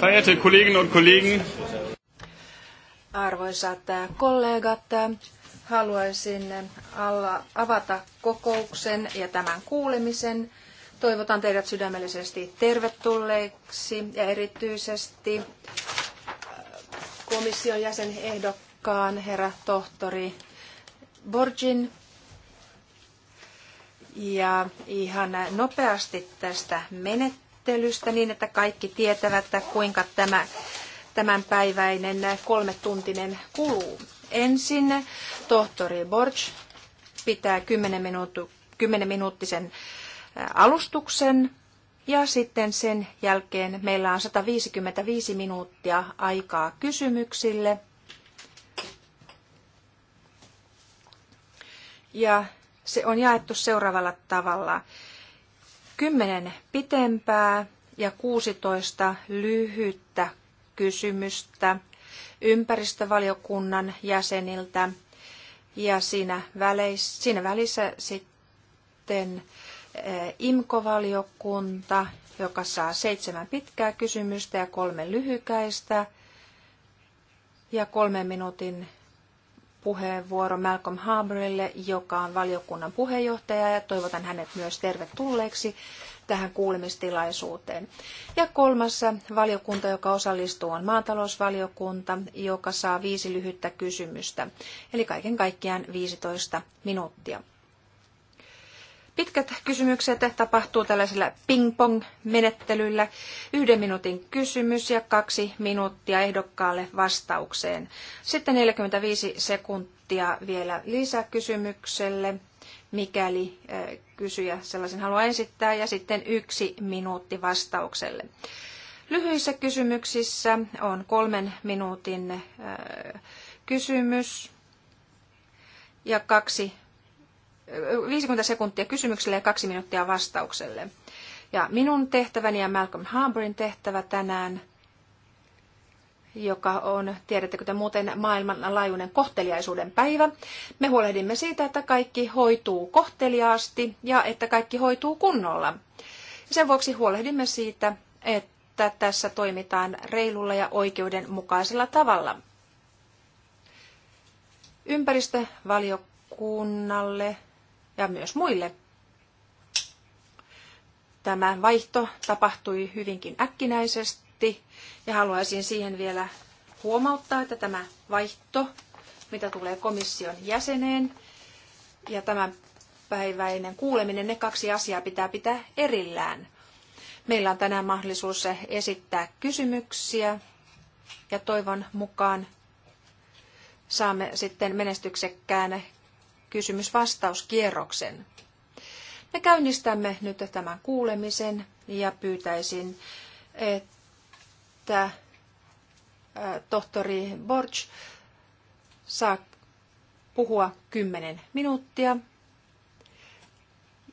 Verehrte Kolleginnen und Kollegen. Arvoisat äh, kollegat, äh, haluaisin äh, avata kokouksen ja tämän kuulemisen. Toivotan teidät sydämellisesti tervetulleeksi ja erityisesti komission jäsenehdokkaan herra tohtori Borgin ja ihan nopeasti tästä menettelystä käsittelystä niin, että kaikki tietävät, että kuinka tämä tämänpäiväinen kolmetuntinen kuluu. Ensin tohtori Borch pitää 10, minuutu, 10 minuuttisen alustuksen ja sitten sen jälkeen meillä on 155 minuuttia aikaa kysymyksille. Ja se on jaettu seuraavalla tavalla. Kymmenen pitempää ja 16 lyhyttä kysymystä ympäristövaliokunnan jäseniltä. Ja siinä, väleis siinä välissä sitten eh, IMKO-valiokunta, joka saa seitsemän pitkää kysymystä ja kolme lyhykäistä ja kolmen minuutin puheenvuoro Malcolm Harbourille, joka on valiokunnan puheenjohtaja ja toivotan hänet myös tervetulleeksi tähän kuulemistilaisuuteen. Ja kolmas valiokunta, joka osallistuu, on maatalousvaliokunta, joka saa viisi lyhyttä kysymystä, eli kaiken kaikkiaan 15 minuuttia pitkät kysymykset tapahtuu tällaisella ping-pong-menettelyllä. Yhden minuutin kysymys ja kaksi minuuttia ehdokkaalle vastaukseen. Sitten 45 sekuntia vielä lisäkysymykselle, mikäli kysyjä sellaisen haluaa esittää, ja sitten yksi minuutti vastaukselle. Lyhyissä kysymyksissä on kolmen minuutin kysymys ja kaksi 50 sekuntia kysymykselle ja kaksi minuuttia vastaukselle. Ja minun tehtäväni ja Malcolm Harbourin tehtävä tänään, joka on, tiedättekö te muuten, maailmanlaajuinen kohteliaisuuden päivä. Me huolehdimme siitä, että kaikki hoituu kohteliaasti ja että kaikki hoituu kunnolla. Sen vuoksi huolehdimme siitä, että tässä toimitaan reilulla ja oikeudenmukaisella tavalla. Ympäristövaliokunnalle ja myös muille. Tämä vaihto tapahtui hyvinkin äkkinäisesti ja haluaisin siihen vielä huomauttaa, että tämä vaihto, mitä tulee komission jäseneen ja tämän päiväinen kuuleminen, ne kaksi asiaa pitää pitää erillään. Meillä on tänään mahdollisuus esittää kysymyksiä ja toivon mukaan saamme sitten menestyksekkään kysymysvastauskierroksen. Me käynnistämme nyt tämän kuulemisen ja pyytäisin, että tohtori Borch saa puhua 10 minuuttia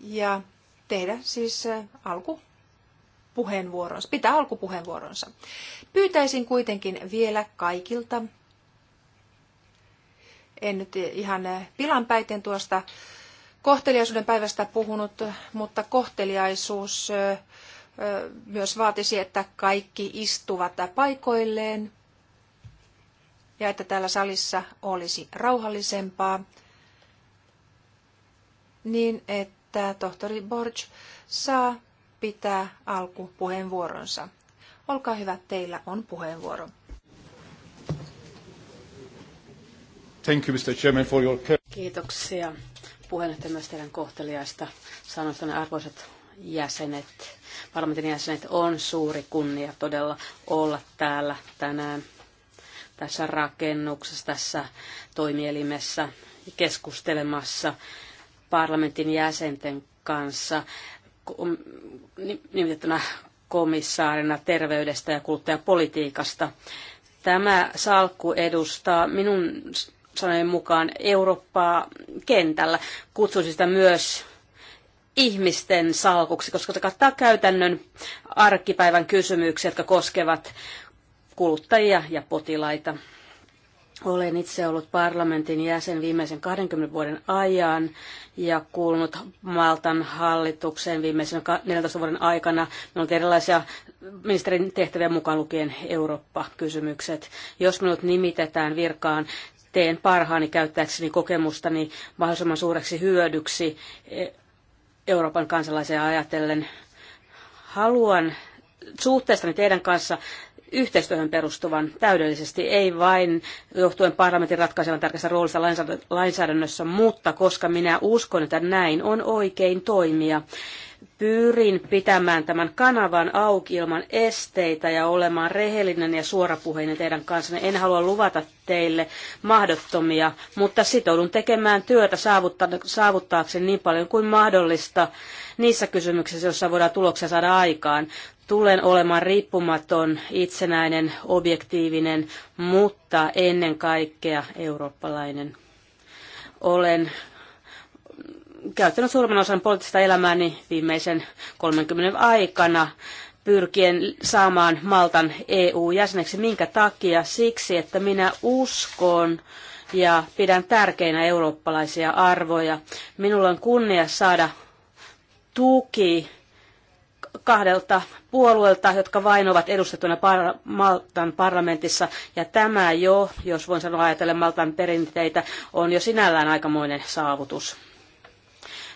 ja tehdä siis alku pitää alkupuheenvuoronsa. Pyytäisin kuitenkin vielä kaikilta en nyt ihan pilanpäiten tuosta kohteliaisuuden päivästä puhunut, mutta kohteliaisuus myös vaatisi, että kaikki istuvat paikoilleen ja että täällä salissa olisi rauhallisempaa, niin että tohtori Borg saa pitää alkupuheenvuoronsa. Olkaa hyvä, teillä on puheenvuoro. Thank you, Mr. Chairman, for your... Kiitoksia puheenjohtaja myös teidän kohteliaista sanoistanne arvoisat jäsenet, parlamentin jäsenet, on suuri kunnia todella olla täällä tänään tässä rakennuksessa, tässä toimielimessä keskustelemassa parlamentin jäsenten kanssa nimitettynä komissaarina terveydestä ja kuluttajapolitiikasta. Tämä salkku edustaa minun sanojen mukaan Eurooppaa kentällä. Kutsuisin sitä myös ihmisten salkuksi, koska se kattaa käytännön arkipäivän kysymyksiä, jotka koskevat kuluttajia ja potilaita. Olen itse ollut parlamentin jäsen viimeisen 20 vuoden ajan ja kuulunut Maltan hallitukseen viimeisen 14 vuoden aikana. Minulla on erilaisia ministerin tehtäviä mukaan lukien Eurooppa-kysymykset. Jos minut nimitetään virkaan, teen parhaani käyttääkseni kokemustani mahdollisimman suureksi hyödyksi Euroopan kansalaisia ajatellen. Haluan suhteestani teidän kanssa yhteistyöhön perustuvan täydellisesti, ei vain johtuen parlamentin ratkaisevan tärkeästä roolista lainsäädännössä, mutta koska minä uskon, että näin on oikein toimia pyrin pitämään tämän kanavan auki ilman esteitä ja olemaan rehellinen ja suorapuheinen teidän kanssanne. En halua luvata teille mahdottomia, mutta sitoudun tekemään työtä saavuttaakseni niin paljon kuin mahdollista niissä kysymyksissä, joissa voidaan tuloksia saada aikaan. Tulen olemaan riippumaton, itsenäinen, objektiivinen, mutta ennen kaikkea eurooppalainen. Olen käyttänyt suurimman osan poliittista elämääni viimeisen 30 aikana pyrkien saamaan Maltan EU-jäseneksi. Minkä takia? Siksi, että minä uskon ja pidän tärkeinä eurooppalaisia arvoja. Minulla on kunnia saada tuki kahdelta puolueelta, jotka vain ovat edustettuna par- Maltan parlamentissa. Ja tämä jo, jos voin sanoa ajatellen Maltan perinteitä, on jo sinällään aikamoinen saavutus.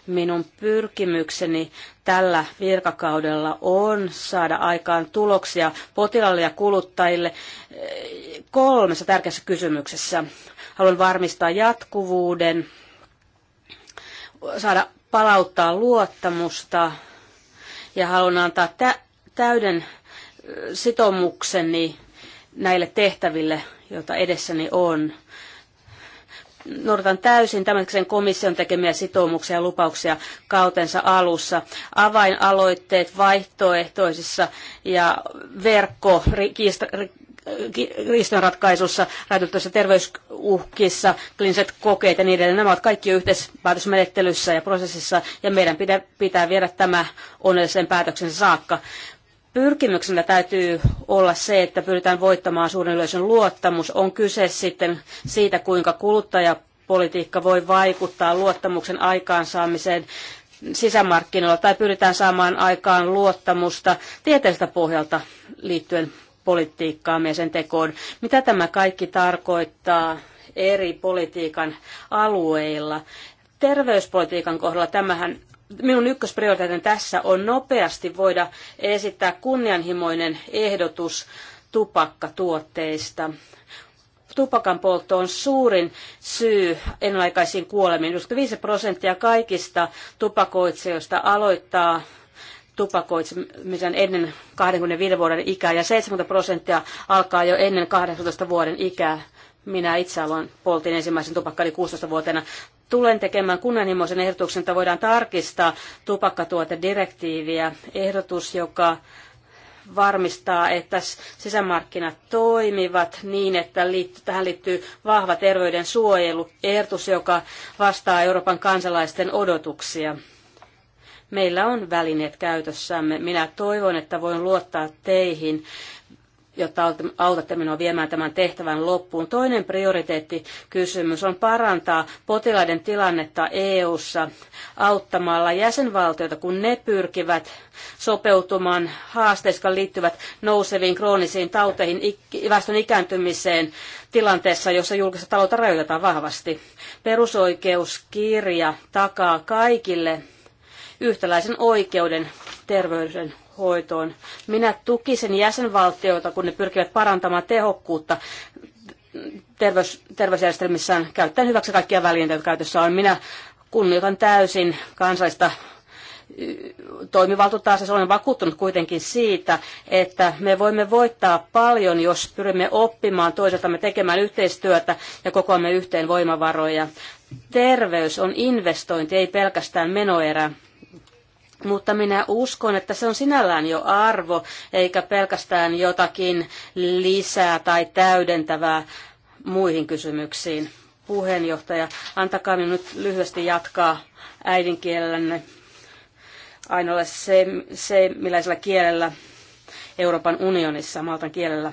Minun pyrkimykseni tällä virkakaudella on saada aikaan tuloksia potilaille ja kuluttajille eh, kolmessa tärkeässä kysymyksessä. Haluan varmistaa jatkuvuuden, saada palauttaa luottamusta ja haluan antaa täyden eh, sitoumukseni näille tehtäville, joita edessäni on noudatan täysin tämänhetkisen komission tekemiä sitoumuksia ja lupauksia kautensa alussa. Avainaloitteet vaihtoehtoisissa ja verkko riistonratkaisussa, terveysuhkissa, kliiniset kokeet ja niin edelleen. Nämä ovat kaikki yhteispäätösmenettelyssä ja prosessissa, ja meidän pitää, pitää viedä tämä onnelliseen päätöksen saakka pyrkimyksenä täytyy olla se, että pyritään voittamaan suuren yleisön luottamus. On kyse sitten siitä, kuinka kuluttajapolitiikka voi vaikuttaa luottamuksen aikaansaamiseen sisämarkkinoilla tai pyritään saamaan aikaan luottamusta tieteelliseltä pohjalta liittyen politiikkaamme ja sen tekoon. Mitä tämä kaikki tarkoittaa eri politiikan alueilla? Terveyspolitiikan kohdalla tämähän minun ykkösprioriteetin tässä on nopeasti voida esittää kunnianhimoinen ehdotus tupakkatuotteista. Tupakan poltto on suurin syy ennenaikaisiin kuolemiin. 95 prosenttia kaikista tupakoitsijoista aloittaa tupakoitsemisen ennen 25 vuoden ikää ja 70 prosenttia alkaa jo ennen 18 vuoden ikää. Minä itse aloin poltin ensimmäisen tupakkani 16-vuotiaana. Tulen tekemään kunnianhimoisen ehdotuksen, että voidaan tarkistaa tupakkatuotedirektiiviä. Ehdotus, joka varmistaa, että sisämarkkinat toimivat niin, että tähän liittyy vahva terveyden suojelu, ehdotus, joka vastaa Euroopan kansalaisten odotuksia. Meillä on välineet käytössämme. Minä toivon, että voin luottaa teihin jotta autatte minua viemään tämän tehtävän loppuun. Toinen prioriteettikysymys on parantaa potilaiden tilannetta EU-ssa auttamalla jäsenvaltioita, kun ne pyrkivät sopeutumaan haasteisiin, jotka liittyvät nouseviin kroonisiin tauteihin, väestön ikääntymiseen tilanteessa, jossa julkista taloutta rajoitetaan vahvasti. Perusoikeuskirja takaa kaikille yhtäläisen oikeuden terveyden hoitoon. Minä tukisin jäsenvaltioita, kun ne pyrkivät parantamaan tehokkuutta terveys, terveysjärjestelmissään käyttäen hyväksi kaikkia välineitä, joita käytössä on. Minä kunnioitan täysin kansallista toimivaltuutta asiassa. Olen vakuuttunut kuitenkin siitä, että me voimme voittaa paljon, jos pyrimme oppimaan toisiltamme tekemään yhteistyötä ja kokoamme yhteen voimavaroja. Terveys on investointi, ei pelkästään menoerä. Mutta minä uskon, että se on sinällään jo arvo, eikä pelkästään jotakin lisää tai täydentävää muihin kysymyksiin. Puheenjohtaja, antakaa minun nyt lyhyesti jatkaa äidinkielellänne ainoalla se, se milläisellä kielellä Euroopan unionissa, maltan kielellä.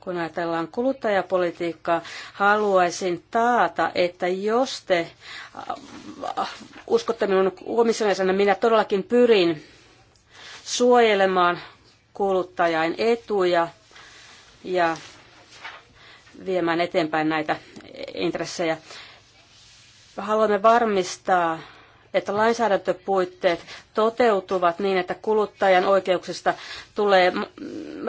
kun ajatellaan kuluttajapolitiikkaa, haluaisin taata, että jos te äh, uskotte minun että minä todellakin pyrin suojelemaan kuluttajan etuja ja viemään eteenpäin näitä intressejä. Haluamme varmistaa, että lainsäädäntöpuitteet toteutuvat niin, että kuluttajan oikeuksista tulee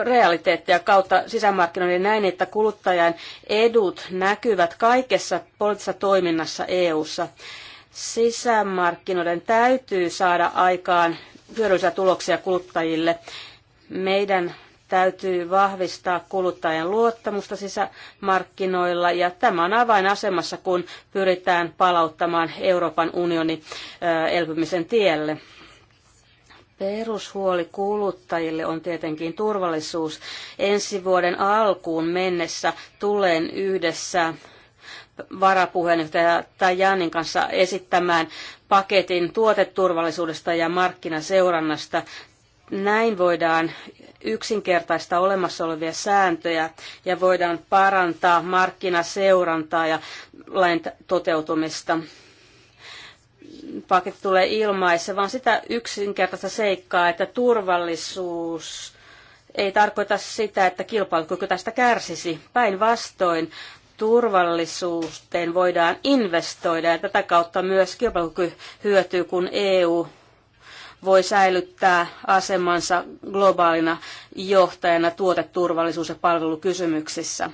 realiteettia kautta sisämarkkinoiden näin, että kuluttajan edut näkyvät kaikessa poliittisessa toiminnassa EU:ssa. Sisämarkkinoiden täytyy saada aikaan hyödyllisiä tuloksia kuluttajille. Meidän Täytyy vahvistaa kuluttajan luottamusta sisämarkkinoilla ja tämä on avainasemassa, kun pyritään palauttamaan Euroopan unioni elpymisen tielle. Perushuoli kuluttajille on tietenkin turvallisuus. Ensi vuoden alkuun mennessä tulen yhdessä varapuheenjohtaja Tajanin kanssa esittämään paketin tuoteturvallisuudesta ja markkinaseurannasta. Näin voidaan yksinkertaista olemassa olevia sääntöjä ja voidaan parantaa markkinaseurantaa ja lain toteutumista. Paketti tulee ilmaissa, vaan sitä yksinkertaista seikkaa, että turvallisuus ei tarkoita sitä, että kilpailukyky tästä kärsisi. Päinvastoin turvallisuuteen voidaan investoida ja tätä kautta myös kilpailukyky hyötyy, kun EU voi säilyttää asemansa globaalina johtajana tuoteturvallisuus- ja palvelukysymyksissä.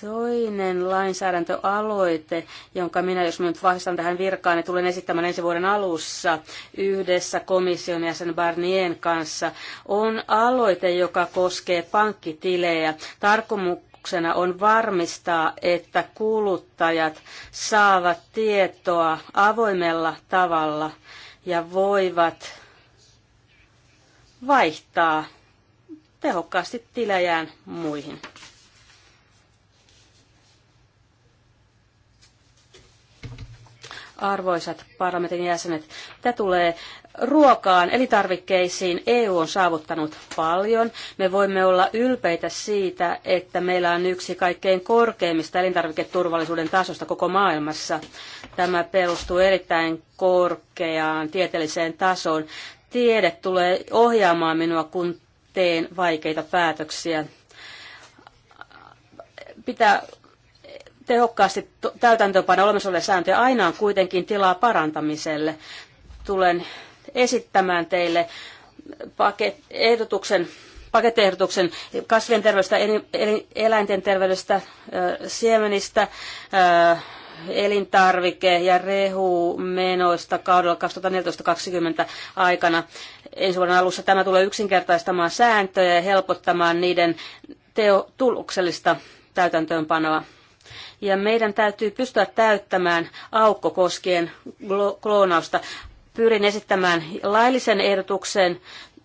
Toinen lainsäädäntöaloite, jonka minä, jos minä nyt vahvistan tähän virkaan, niin tulen esittämään ensi vuoden alussa yhdessä komission jäsen Barnien kanssa, on aloite, joka koskee pankkitilejä. Tarkomu- tarkoituksena on varmistaa, että kuluttajat saavat tietoa avoimella tavalla ja voivat vaihtaa tehokkaasti tilejään muihin. Arvoisat parlamentin jäsenet, mitä tulee ruokaan, elintarvikkeisiin EU on saavuttanut paljon. Me voimme olla ylpeitä siitä, että meillä on yksi kaikkein korkeimmista elintarviketurvallisuuden tasosta koko maailmassa. Tämä perustuu erittäin korkeaan tieteelliseen tasoon. Tiede tulee ohjaamaan minua, kun teen vaikeita päätöksiä. Pitää tehokkaasti täytäntöönpanna olemassa olevia sääntöjä. Aina on kuitenkin tilaa parantamiselle. Tulen esittämään teille paket, ehdotuksen pakettiehdotuksen kasvien terveydestä, eläinten terveydestä, siemenistä, elintarvike- ja rehumenoista kaudella 2014-2020 aikana. Ensi vuoden alussa tämä tulee yksinkertaistamaan sääntöjä ja helpottamaan niiden tuloksellista täytäntöönpanoa. Ja meidän täytyy pystyä täyttämään aukko koskien kloonausta pyrin esittämään laillisen ehdotuksen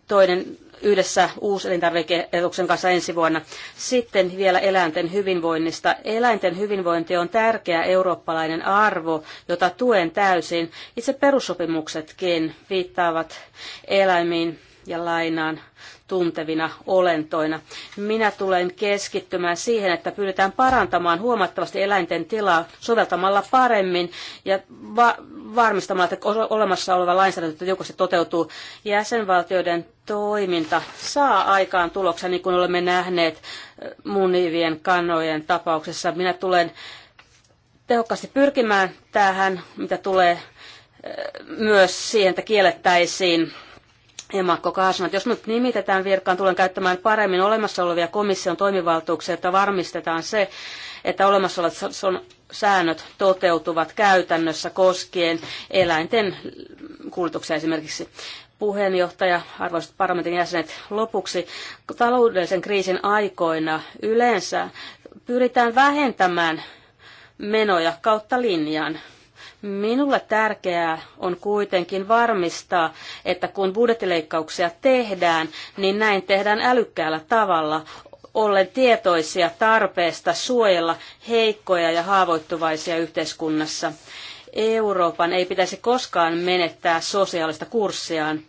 toinen yhdessä uuselintarvikeetuksen kanssa ensi vuonna. Sitten vielä eläinten hyvinvoinnista. Eläinten hyvinvointi on tärkeä eurooppalainen arvo, jota tuen täysin. Itse perussopimuksetkin viittaavat eläimiin ja lainaan tuntevina olentoina. Minä tulen keskittymään siihen, että pyritään parantamaan huomattavasti eläinten tilaa soveltamalla paremmin ja va- varmistamalla, että olemassa oleva lainsäädäntö joukossa toteutuu. Jäsenvaltioiden toiminta saa aikaan tuloksen, niin kuin olemme nähneet äh, munivien kannojen tapauksessa. Minä tulen tehokkaasti pyrkimään tähän, mitä tulee äh, myös siihen, että kiellettäisiin Emakko Makko jos nyt nimitetään virkaan, tulen käyttämään paremmin olemassa olevia komission toimivaltuuksia, että varmistetaan se, että olemassa olevat säännöt toteutuvat käytännössä koskien eläinten kuljetuksia esimerkiksi puheenjohtaja, arvoisat parlamentin jäsenet, lopuksi taloudellisen kriisin aikoina yleensä pyritään vähentämään menoja kautta linjan Minulle tärkeää on kuitenkin varmistaa, että kun budjettileikkauksia tehdään, niin näin tehdään älykkäällä tavalla, ollen tietoisia tarpeesta suojella heikkoja ja haavoittuvaisia yhteiskunnassa. Euroopan ei pitäisi koskaan menettää sosiaalista kurssiaan.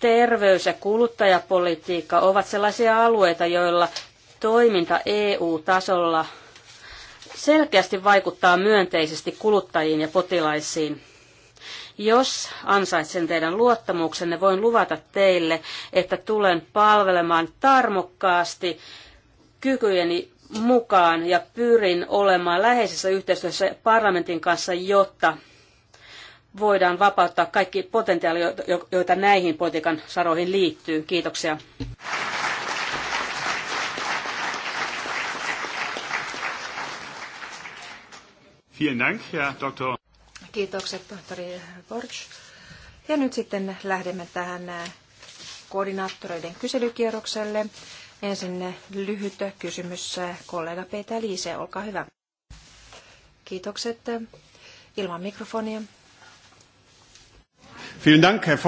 Terveys- ja kuluttajapolitiikka ovat sellaisia alueita, joilla toiminta EU-tasolla selkeästi vaikuttaa myönteisesti kuluttajiin ja potilaisiin. Jos ansaitsen teidän luottamuksenne, voin luvata teille, että tulen palvelemaan tarmokkaasti kykyjeni mukaan ja pyrin olemaan läheisessä yhteistyössä parlamentin kanssa, jotta voidaan vapauttaa kaikki potentiaali, joita näihin politiikan saroihin liittyy. Kiitoksia. Vielen Dank, Herr Dr. Kiitokset, tohtori Borch. Ja nyt sitten lähdemme tähän äh, koordinaattoreiden kyselykierrokselle. Ensin lyhyt kysymys äh, kollega Peter Liise, olkaa hyvä. Kiitokset. Äh, ilman mikrofonia. Vielen Dank, Herr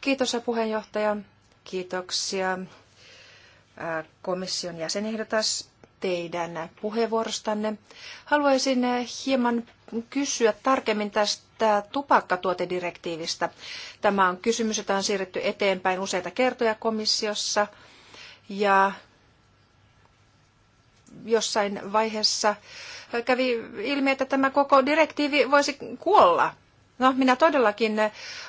Kiitos puheenjohtaja. Kiitoksia komission jäsenehdotas teidän puheenvuorostanne. Haluaisin hieman kysyä tarkemmin tästä tupakkatuotedirektiivistä. Tämä on kysymys, jota on siirretty eteenpäin useita kertoja komissiossa. Ja jossain vaiheessa kävi ilmi, että tämä koko direktiivi voisi kuolla No, minä todellakin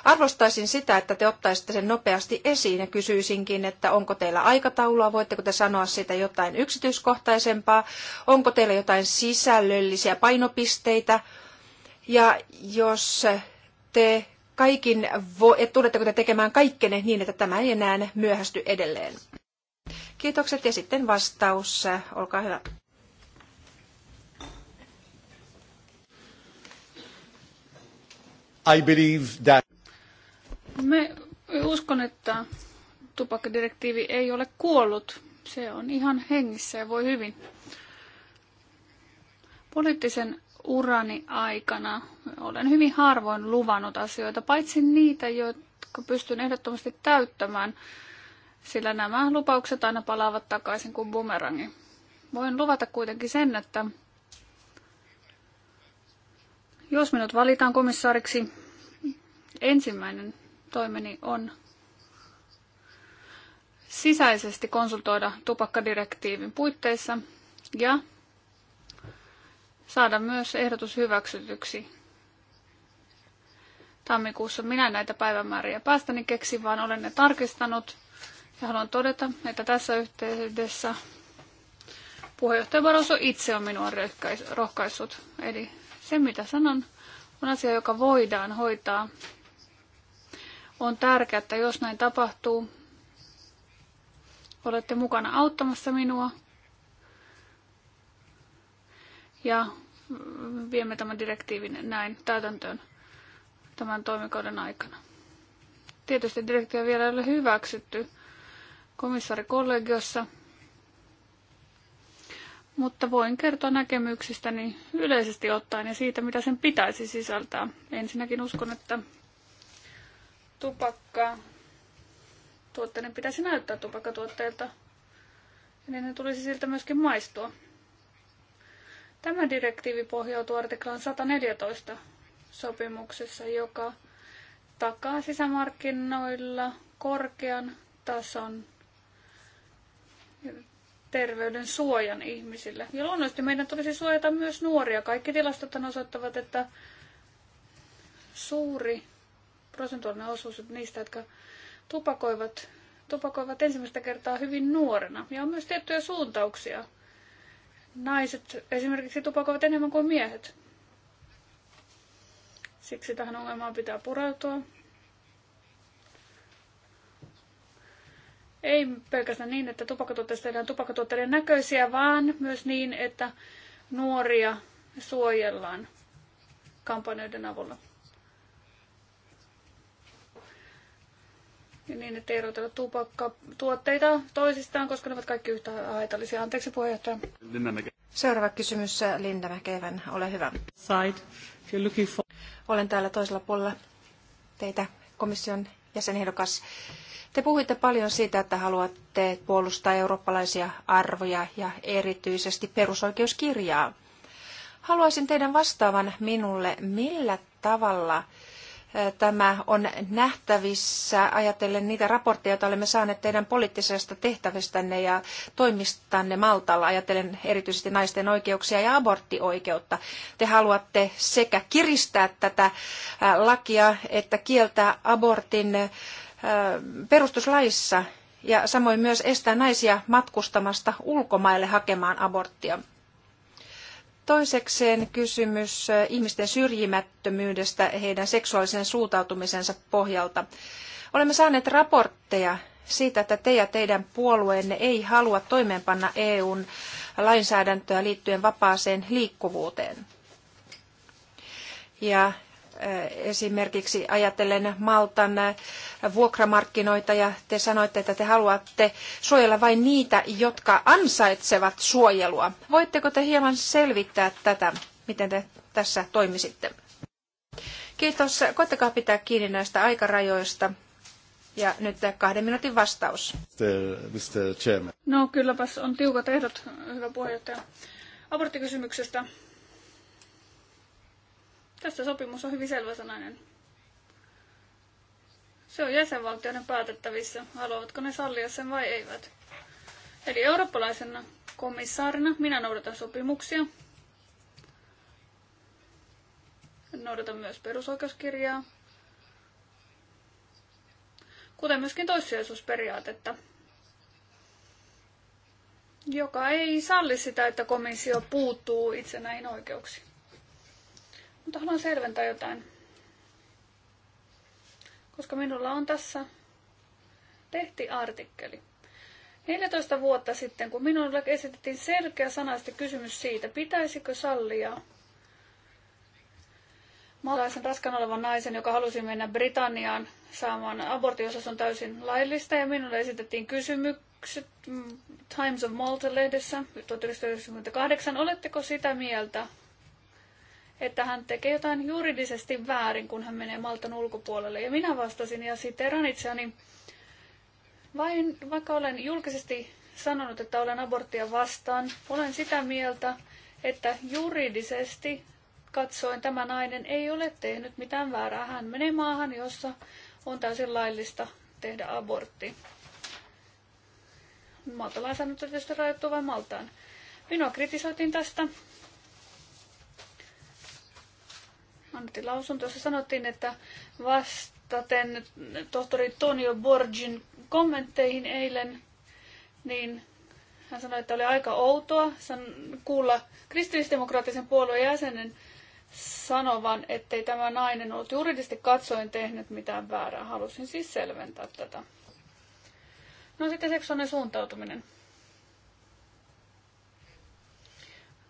arvostaisin sitä, että te ottaisitte sen nopeasti esiin ja kysyisinkin, että onko teillä aikataulua, voitteko te sanoa siitä jotain yksityiskohtaisempaa, onko teillä jotain sisällöllisiä painopisteitä ja jos te kaikin, vo- et tuletteko te tekemään kaikkenne niin, että tämä ei enää myöhästy edelleen. Kiitokset ja sitten vastaus, olkaa hyvä. I believe that... Me uskon, että tupakkadirektiivi ei ole kuollut. Se on ihan hengissä ja voi hyvin. Poliittisen urani aikana olen hyvin harvoin luvannut asioita, paitsi niitä, jotka pystyn ehdottomasti täyttämään, sillä nämä lupaukset aina palaavat takaisin kuin bumerangi. Voin luvata kuitenkin sen, että jos minut valitaan komissaariksi, ensimmäinen toimeni on sisäisesti konsultoida tupakkadirektiivin puitteissa ja saada myös ehdotus hyväksytyksi. Tammikuussa minä näitä päivämääriä päästäni keksi, vaan olen ne tarkistanut ja haluan todeta, että tässä yhteydessä puheenjohtaja Barroso itse on minua rohkaissut. Eli se, mitä sanon, on asia, joka voidaan hoitaa. On tärkeää, että jos näin tapahtuu, olette mukana auttamassa minua ja viemme tämän direktiivin näin täytäntöön tämän toimikauden aikana. Tietysti direktiivi vielä ei ole hyväksytty komissaarikollegiossa, mutta voin kertoa näkemyksistäni yleisesti ottaen ja siitä, mitä sen pitäisi sisältää. Ensinnäkin uskon, että tupakka tuotteiden pitäisi näyttää tupakkatuotteilta, niin ne tulisi siltä myöskin maistua. Tämä direktiivi pohjautuu artiklaan 114 sopimuksessa, joka takaa sisämarkkinoilla korkean tason terveyden suojan ihmisille. Ja luonnollisesti meidän tulisi suojata myös nuoria. Kaikki tilastot osoittavat, että suuri prosentuaalinen osuus niistä, jotka tupakoivat, tupakoivat ensimmäistä kertaa hyvin nuorena. Ja on myös tiettyjä suuntauksia. Naiset esimerkiksi tupakoivat enemmän kuin miehet. Siksi tähän ongelmaan pitää pureutua. Ei pelkästään niin, että tupakkatuotteista tehdään tupakkatuotteiden näköisiä, vaan myös niin, että nuoria suojellaan kampanjoiden avulla. Ja niin, ettei erotella tupakkatuotteita toisistaan, koska ne ovat kaikki yhtä haitallisia. Anteeksi puheenjohtaja. Seuraava kysymys Linda Mäkevän, ole hyvä. Side. You're looking for... Olen täällä toisella puolella teitä komission jäsenehdokas. Te puhuitte paljon siitä, että haluatte puolustaa eurooppalaisia arvoja ja erityisesti perusoikeuskirjaa. Haluaisin teidän vastaavan minulle, millä tavalla tämä on nähtävissä ajatellen niitä raportteja, joita olemme saaneet teidän poliittisesta tehtävistänne ja toimistanne Maltalla, ajatellen erityisesti naisten oikeuksia ja aborttioikeutta. Te haluatte sekä kiristää tätä lakia että kieltää abortin perustuslaissa ja samoin myös estää naisia matkustamasta ulkomaille hakemaan aborttia. Toisekseen kysymys ihmisten syrjimättömyydestä heidän seksuaalisen suuntautumisensa pohjalta. Olemme saaneet raportteja siitä, että te ja teidän puolueenne ei halua toimeenpanna EUn lainsäädäntöä liittyen vapaaseen liikkuvuuteen. Ja esimerkiksi ajatellen Maltan vuokramarkkinoita ja te sanoitte, että te haluatte suojella vain niitä, jotka ansaitsevat suojelua. Voitteko te hieman selvittää tätä, miten te tässä toimisitte? Kiitos. Koittakaa pitää kiinni näistä aikarajoista. Ja nyt kahden minuutin vastaus. Mr. Chairman. No kylläpäs on tiukat ehdot, hyvä puheenjohtaja. Aborttikysymyksestä tässä sopimus on hyvin selväsanainen. Se on jäsenvaltioiden päätettävissä, haluavatko ne sallia sen vai eivät. Eli eurooppalaisena komissaarina minä noudatan sopimuksia. Noudatan myös perusoikeuskirjaa. Kuten myöskin toissijaisuusperiaatetta, joka ei salli sitä, että komissio puuttuu itse näihin oikeuksiin. Mutta haluan selventää jotain. Koska minulla on tässä artikkeli. 14 vuotta sitten, kun minulle esitettiin selkeä sanaisesti kysymys siitä, pitäisikö sallia maalaisen raskan olevan naisen, joka halusi mennä Britanniaan saamaan abortiosaus on täysin laillista. Ja minulle esitettiin kysymykset Times of Malta-lehdessä 1998. Oletteko sitä mieltä, että hän tekee jotain juridisesti väärin, kun hän menee Maltan ulkopuolelle. Ja minä vastasin ja siteran itseäni, vain, vaikka olen julkisesti sanonut, että olen aborttia vastaan, olen sitä mieltä, että juridisesti katsoen tämä nainen ei ole tehnyt mitään väärää. Hän menee maahan, jossa on täysin laillista tehdä abortti. Maltalainsäädäntö tietysti rajoittuu vain Maltaan. Minua kritisoitiin tästä annettiin lausunto, jossa sanottiin, että vastaten tohtori Tonio Borgin kommentteihin eilen, niin hän sanoi, että oli aika outoa kuulla kristillisdemokraattisen puolueen jäsenen sanovan, ettei tämä nainen ollut juridisesti katsoen tehnyt mitään väärää. Halusin siis selventää tätä. No sitten seksuaalinen suuntautuminen.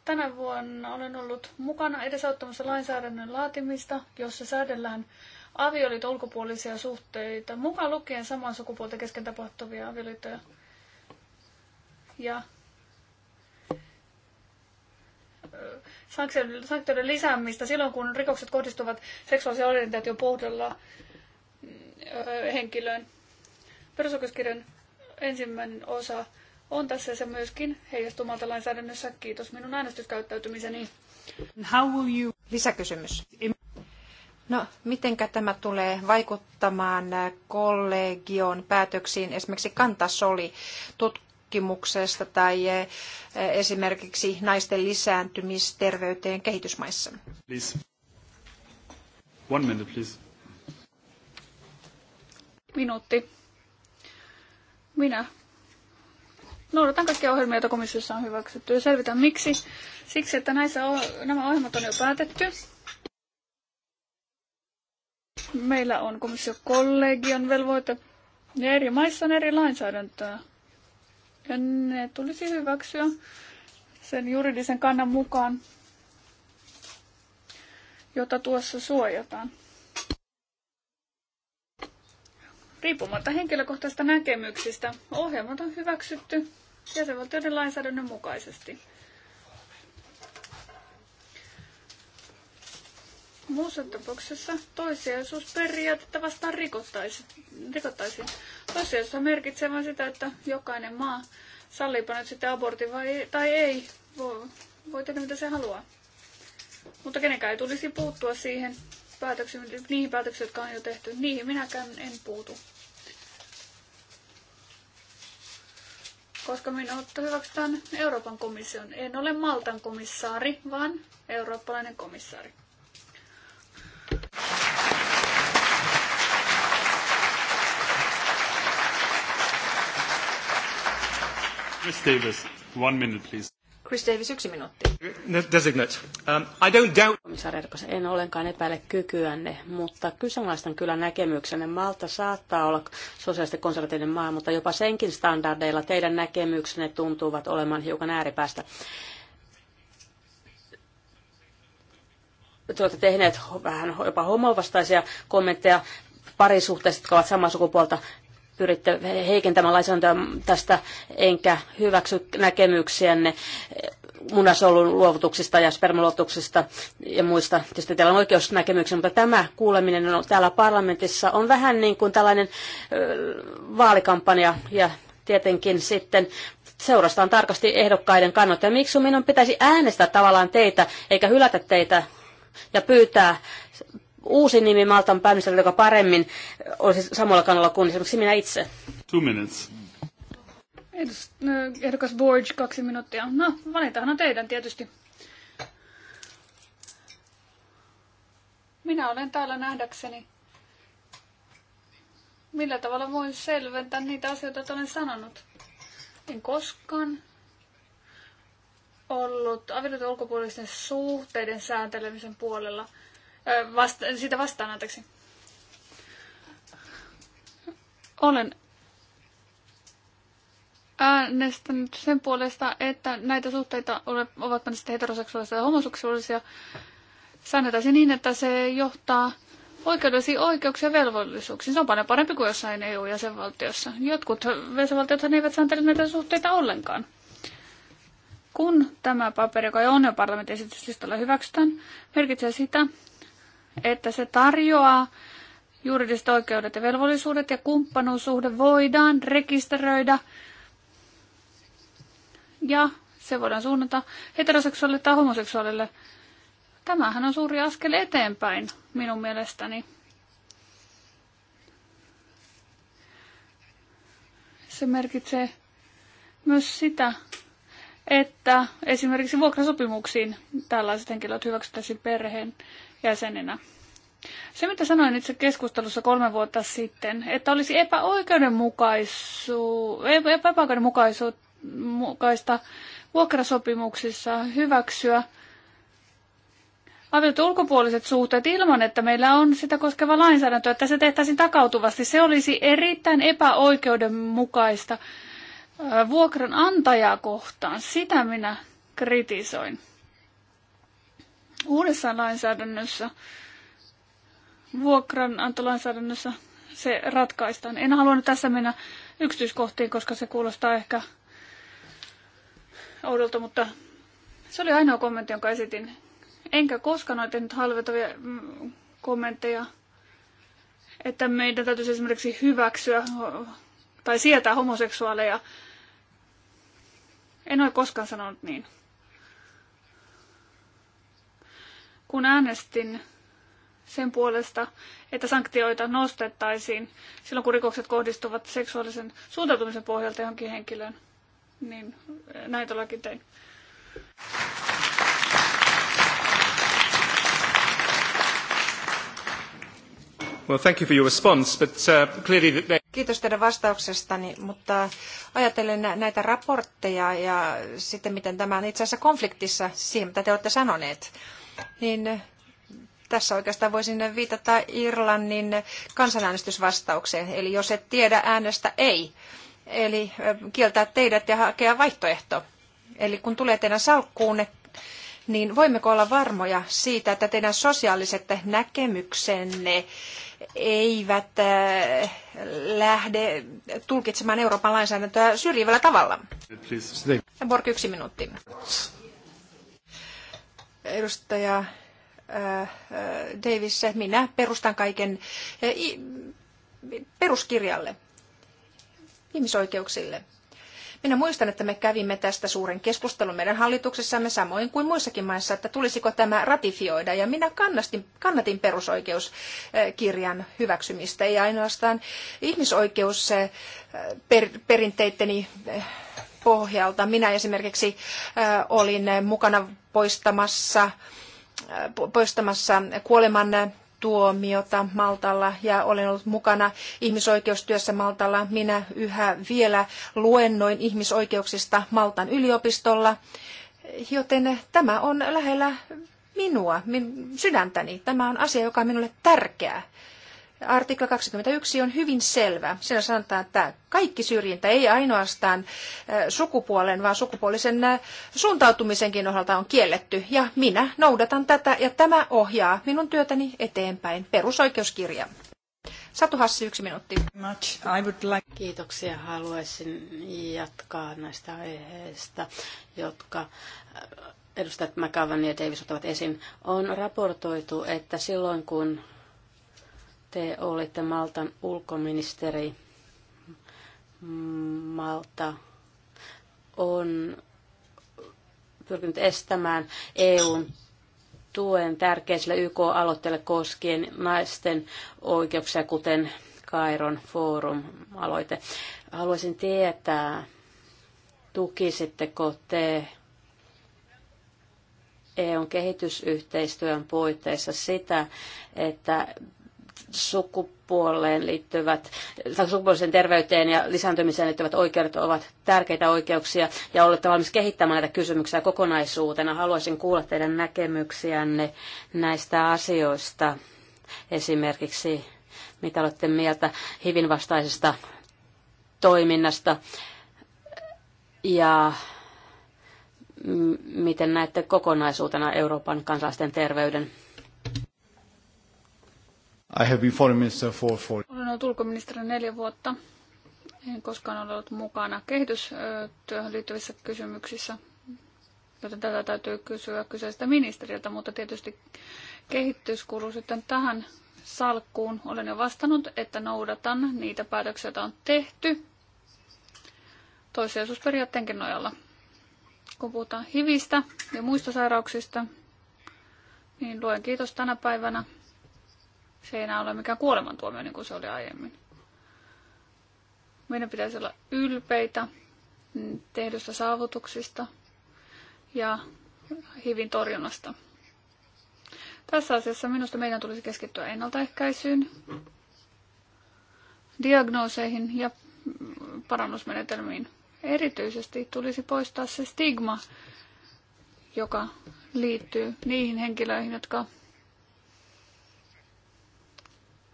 Tänä vuonna olen ollut mukana edesauttamassa lainsäädännön laatimista, jossa säädellään avioliiton ulkopuolisia suhteita, mukaan lukien saman sukupuolta kesken tapahtuvia avioliittoja. Ja sanktioiden lisäämistä silloin, kun rikokset kohdistuvat seksuaalisen orientaation puhdalla mm, henkilöön. Perusoikeuskirjan ensimmäinen osa on tässä se myöskin heijastumalta lainsäädännössä. Kiitos minun äänestyskäyttäytymiseni. How will you... Lisäkysymys. No, mitenkä tämä tulee vaikuttamaan kollegion päätöksiin esimerkiksi kantasoli tutkimuksesta tai eh, esimerkiksi naisten lisääntymisterveyteen kehitysmaissa? Please. One minute, please. Minuutti. Minä noudatan kaikkia ohjelmia, joita komissiossa on hyväksytty. Ja selvitän miksi. Siksi, että näissä nämä ohjelmat on jo päätetty. Meillä on komissiokollegion velvoite. Ja eri maissa on eri lainsäädäntöä. Ja ne tulisi hyväksyä sen juridisen kannan mukaan, jota tuossa suojataan. Riippumatta henkilökohtaisista näkemyksistä, ohjelmat on hyväksytty jäsenvaltioiden lainsäädännön mukaisesti. Muussa tapauksessa toissijaisuusperiaatetta vastaan rikottaisiin. Rikottaisi. Toissijaisuus merkitsee vain sitä, että jokainen maa, salliipa nyt sitten abortin vai, tai ei, voi, voi tehdä mitä se haluaa. Mutta kenenkään ei tulisi puuttua siihen päätöksiin, niihin päätöksiin, jotka on jo tehty. Niihin minäkään en puutu. koska minut hyväksytään Euroopan komission. En ole Maltan komissaari, vaan eurooppalainen komissaari. Ms. Davis, one minute, please. Chris Davis, yksi minuutti. Designate. Um, I don't doubt... Komissaari Erkos, en ollenkaan epäile kykyänne, mutta kyseenalaistan kyllä näkemyksenne. Malta saattaa olla sosiaalisesti konservatiivinen maa, mutta jopa senkin standardeilla teidän näkemyksenne tuntuvat olemaan hiukan ääripäästä. Te olette tehneet vähän jopa homovastaisia kommentteja parisuhteista, jotka ovat samaa sukupuolta pyritte heikentämään lainsäädäntöä tästä, enkä hyväksy näkemyksiänne munasolun luovutuksista ja spermaluovutuksista ja muista. Tietysti teillä on oikeus näkemyksiä, mutta tämä kuuleminen on täällä parlamentissa on vähän niin kuin tällainen vaalikampanja ja tietenkin sitten seurastaan tarkasti ehdokkaiden kannat. Ja miksi minun pitäisi äänestää tavallaan teitä eikä hylätä teitä ja pyytää uusi nimi Maltan pääministeri, joka paremmin olisi samalla kannalla kuin esimerkiksi minä itse? Two minutes. Äh, ehdokas Borge, kaksi minuuttia. No, valintahan on teidän tietysti. Minä olen täällä nähdäkseni. Millä tavalla voin selventää niitä asioita, joita olen sanonut? En koskaan ollut avioliiton ulkopuolisten suhteiden sääntelemisen puolella – vasta, sitä vastaan, anteeksi. Olen äänestänyt sen puolesta, että näitä suhteita, ovat sitten heteroseksuaalisia ja homoseksuaalisia, sanotaan niin, että se johtaa oikeudellisiin oikeuksiin ja velvollisuuksiin. Se on paljon parempi kuin jossain EU-jäsenvaltiossa. Jotkut jäsenvaltiothan eivät sääntele näitä suhteita ollenkaan. Kun tämä paperi, joka on jo parlamentin esityslistalla hyväksytään, merkitsee sitä, että se tarjoaa juridiset oikeudet ja velvollisuudet ja kumppanuussuhde voidaan rekisteröidä ja se voidaan suunnata heteroseksuaalille tai homoseksuaalille. Tämähän on suuri askel eteenpäin minun mielestäni. Se merkitsee myös sitä, että esimerkiksi vuokrasopimuksiin tällaiset henkilöt hyväksyttäisiin perheen jäsenenä. Se, mitä sanoin itse keskustelussa kolme vuotta sitten, että olisi epäoikeudenmukaista vuokrasopimuksissa hyväksyä aviot ulkopuoliset suhteet ilman, että meillä on sitä koskeva lainsäädäntö, että se tehtäisiin takautuvasti. Se olisi erittäin epäoikeudenmukaista vuokranantajaa kohtaan. Sitä minä kritisoin. Uudessa lainsäädännössä, vuokranantolainsäädännössä se ratkaistaan. En halua nyt tässä mennä yksityiskohtiin, koska se kuulostaa ehkä oudolta, mutta se oli ainoa kommentti, jonka esitin. Enkä koskaan ole tehnyt halvetavia mm, kommentteja, että meidän täytyisi esimerkiksi hyväksyä tai sietää homoseksuaaleja. En ole koskaan sanonut niin. kun äänestin sen puolesta, että sanktioita nostettaisiin silloin, kun rikokset kohdistuvat seksuaalisen suuntautumisen pohjalta johonkin henkilöön, niin eh, näin todellakin tein. Well, thank you for your response, but uh, clearly they... Kiitos teidän vastauksestani, mutta ajatellen näitä raportteja ja sitten miten tämä on itse asiassa konfliktissa siihen, mitä te olette sanoneet, niin eh, tässä oikeastaan voisin viitata Irlannin kansanäänestysvastaukseen. Eli jos et tiedä, äänestä ei. Eli eh, kieltää teidät ja hakea vaihtoehto. Eli kun tulee teidän salkkuunne, niin voimmeko olla varmoja siitä, että teidän sosiaaliset näkemyksenne eivät eh, lähde tulkitsemaan Euroopan lainsäädäntöä syrjivällä tavalla? Borg, yksi minuutti edustaja äh, äh, Davis, minä perustan kaiken äh, peruskirjalle, ihmisoikeuksille. Minä muistan, että me kävimme tästä suuren keskustelun meidän hallituksessamme samoin kuin muissakin maissa, että tulisiko tämä ratifioida. Ja minä kannastin, kannatin perusoikeuskirjan hyväksymistä, ei ainoastaan ihmisoikeusperinteitteni pohjalta. Minä esimerkiksi olin mukana poistamassa, poistamassa kuoleman tuomiota Maltalla ja olen ollut mukana ihmisoikeustyössä Maltalla. Minä yhä vielä luennoin ihmisoikeuksista Maltan yliopistolla, joten tämä on lähellä minua, min, sydäntäni. Tämä on asia, joka on minulle tärkeä. Artikla 21 on hyvin selvä. Siinä sanotaan, että kaikki syrjintä ei ainoastaan sukupuolen, vaan sukupuolisen suuntautumisenkin osalta on kielletty. Ja minä noudatan tätä ja tämä ohjaa minun työtäni eteenpäin. Perusoikeuskirja. Satu Hassi, yksi minuutti. Kiitoksia. Haluaisin jatkaa näistä aiheista, jotka edustajat McAvan ja Davis ottavat esiin. On raportoitu, että silloin kun te olette Maltan ulkoministeri. Malta on pyrkinyt estämään EUn tuen tärkeiselle YK-aloitteelle koskien naisten oikeuksia, kuten Kairon Forum-aloite. Haluaisin tietää, tukisitteko te EUn kehitysyhteistyön puitteissa sitä, että sukupuoleen liittyvät, tai sukupuolisen terveyteen ja lisääntymiseen liittyvät oikeudet ovat tärkeitä oikeuksia ja olette valmis kehittämään näitä kysymyksiä kokonaisuutena. Haluaisin kuulla teidän näkemyksiänne näistä asioista, esimerkiksi mitä olette mieltä hivin vastaisesta toiminnasta ja miten näette kokonaisuutena Euroopan kansalaisten terveyden I have been foreign minister for Olen ollut ulkoministeri neljä vuotta. En koskaan ole ollut mukana kehitystyöhön liittyvissä kysymyksissä, joten tätä täytyy kysyä kyseistä ministeriltä, mutta tietysti kehitys kuuluu sitten tähän salkkuun. Olen jo vastannut, että noudatan niitä päätöksiä, joita on tehty toissijaisuusperiaatteenkin nojalla. Kun puhutaan hivistä ja muista sairauksista, niin luen kiitos tänä päivänä se ei enää ole mikään kuolemantuomio niin kuin se oli aiemmin. Meidän pitäisi olla ylpeitä tehdystä saavutuksista ja hivin torjunnasta. Tässä asiassa minusta meidän tulisi keskittyä ennaltaehkäisyyn, diagnooseihin ja parannusmenetelmiin. Erityisesti tulisi poistaa se stigma, joka liittyy niihin henkilöihin, jotka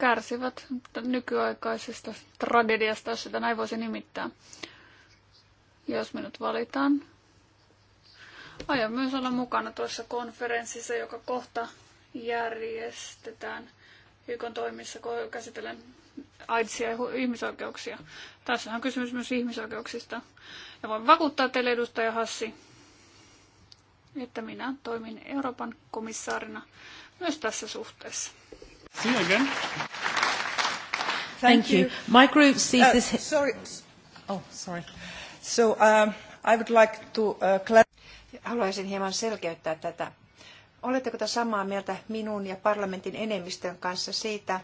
kärsivät nykyaikaisesta tragediasta, jos sitä näin voisi nimittää. Jos minut valitaan, aion myös olla mukana tuossa konferenssissa, joka kohta järjestetään YKn toimissa, kun käsitellään AIDSia ja ihmisoikeuksia. Tässä on kysymys myös ihmisoikeuksista. Ja voin vakuuttaa teille edustaja Hassi, että minä toimin Euroopan komissaarina myös tässä suhteessa. See you again. Thank, Thank you. you. My group sees uh, this... Sorry. Oh, sorry. So, um, I would like to, uh, Haluaisin hieman selkeyttää tätä. Oletteko te samaa mieltä minun ja parlamentin enemmistön kanssa siitä,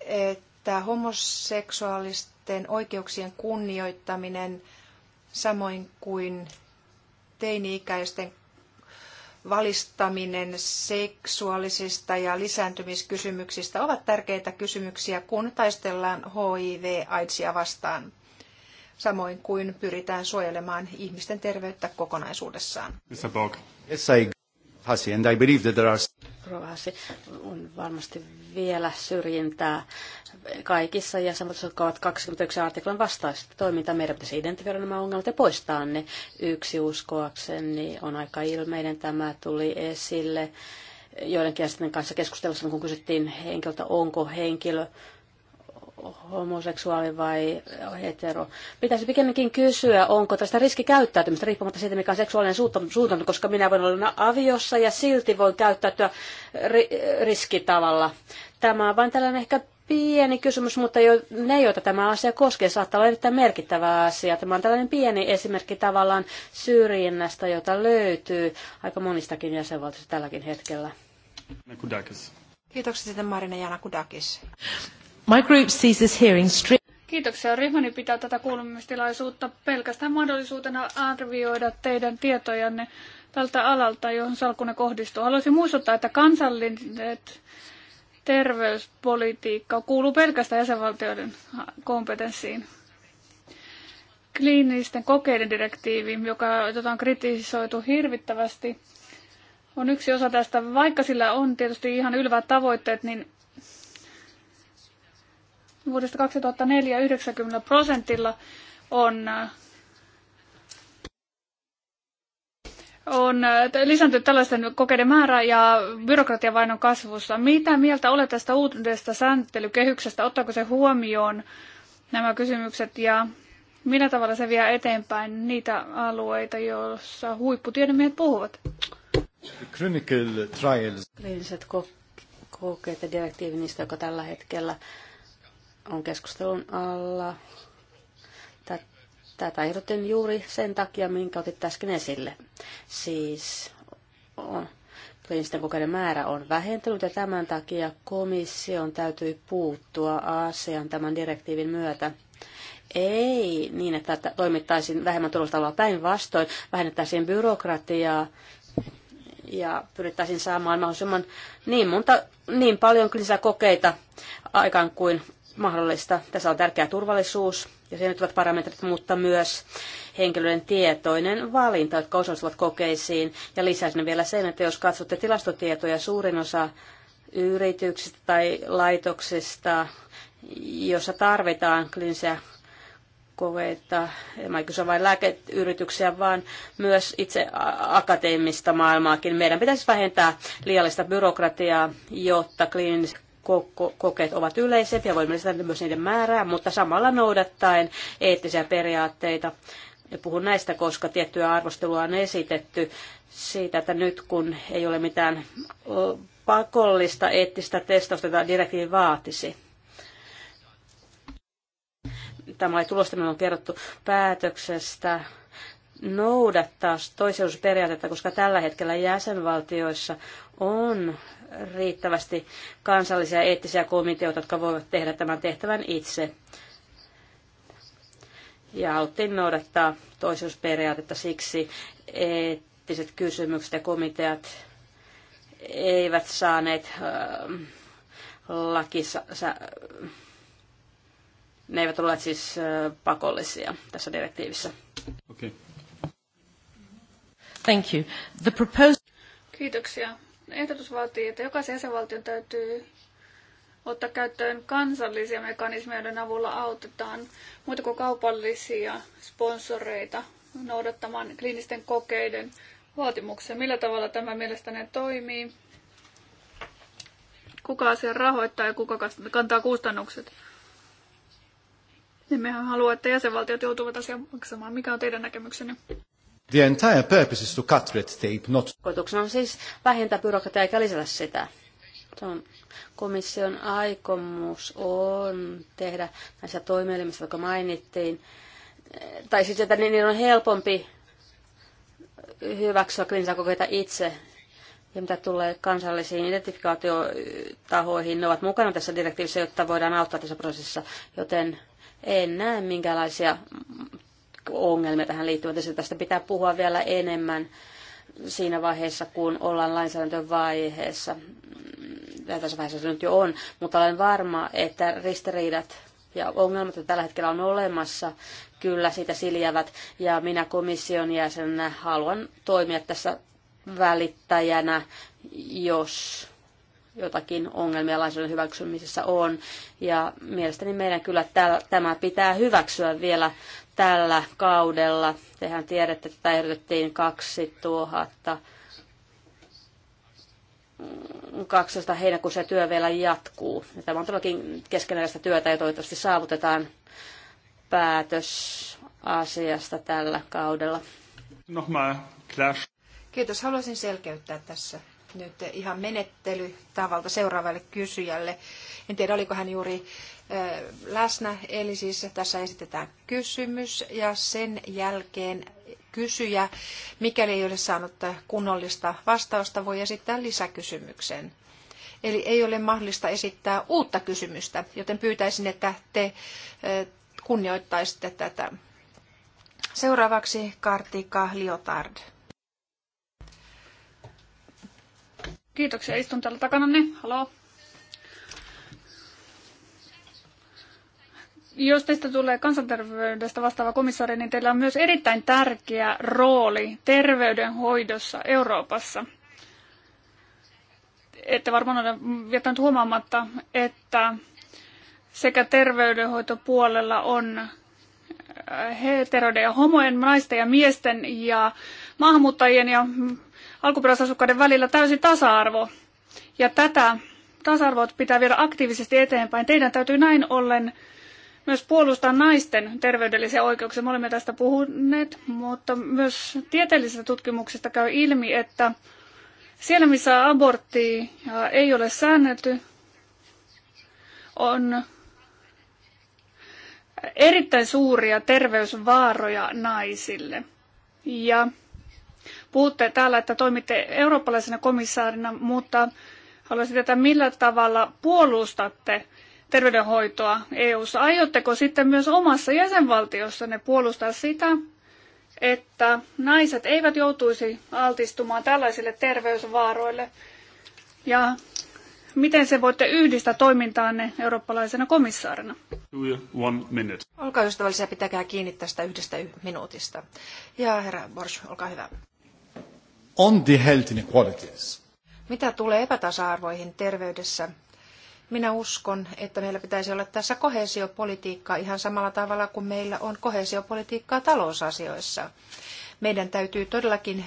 että homoseksuaalisten oikeuksien kunnioittaminen samoin kuin teini-ikäisten valistaminen seksuaalisista ja lisääntymiskysymyksistä ovat tärkeitä kysymyksiä, kun taistellaan HIV-aidsia vastaan, samoin kuin pyritään suojelemaan ihmisten terveyttä kokonaisuudessaan. Mr. Borg. Yes, I and I believe that there are... Rovasi on varmasti vielä syrjintää kaikissa ja jotka ovat 21 artiklan vastaista toimintaa. Meidän pitäisi identifioida nämä ongelmat ja poistaa ne. Yksi uskoakseni on aika ilmeinen. Tämä tuli esille joidenkin jäsenten kanssa keskustelussa, kun kysyttiin henkilöltä, onko henkilö homoseksuaali vai hetero. Pitäisi pikemminkin kysyä, onko tästä riski käyttäytymistä riippumatta siitä, mikä on seksuaalinen suuntautuminen, koska minä voin olla aviossa ja silti voin käyttäytyä ri- riskitavalla. Tämä on vain tällainen ehkä pieni kysymys, mutta jo, ne, joita tämä asia koskee, saattaa olla erittäin merkittävä asia. Tämä on tällainen pieni esimerkki tavallaan syrjinnästä, jota löytyy aika monistakin jäsenvaltioista tälläkin hetkellä. Kudakis. Kiitoksia sitten Marina Jana Kudakis. My group sees this hearing Kiitoksia. Ryhmäni pitää tätä kuulemistilaisuutta pelkästään mahdollisuutena arvioida teidän tietojanne tältä alalta, johon salkuna kohdistuu. Haluaisin muistuttaa, että kansalliset terveyspolitiikka kuuluu pelkästään jäsenvaltioiden kompetenssiin. Kliinisten kokeiden direktiivi, joka, jota on kritisoitu hirvittävästi, on yksi osa tästä. Vaikka sillä on tietysti ihan ylvät tavoitteet, niin Vuodesta 2004 90 prosentilla on on äh, lisääntynyt tällaisten kokeiden määrä ja byrokratia vain on kasvussa. Mitä mieltä olet tästä uudesta sääntelykehyksestä? Ottaako se huomioon nämä kysymykset ja millä tavalla se vie eteenpäin niitä alueita, joissa huipputiedemiehet puhuvat? Clinical trials. Kliiniset kokeet ja direktiivi niistä, joka tällä hetkellä on keskustelun alla. Tätä ehdotin juuri sen takia, minkä otit äsken esille. Siis on, kliinisten kokeiden määrä on vähentynyt ja tämän takia komission täytyy puuttua asiaan tämän direktiivin myötä. Ei niin, että toimittaisiin vähemmän turvallisella päinvastoin, vähennettäisiin byrokratiaa ja pyrittäisiin saamaan mahdollisimman niin, monta, niin paljon lisää kokeita aikaan kuin mahdollista. Tässä on tärkeä turvallisuus ja siihen liittyvät parametrit, mutta myös henkilöiden tietoinen valinta, jotka osallistuvat kokeisiin. Ja lisäisin vielä sen, että jos katsotte tilastotietoja, suurin osa yrityksistä tai laitoksista, jossa tarvitaan kliinisiä koveita, ei kyse vain lääkeyrityksiä, vaan myös itse akateemista maailmaakin. Meidän pitäisi vähentää liiallista byrokratiaa, jotta kliinis kokeet ovat yleisempiä, voimme lisätä myös niiden määrää, mutta samalla noudattaen eettisiä periaatteita. Ja puhun näistä, koska tiettyä arvostelua on esitetty siitä, että nyt kun ei ole mitään pakollista eettistä testausta, jota direktiivi vaatisi. Tämä oli tulosta, on kerrottu päätöksestä noudattaa toisellisuusperiaatetta, koska tällä hetkellä jäsenvaltioissa on riittävästi kansallisia eettisiä komiteoita, jotka voivat tehdä tämän tehtävän itse. Ja haluttiin noudattaa toisuusperiaatetta siksi, eettiset kysymykset ja komiteat eivät saaneet äh, lakissa, ne eivät olleet siis äh, pakollisia tässä direktiivissä. Okay. Thank you. The proposed... Kiitoksia ehdotus vaatii, että jokaisen jäsenvaltion täytyy ottaa käyttöön kansallisia mekanismeja, joiden avulla autetaan muita kuin kaupallisia sponsoreita noudattamaan kliinisten kokeiden vaatimuksia. Millä tavalla tämä mielestäni toimii? Kuka asian rahoittaa ja kuka kantaa kustannukset? Emmehän halua, että jäsenvaltiot joutuvat asian maksamaan. Mikä on teidän näkemyksenne? The entire purpose is to cut red tape, not... Koituksena on siis vähentää byrokratiaa eikä lisätä sitä. Tuon komission aikomus on tehdä näissä toimielimissä, jotka mainittiin, tai siis että niin, niin on helpompi hyväksyä kliinisiä kokeita itse. Ja mitä tulee kansallisiin identifikaatiotahoihin, ne ovat mukana tässä direktiivissä, jotta voidaan auttaa tässä prosessissa, joten en näe minkälaisia ongelmia tähän liittyvät, että tästä pitää puhua vielä enemmän siinä vaiheessa, kun ollaan lainsäädäntövaiheessa. Ja tässä vaiheessa se nyt jo on, mutta olen varma, että ristiriidat ja ongelmat, joita tällä hetkellä on olemassa, kyllä sitä siljävät. Ja minä komission jäsenenä haluan toimia tässä välittäjänä, jos jotakin ongelmia lainsäädännön hyväksymisessä on. Ja mielestäni meidän kyllä tämä pitää hyväksyä vielä tällä kaudella. Tehän tiedätte, että tätä ehdotettiin 2000 12. heinäkuussa työ vielä jatkuu. Ja tämä on todellakin keskeneräistä työtä ja toivottavasti saavutetaan päätös asiasta tällä kaudella. mä clash. Kiitos. Haluaisin selkeyttää tässä nyt ihan menettelytavalta seuraavalle kysyjälle. En tiedä, oliko hän juuri läsnä. Eli siis tässä esitetään kysymys ja sen jälkeen kysyjä, mikäli ei ole saanut kunnollista vastausta, voi esittää lisäkysymyksen. Eli ei ole mahdollista esittää uutta kysymystä, joten pyytäisin, että te kunnioittaisitte tätä. Seuraavaksi Kartika Liotard. Kiitoksia, istun täällä Haloo. jos teistä tulee kansanterveydestä vastaava komissaari, niin teillä on myös erittäin tärkeä rooli terveydenhoidossa Euroopassa. Ette varmaan ole viettänyt huomaamatta, että sekä terveydenhoitopuolella on äh, heteroiden ja homojen, naisten ja miesten ja maahanmuuttajien ja alkuperäisasukkaiden välillä täysin tasa-arvo. Ja tätä tasa-arvoa pitää viedä aktiivisesti eteenpäin. Teidän täytyy näin ollen myös puolustaa naisten terveydellisiä oikeuksia. Me olemme tästä puhuneet, mutta myös tieteellisistä tutkimuksista käy ilmi, että siellä missä abortti ei ole säännelty, on erittäin suuria terveysvaaroja naisille. Ja puhutte täällä, että toimitte eurooppalaisena komissaarina, mutta haluaisin tietää, millä tavalla puolustatte terveydenhoitoa EU-ssa. Aiotteko sitten myös omassa jäsenvaltiossanne puolustaa sitä, että naiset eivät joutuisi altistumaan tällaisille terveysvaaroille? Ja miten se voitte yhdistää toimintaanne eurooppalaisena komissaarina? Olkaa ystävällisiä, pitäkää kiinni tästä yhdestä minuutista. Ja herra Borsch, olkaa hyvä. On the health inequalities. Mitä tulee epätasa-arvoihin terveydessä, minä uskon, että meillä pitäisi olla tässä kohesiopolitiikkaa ihan samalla tavalla kuin meillä on kohesiopolitiikkaa talousasioissa. Meidän täytyy todellakin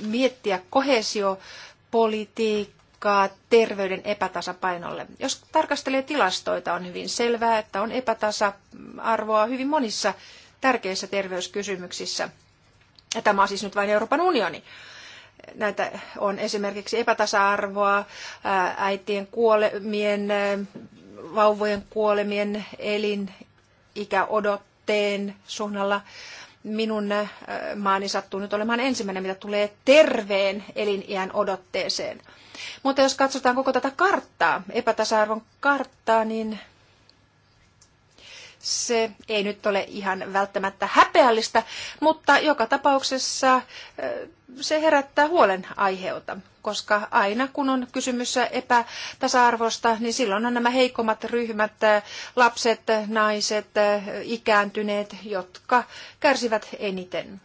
miettiä kohesiopolitiikkaa terveyden epätasapainolle. Jos tarkastelee tilastoita, on hyvin selvää, että on epätasa-arvoa hyvin monissa tärkeissä terveyskysymyksissä. Ja tämä on siis nyt vain Euroopan unioni näitä on esimerkiksi epätasa-arvoa, äitien kuolemien, vauvojen kuolemien, elinikäodotteen suunnalla. Minun maani sattuu nyt olemaan ensimmäinen, mitä tulee terveen eliniän odotteeseen. Mutta jos katsotaan koko tätä karttaa, epätasa-arvon karttaa, niin se ei nyt ole ihan välttämättä häpeällistä, mutta joka tapauksessa se herättää huolen aiheuta, koska aina kun on kysymys epätasa-arvosta, niin silloin on nämä heikommat ryhmät, lapset, naiset, ikääntyneet, jotka kärsivät eniten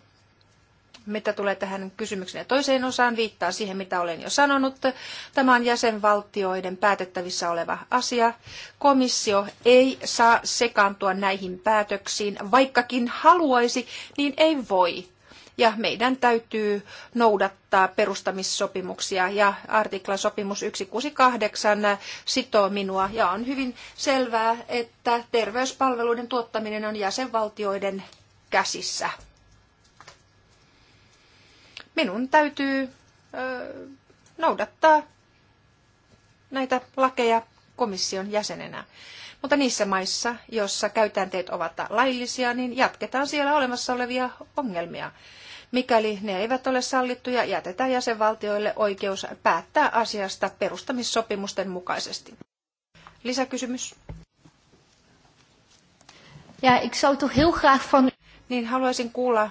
mitä tulee tähän kysymykseen ja toiseen osaan, viittaa siihen, mitä olen jo sanonut. Tämä on jäsenvaltioiden päätettävissä oleva asia. Komissio ei saa sekaantua näihin päätöksiin, vaikkakin haluaisi, niin ei voi. Ja meidän täytyy noudattaa perustamissopimuksia ja artikla sopimus 168 sitoo minua ja on hyvin selvää, että terveyspalveluiden tuottaminen on jäsenvaltioiden käsissä minun täytyy noudattaa näitä lakeja komission jäsenenä. Mutta niissä maissa, joissa käytänteet ovat laillisia, niin jatketaan siellä olemassa olevia ongelmia. Mikäli ne eivät ole sallittuja, jätetään jäsenvaltioille oikeus päättää asiasta perustamissopimusten mukaisesti. Lisäkysymys. Ja, ik zou toch heel graag van... Niin haluaisin kuulla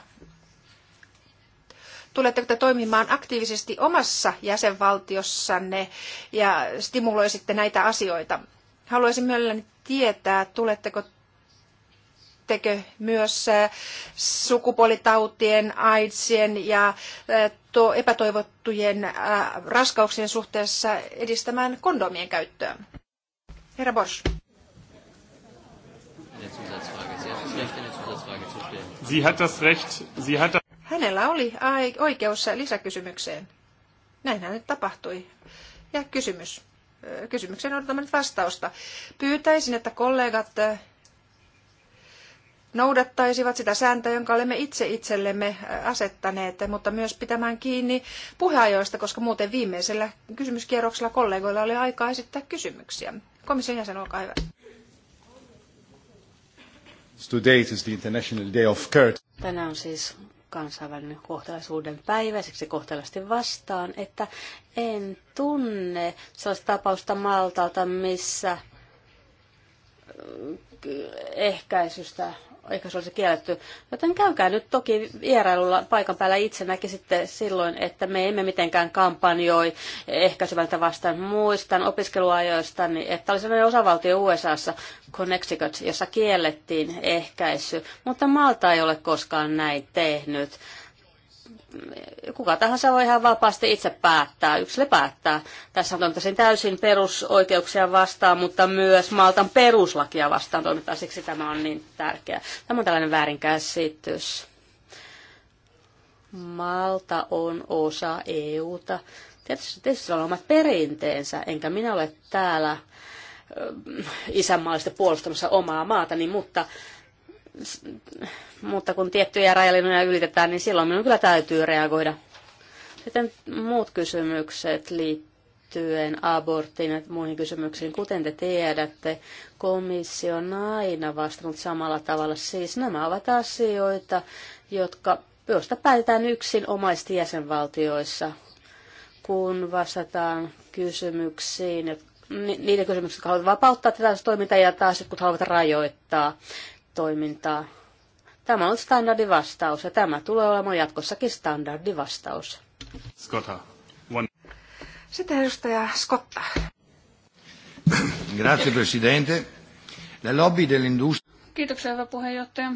Tuletteko te toimimaan aktiivisesti omassa jäsenvaltiossanne ja stimuloisitte näitä asioita? Haluaisin mielelläni tietää, tuletteko tekö myös äh, sukupuolitautien, AIDSien ja äh, epätoivottujen äh, raskauksien suhteessa edistämään kondomien käyttöä? Herra Borsch. Sie hat das Recht, sie hat das Hänellä oli oikeus lisäkysymykseen. Näinhän nyt tapahtui. Ja kysymys. Kysymykseen odotamme nyt vastausta. Pyytäisin, että kollegat noudattaisivat sitä sääntöä, jonka olemme itse itsellemme asettaneet, mutta myös pitämään kiinni puheajoista, koska muuten viimeisellä kysymyskierroksella kollegoilla oli aikaa esittää kysymyksiä. Komission jäsen, olkaa hyvä. Tänään on siis kansainvälinen kohtalaisuuden päivä, siksi kohtalasti vastaan, että en tunne sellaista tapausta Maltalta, missä ehkäisystä eikä se olisi kielletty. Joten käykää nyt toki vierailulla paikan päällä itse näkisitte silloin, että me emme mitenkään kampanjoi ehkäisyvältä vastaan. Muistan niin että oli sellainen osavaltio USAssa, Connecticut, jossa kiellettiin ehkäisy, mutta Malta ei ole koskaan näin tehnyt kuka tahansa voi ihan vapaasti itse päättää, yksilö päättää. Tässä on tosin täysin perusoikeuksia vastaan, mutta myös Maltan peruslakia vastaan toimittaa, siksi tämä on niin tärkeä. Tämä on tällainen väärinkäsitys. Malta on osa EUta. Tietysti, tietysti on omat perinteensä, enkä minä ole täällä isänmaallista puolustamassa omaa maatani, mutta mutta kun tiettyjä rajalinjoja ylitetään, niin silloin minun kyllä täytyy reagoida. Sitten muut kysymykset liittyen aborttiin ja muihin kysymyksiin. Kuten te tiedätte, komissio on aina vastannut samalla tavalla. Siis nämä ovat asioita, jotka, joista päätetään yksin omaisesti jäsenvaltioissa, kun vastataan kysymyksiin, niiden kysymyksiin jotka haluavat vapauttaa tätä toimintaa ja taas jotka haluavat rajoittaa toimintaa. Tämä on standardivastaus ja tämä tulee olemaan jatkossakin standardivastaus. Scotta. One. Sitten edustaja Scotta. Grazie Presidente. La lobby dell'industria... Kiitoksia hyvä puheenjohtaja.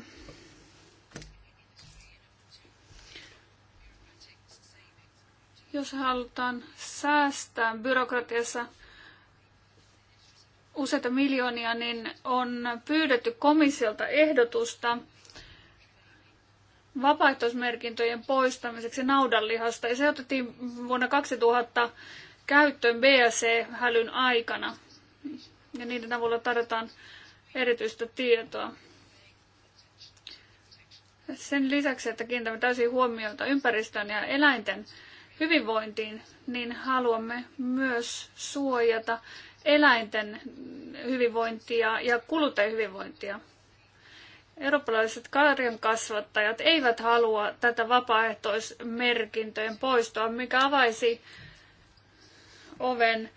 Jos halutaan säästää byrokratiassa, useita miljoonia, niin on pyydetty komissiolta ehdotusta vapaaehtoismerkintöjen poistamiseksi naudanlihasta ja se otettiin vuonna 2000 käyttöön BSC-hälyn aikana ja niiden avulla tarjotaan erityistä tietoa. Sen lisäksi, että kiinnitämme täysin huomiota ympäristön ja eläinten hyvinvointiin, niin haluamme myös suojata eläinten hyvinvointia ja kuluttajien hyvinvointia. Eurooppalaiset karjankasvattajat kasvattajat eivät halua tätä vapaaehtoismerkintöjen poistoa, mikä avaisi oven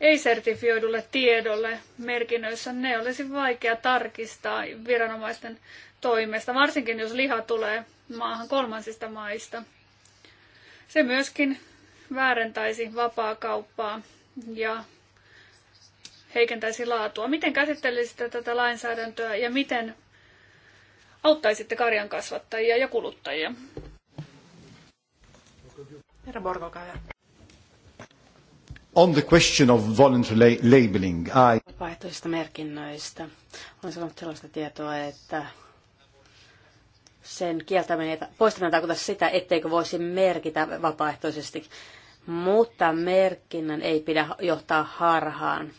ei-sertifioidulle tiedolle merkinnöissä. Ne olisi vaikea tarkistaa viranomaisten toimesta, varsinkin jos liha tulee maahan kolmansista maista. Se myöskin väärentäisi vapaa kauppaa ja heikentäisi laatua. Miten käsittelisitte tätä lainsäädäntöä ja miten auttaisitte karjan kasvattajia ja kuluttajia? Herra Borgo, On the question of voluntary labeling, I... Vapaaehtoisista merkinnöistä. Olen sanonut sellaista tietoa, että sen kieltäminen, poistaminen tarkoittaa sitä, etteikö voisi merkitä vapaaehtoisesti mutta merkinnän ei pidä johtaa harhaan.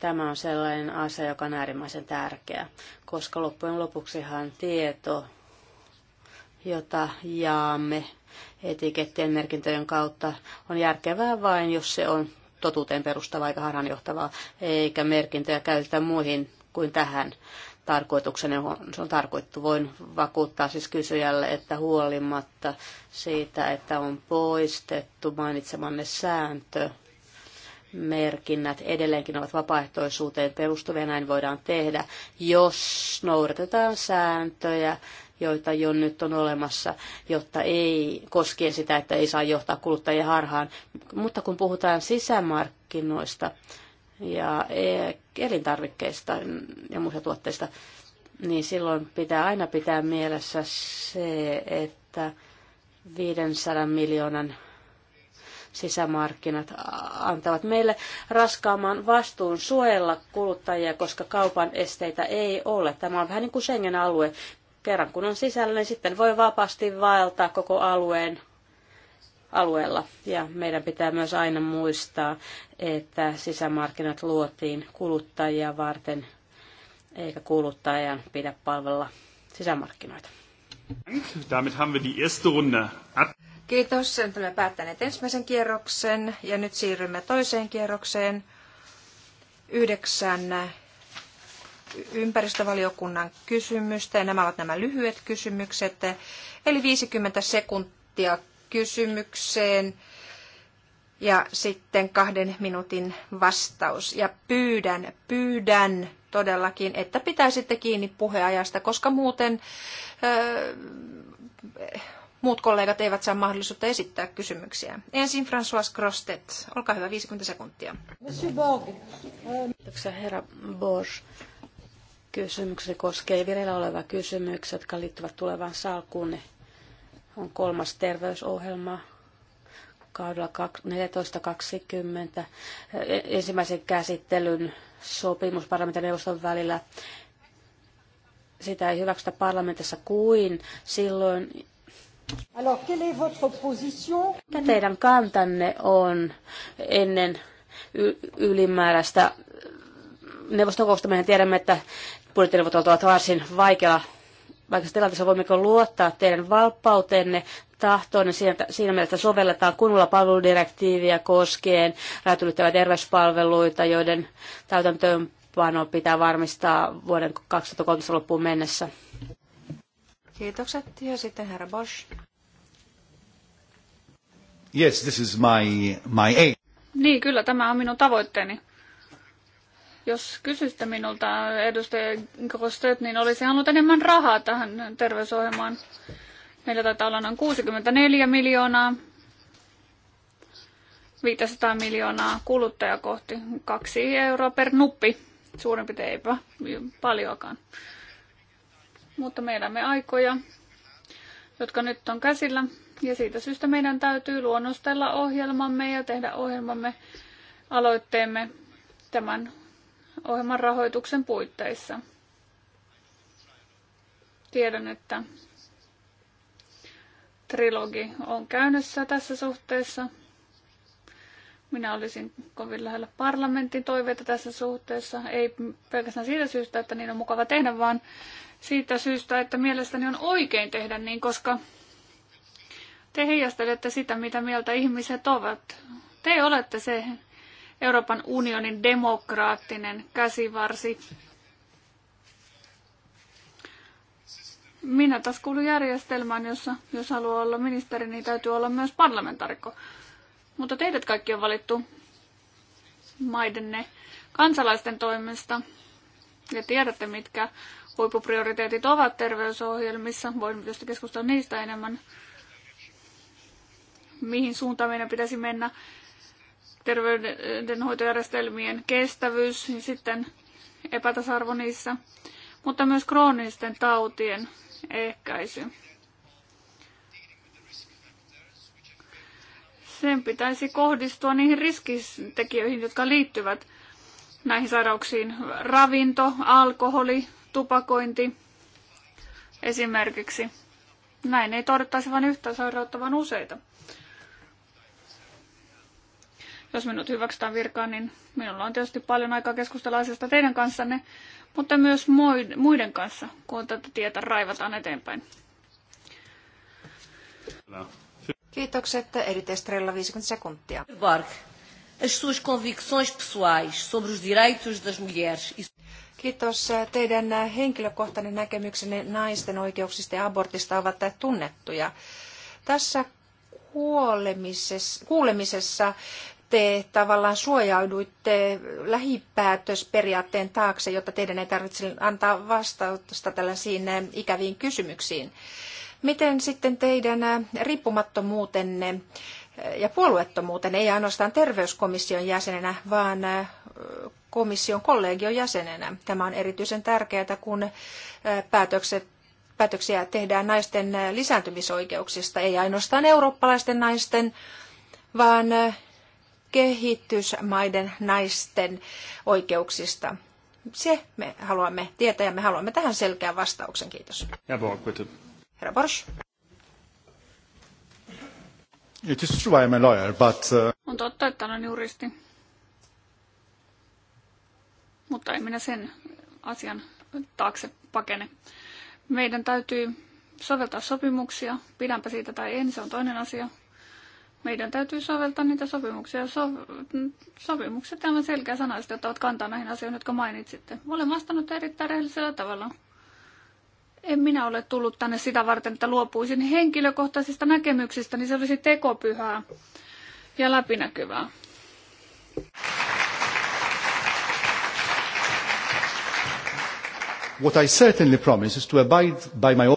Tämä on sellainen asia, joka on äärimmäisen tärkeä, koska loppujen lopuksihan tieto, jota jaamme etikettien merkintöjen kautta, on järkevää vain, jos se on totuuteen perustavaa eikä harhaanjohtavaa, eikä merkintöjä käytetä muihin kuin tähän tarkoituksen, johon se on tarkoittu. Voin vakuuttaa siis kysyjälle, että huolimatta siitä, että on poistettu mainitsemanne sääntö, merkinnät edelleenkin ovat vapaaehtoisuuteen perustuvia, näin voidaan tehdä, jos noudatetaan sääntöjä, joita jo nyt on olemassa, jotta ei koskien sitä, että ei saa johtaa kuluttajia harhaan. Mutta kun puhutaan sisämarkkinoista, ja e- elintarvikkeista ja muista tuotteista, niin silloin pitää aina pitää mielessä se, että 500 miljoonan sisämarkkinat antavat meille raskaamman vastuun suojella kuluttajia, koska kaupan esteitä ei ole. Tämä on vähän niin kuin Schengen-alue. Kerran kun on sisällä, niin sitten voi vapaasti vaeltaa koko alueen alueella. Ja meidän pitää myös aina muistaa, että sisämarkkinat luotiin kuluttajia varten, eikä kuluttajan pidä palvella sisämarkkinoita. Damit haben wir die erste Runde. Kiitos. sen olemme päättäneet ensimmäisen kierroksen ja nyt siirrymme toiseen kierrokseen. Yhdeksän ympäristövaliokunnan kysymystä ja nämä ovat nämä lyhyet kysymykset. Eli 50 sekuntia kysymykseen ja sitten kahden minuutin vastaus. Ja pyydän, pyydän todellakin, että pitäisitte kiinni puheajasta, koska muuten öö, muut kollegat eivät saa mahdollisuutta esittää kysymyksiä. Ensin François Crostet, olkaa hyvä, 50 sekuntia. Monsieur Borg. Ähm, Kiitoksia herra Borg. Kysymykseni koskee vireillä olevaa kysymyksiä, jotka liittyvät tulevaan salkuun on kolmas terveysohjelma kaudella 14.20 ensimmäisen käsittelyn sopimus parlamentin neuvoston välillä. Sitä ei hyväksytä parlamentissa kuin silloin, Alors, quelle est votre position? Mikä teidän kantanne on ennen ylimääräistä neuvostokousta? Mehän tiedämme, että budjettineuvottelut ovat varsin vaikealla vaikeassa tilanteessa, voimmeko luottaa teidän valppautenne tahtoon niin siinä, siinä mielessä sovelletaan kunnolla palveludirektiiviä koskien räätylyttäviä terveyspalveluita, joiden täytäntöönpano pitää varmistaa vuoden 2013 loppuun mennessä. Kiitokset. Ja sitten herra Bosch. Yes, this is my, my aim. Niin, kyllä tämä on minun tavoitteeni. Jos kysytte minulta, edustaja Grostet, niin olisi halunnut enemmän rahaa tähän terveysohjelmaan. Meillä taitaa olla noin 64 miljoonaa, 500 miljoonaa kuluttaja kohti, 2 euroa per nuppi. suurempi teipä, paljoakaan. Mutta me elämme aikoja, jotka nyt on käsillä. Ja siitä syystä meidän täytyy luonnostella ohjelmamme ja tehdä ohjelmamme aloitteemme tämän ohjelman rahoituksen puitteissa. Tiedän, että trilogi on käynnissä tässä suhteessa. Minä olisin kovin lähellä parlamentin toiveita tässä suhteessa. Ei pelkästään siitä syystä, että niin on mukava tehdä, vaan siitä syystä, että mielestäni on oikein tehdä niin, koska te heijastelette sitä, mitä mieltä ihmiset ovat. Te olette se Euroopan unionin demokraattinen käsivarsi. Minä taas kuulun järjestelmään, jossa jos haluaa olla ministeri, niin täytyy olla myös parlamentarikko. Mutta teidät kaikki on valittu maidenne kansalaisten toimesta. Ja tiedätte, mitkä huippuprioriteetit ovat terveysohjelmissa. Voin tietysti keskustella niistä enemmän. Mihin suuntaan meidän pitäisi mennä terveydenhoitojärjestelmien kestävyys ja sitten epätasarvo niissä, mutta myös kroonisten tautien ehkäisy. Sen pitäisi kohdistua niihin riskitekijöihin, jotka liittyvät näihin sairauksiin. Ravinto, alkoholi, tupakointi esimerkiksi. Näin ei torjuttaisi vain yhtä sairautta, vaan useita. Jos minut hyväksytään virkaan, niin minulla on tietysti paljon aikaa keskustella asiasta teidän kanssanne, mutta myös muiden kanssa, kun tätä tietä raivataan eteenpäin. Kiitokset. Edith Estrella, 50 sekuntia. Vark, as suas convicções pessoais sobre os direitos das mulheres e Kiitos. Teidän henkilökohtainen näkemyksenne naisten oikeuksista ja abortista ovat tunnettuja. Tässä kuulemisessa te tavallaan suojauduitte lähipäätösperiaatteen taakse, jotta teidän ei tarvitse antaa vastausta tällaisiin ikäviin kysymyksiin. Miten sitten teidän riippumattomuutenne ja puolueettomuutenne, ei ainoastaan terveyskomission jäsenenä, vaan komission kollegion jäsenenä. Tämä on erityisen tärkeää, kun päätökset päätöksiä tehdään naisten lisääntymisoikeuksista, ei ainoastaan eurooppalaisten naisten, vaan kehitysmaiden naisten oikeuksista? Se me haluamme tietää ja me haluamme tähän selkeän vastauksen. Kiitos. Herra Borsch. It is true I am a lawyer, but... Uh... On totta, että olen juristi. Mutta ei minä sen asian taakse pakene. Meidän täytyy soveltaa sopimuksia, pidänpä siitä tai en, se on toinen asia. Meidän täytyy soveltaa niitä sopimuksia. So- sopimukset ovat selkeä sanaisesti ottavat kantaa näihin asioihin, jotka mainitsitte. Olen vastannut erittäin rehellisellä tavalla. En minä ole tullut tänne sitä varten, että luopuisin henkilökohtaisista näkemyksistä, niin se olisi tekopyhää ja läpinäkyvää. What I certainly promise is to abide by my own.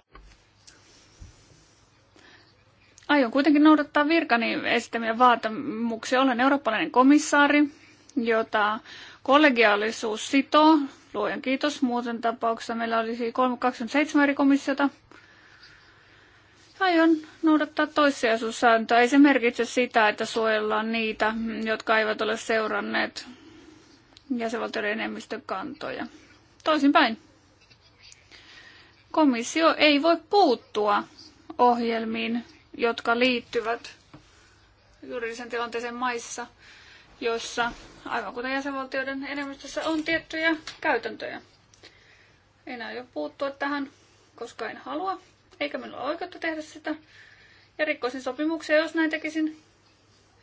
Aion kuitenkin noudattaa virkani esittämiä vaatimuksia. Olen eurooppalainen komissaari, jota kollegiaalisuus sitoo. Luojan kiitos. Muuten tapauksessa meillä olisi 27 eri komissiota. Aion noudattaa toissijaisuussääntöä. Ei se merkitse sitä, että suojellaan niitä, jotka eivät ole seuranneet jäsenvaltioiden enemmistön kantoja. Toisinpäin. Komissio ei voi puuttua ohjelmiin, jotka liittyvät juridisen tilanteeseen maissa, joissa, aivan kuten jäsenvaltioiden enemmistössä, on tiettyjä käytäntöjä. En aio puuttua tähän, koska en halua, eikä minulla ole oikeutta tehdä sitä. Ja rikkoisin sopimuksia, jos näin tekisin.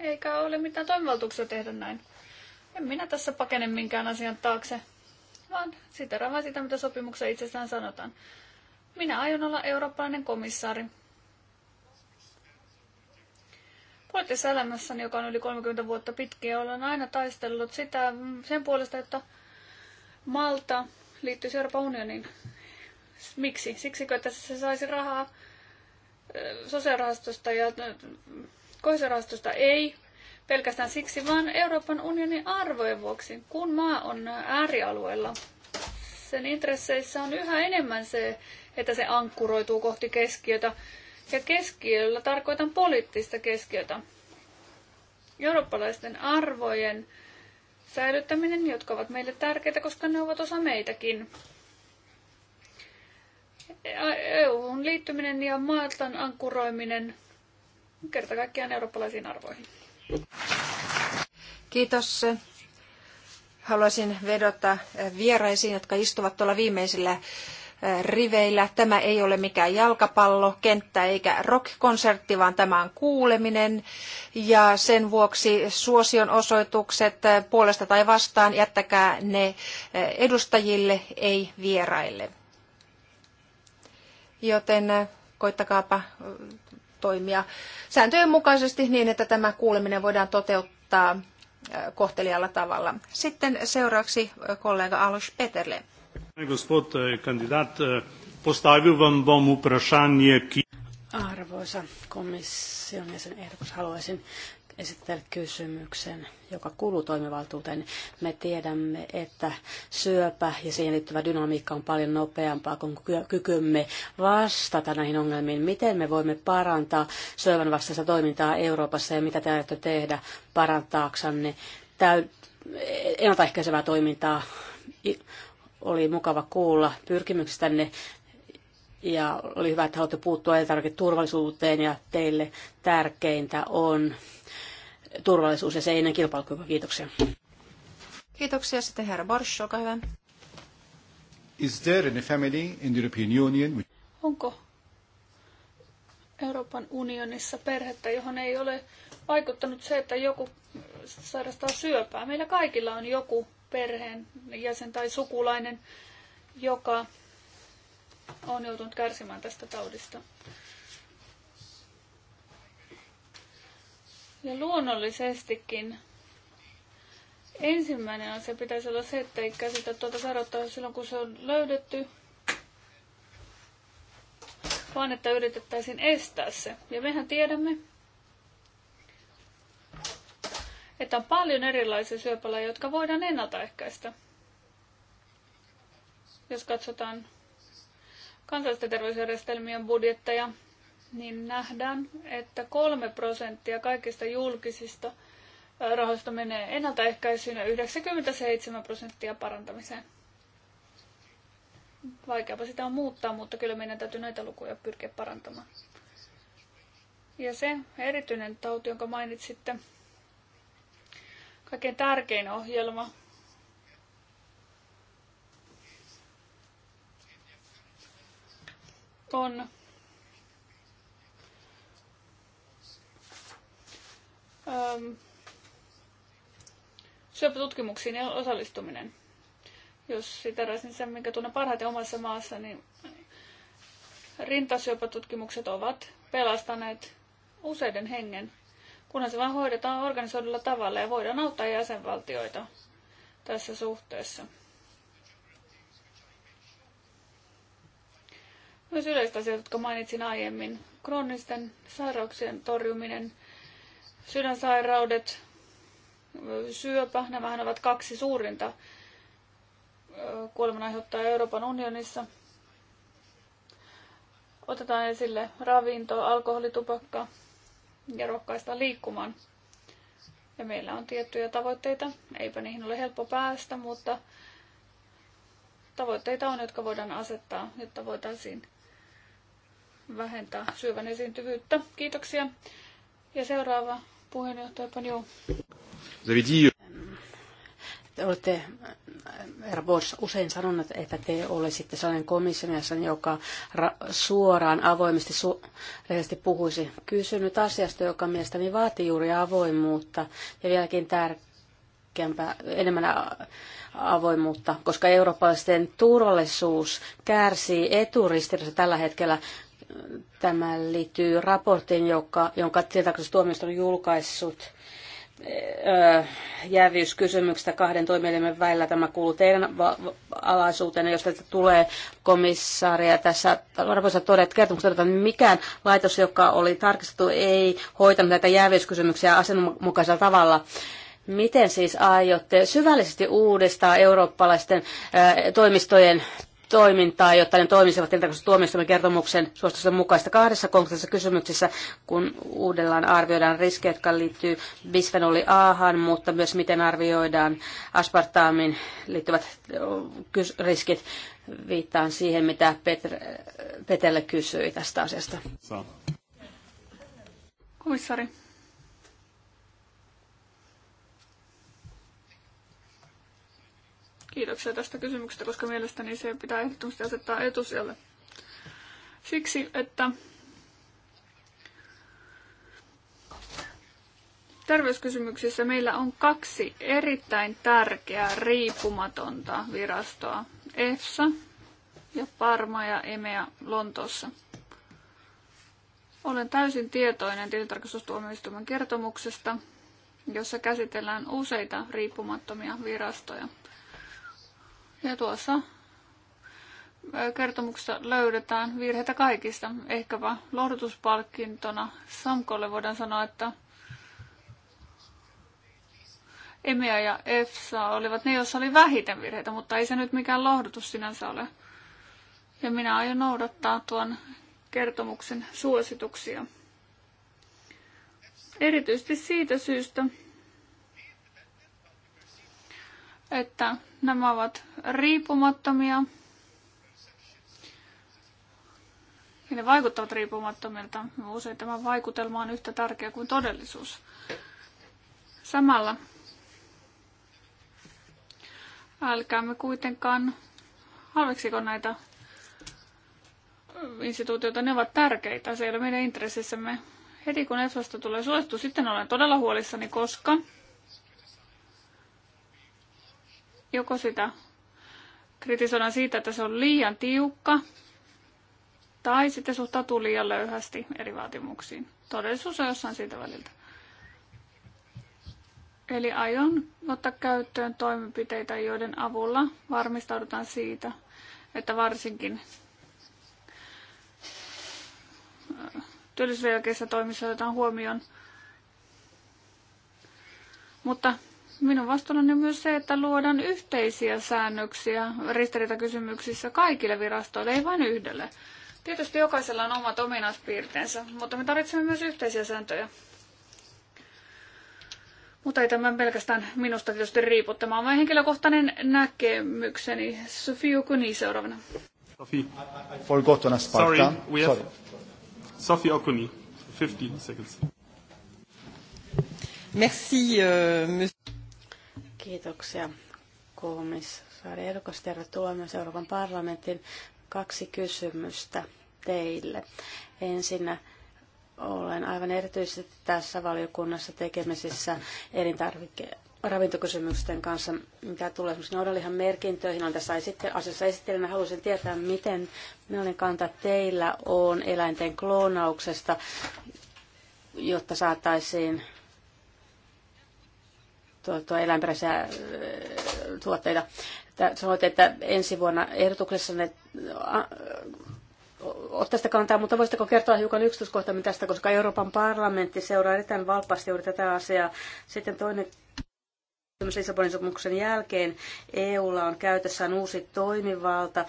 Eikä ole mitään toimivaltuuksia tehdä näin. En minä tässä pakene minkään asian taakse, vaan sitä vain sitä, mitä sopimuksessa itsestään sanotaan. Minä aion olla eurooppalainen komissaari, poliittisessa elämässäni, joka on yli 30 vuotta pitkiä, olen aina taistellut sitä sen puolesta, että Malta liittyisi Euroopan unioniin. Miksi? Siksi, että se saisi rahaa sosiaalirahastosta ja koisarahastosta ei pelkästään siksi, vaan Euroopan unionin arvojen vuoksi. Kun maa on äärialueella, sen intresseissä on yhä enemmän se, että se ankkuroituu kohti keskiötä ja keskiöllä tarkoitan poliittista keskiötä. Eurooppalaisten arvojen säilyttäminen, jotka ovat meille tärkeitä, koska ne ovat osa meitäkin. EU:n liittyminen ja Maltan ankkuroiminen kerta kaikkiaan eurooppalaisiin arvoihin. Kiitos. Haluaisin vedota vieraisiin, jotka istuvat tuolla viimeisellä riveillä. Tämä ei ole mikään jalkapallokenttä eikä rockkonsertti, vaan tämä on kuuleminen. Ja sen vuoksi suosion osoitukset puolesta tai vastaan jättäkää ne eh, edustajille, ei vieraille. Joten eh, koittakaapa eh, toimia sääntöjen mukaisesti niin, että tämä kuuleminen voidaan toteuttaa kohtelijalla tavalla. Sitten seuraavaksi kollega Alus Peterle. Gospod kandidaat, eh, eh, postavil vam bom vprašanje, ki... Arvoisa komission jäsen ehdokas, haluaisin esittää kysymyksen, joka kuuluu toimivaltuuteen. Me tiedämme, että syöpä ja siihen liittyvä dynamiikka on paljon nopeampaa kuin kykymme vastata näihin ongelmiin. Miten me voimme parantaa syövän vastaista toimintaa Euroopassa ja mitä te aiotte tehdä parantaaksenne täy- ennaltaehkäisevää toimintaa oli mukava kuulla pyrkimyksestänne ja oli hyvä, että haluatte puuttua elintarviketurvallisuuteen ja teille tärkeintä on turvallisuus ja se ei kilpailukyky. Kiitoksia. Kiitoksia. Sitten herra Borsch, olkaa hyvä. Is there any family in the European Union? Onko Euroopan unionissa perhettä, johon ei ole vaikuttanut se, että joku sairastaa syöpää? Meillä kaikilla on joku perheen jäsen tai sukulainen, joka on joutunut kärsimään tästä taudista. Ja luonnollisestikin ensimmäinen asia pitäisi olla se, että ei käsitä tuota sairautta silloin, kun se on löydetty, vaan että yritettäisiin estää se. Ja mehän tiedämme, että on paljon erilaisia syöpälajeja, jotka voidaan ennaltaehkäistä. Jos katsotaan kansallisten terveysjärjestelmien budjetteja, niin nähdään, että kolme prosenttia kaikista julkisista rahoista menee ennaltaehkäisyyn ja 97 prosenttia parantamiseen. Vaikeapa sitä on muuttaa, mutta kyllä meidän täytyy näitä lukuja pyrkiä parantamaan. Ja se erityinen tauti, jonka mainitsitte, kaikkein tärkein ohjelma. On öö, syöpätutkimuksiin osallistuminen. Jos siterasin sen, minkä tunnen parhaiten omassa maassa, niin rintasyöpätutkimukset ovat pelastaneet useiden hengen kunhan se vaan hoidetaan organisoidulla tavalla ja voidaan auttaa jäsenvaltioita tässä suhteessa. Myös yleistä asioita, jotka mainitsin aiemmin. Kroonisten sairauksien torjuminen, sydänsairaudet, syöpä, nämähän ovat kaksi suurinta kuolemanaiheuttajaa Euroopan unionissa. Otetaan esille ravinto, alkoholi, tupakka, ja rohkaista liikkumaan. Ja meillä on tiettyjä tavoitteita, eipä niihin ole helppo päästä, mutta tavoitteita on, jotka voidaan asettaa, jotta voitaisiin vähentää syövän esiintyvyyttä. Kiitoksia. Ja seuraava puheenjohtaja Panjou. Euh, olette herra Bors usein sanonut, että te olisitte sellainen komissionissa, joka suoraan avoimesti su- rehellisesti puhuisi. Kysynyt asiasta, joka mielestäni vaatii juuri avoimuutta ja vieläkin tärkeämpää, enemmän avoimuutta, koska eurooppalaisten turvallisuus kärsii eturistiriidassa tällä hetkellä. Tämä liittyy raporttiin, joka, jonka tietääkseni tuomioistuin on julkaissut jäävyyskysymyksestä kahden toimielimen välillä. Tämä kuuluu teidän alaisuuteen, jos teiltä tulee komissaaria. Tässä arvoisa todeta, kertomuksessa todetaan, että niin mikään laitos, joka oli tarkistettu, ei hoitanut näitä jäävyyskysymyksiä asianmukaisella tavalla. Miten siis aiotte syvällisesti uudistaa eurooppalaisten toimistojen toimintaa, jotta ne toimisivat tuomioistuimen kertomuksen suostuksen mukaista kahdessa konkreettisessa kysymyksessä, kun uudellaan arvioidaan riskejä, jotka liittyy bisfenoli A, mutta myös miten arvioidaan aspartaamin liittyvät riskit. Viittaan siihen, mitä Petr, Petelle kysyi tästä asiasta. Komissari. Kiitoksia tästä kysymyksestä, koska mielestäni se pitää ehdottomasti asettaa etusijalle. Siksi, että terveyskysymyksissä meillä on kaksi erittäin tärkeää riippumatonta virastoa. EFSA ja Parma ja EMEA Lontoossa. Olen täysin tietoinen tilintarkastustuomioistuimen kertomuksesta, jossa käsitellään useita riippumattomia virastoja. Ja tuossa kertomuksessa löydetään virheitä kaikista. Ehkäpä lohdutuspalkintona Samkolle voidaan sanoa, että EMEA ja EFSA olivat ne, joissa oli vähiten virheitä, mutta ei se nyt mikään lohdutus sinänsä ole. Ja minä aion noudattaa tuon kertomuksen suosituksia. Erityisesti siitä syystä, että nämä ovat riippumattomia ja ne vaikuttavat riippumattomilta. Usein tämä vaikutelma on yhtä tärkeä kuin todellisuus. Samalla älkäämme kuitenkaan halveksiko näitä instituutioita, ne ovat tärkeitä, se ei ole meidän intressissämme. Heti kun EFSAsta tulee suosittu, sitten olen todella huolissani, koska Joko sitä kritisoidaan siitä, että se on liian tiukka, tai sitten suhtautuu liian löyhästi eri vaatimuksiin. Todellisuus on jossain siitä väliltä. Eli aion ottaa käyttöön toimenpiteitä, joiden avulla varmistaudutaan siitä, että varsinkin äh, työllisyysjälkeisissä toimissa otetaan huomioon. Mutta Minun vastuullani on myös se, että luodaan yhteisiä säännöksiä ristiriitakysymyksissä kaikille virastoille, ei vain yhdelle. Tietysti jokaisella on omat ominaispiirteensä, mutta me tarvitsemme myös yhteisiä sääntöjä. Mutta ei tämä pelkästään minusta tietysti riipu. Tämä on vain henkilökohtainen näkemykseni. Sofie Okuni seuraavana. Sofi, Forgotten Asparta. Sorry, we have... Sofi Okuni, 15 seconds. Merci, uh, monsieur. Kiitoksia komissaari Erkos. Tervetuloa myös Euroopan parlamentin kaksi kysymystä teille. Ensinnä olen aivan erityisesti tässä valiokunnassa tekemisissä elintarvikkeen ravintokysymysten kanssa, mitä tulee esimerkiksi noudalihan merkintöihin. on tässä esitte- asiassa esittelijänä Haluaisin tietää, miten millainen kanta teillä on eläinten kloonauksesta, jotta saataisiin tuota, eläinperäisiä tuotteita. Sanoit, että ensi vuonna ehdotuksessa ne ottaisitte kantaa, mutta voisitteko kertoa hiukan yksityiskohtaisemmin tästä, koska Euroopan parlamentti seuraa erittäin valppaasti juuri tätä asiaa. Sitten toinen Lissabonin sopimuksen jälkeen EUlla on käytössään uusi toimivalta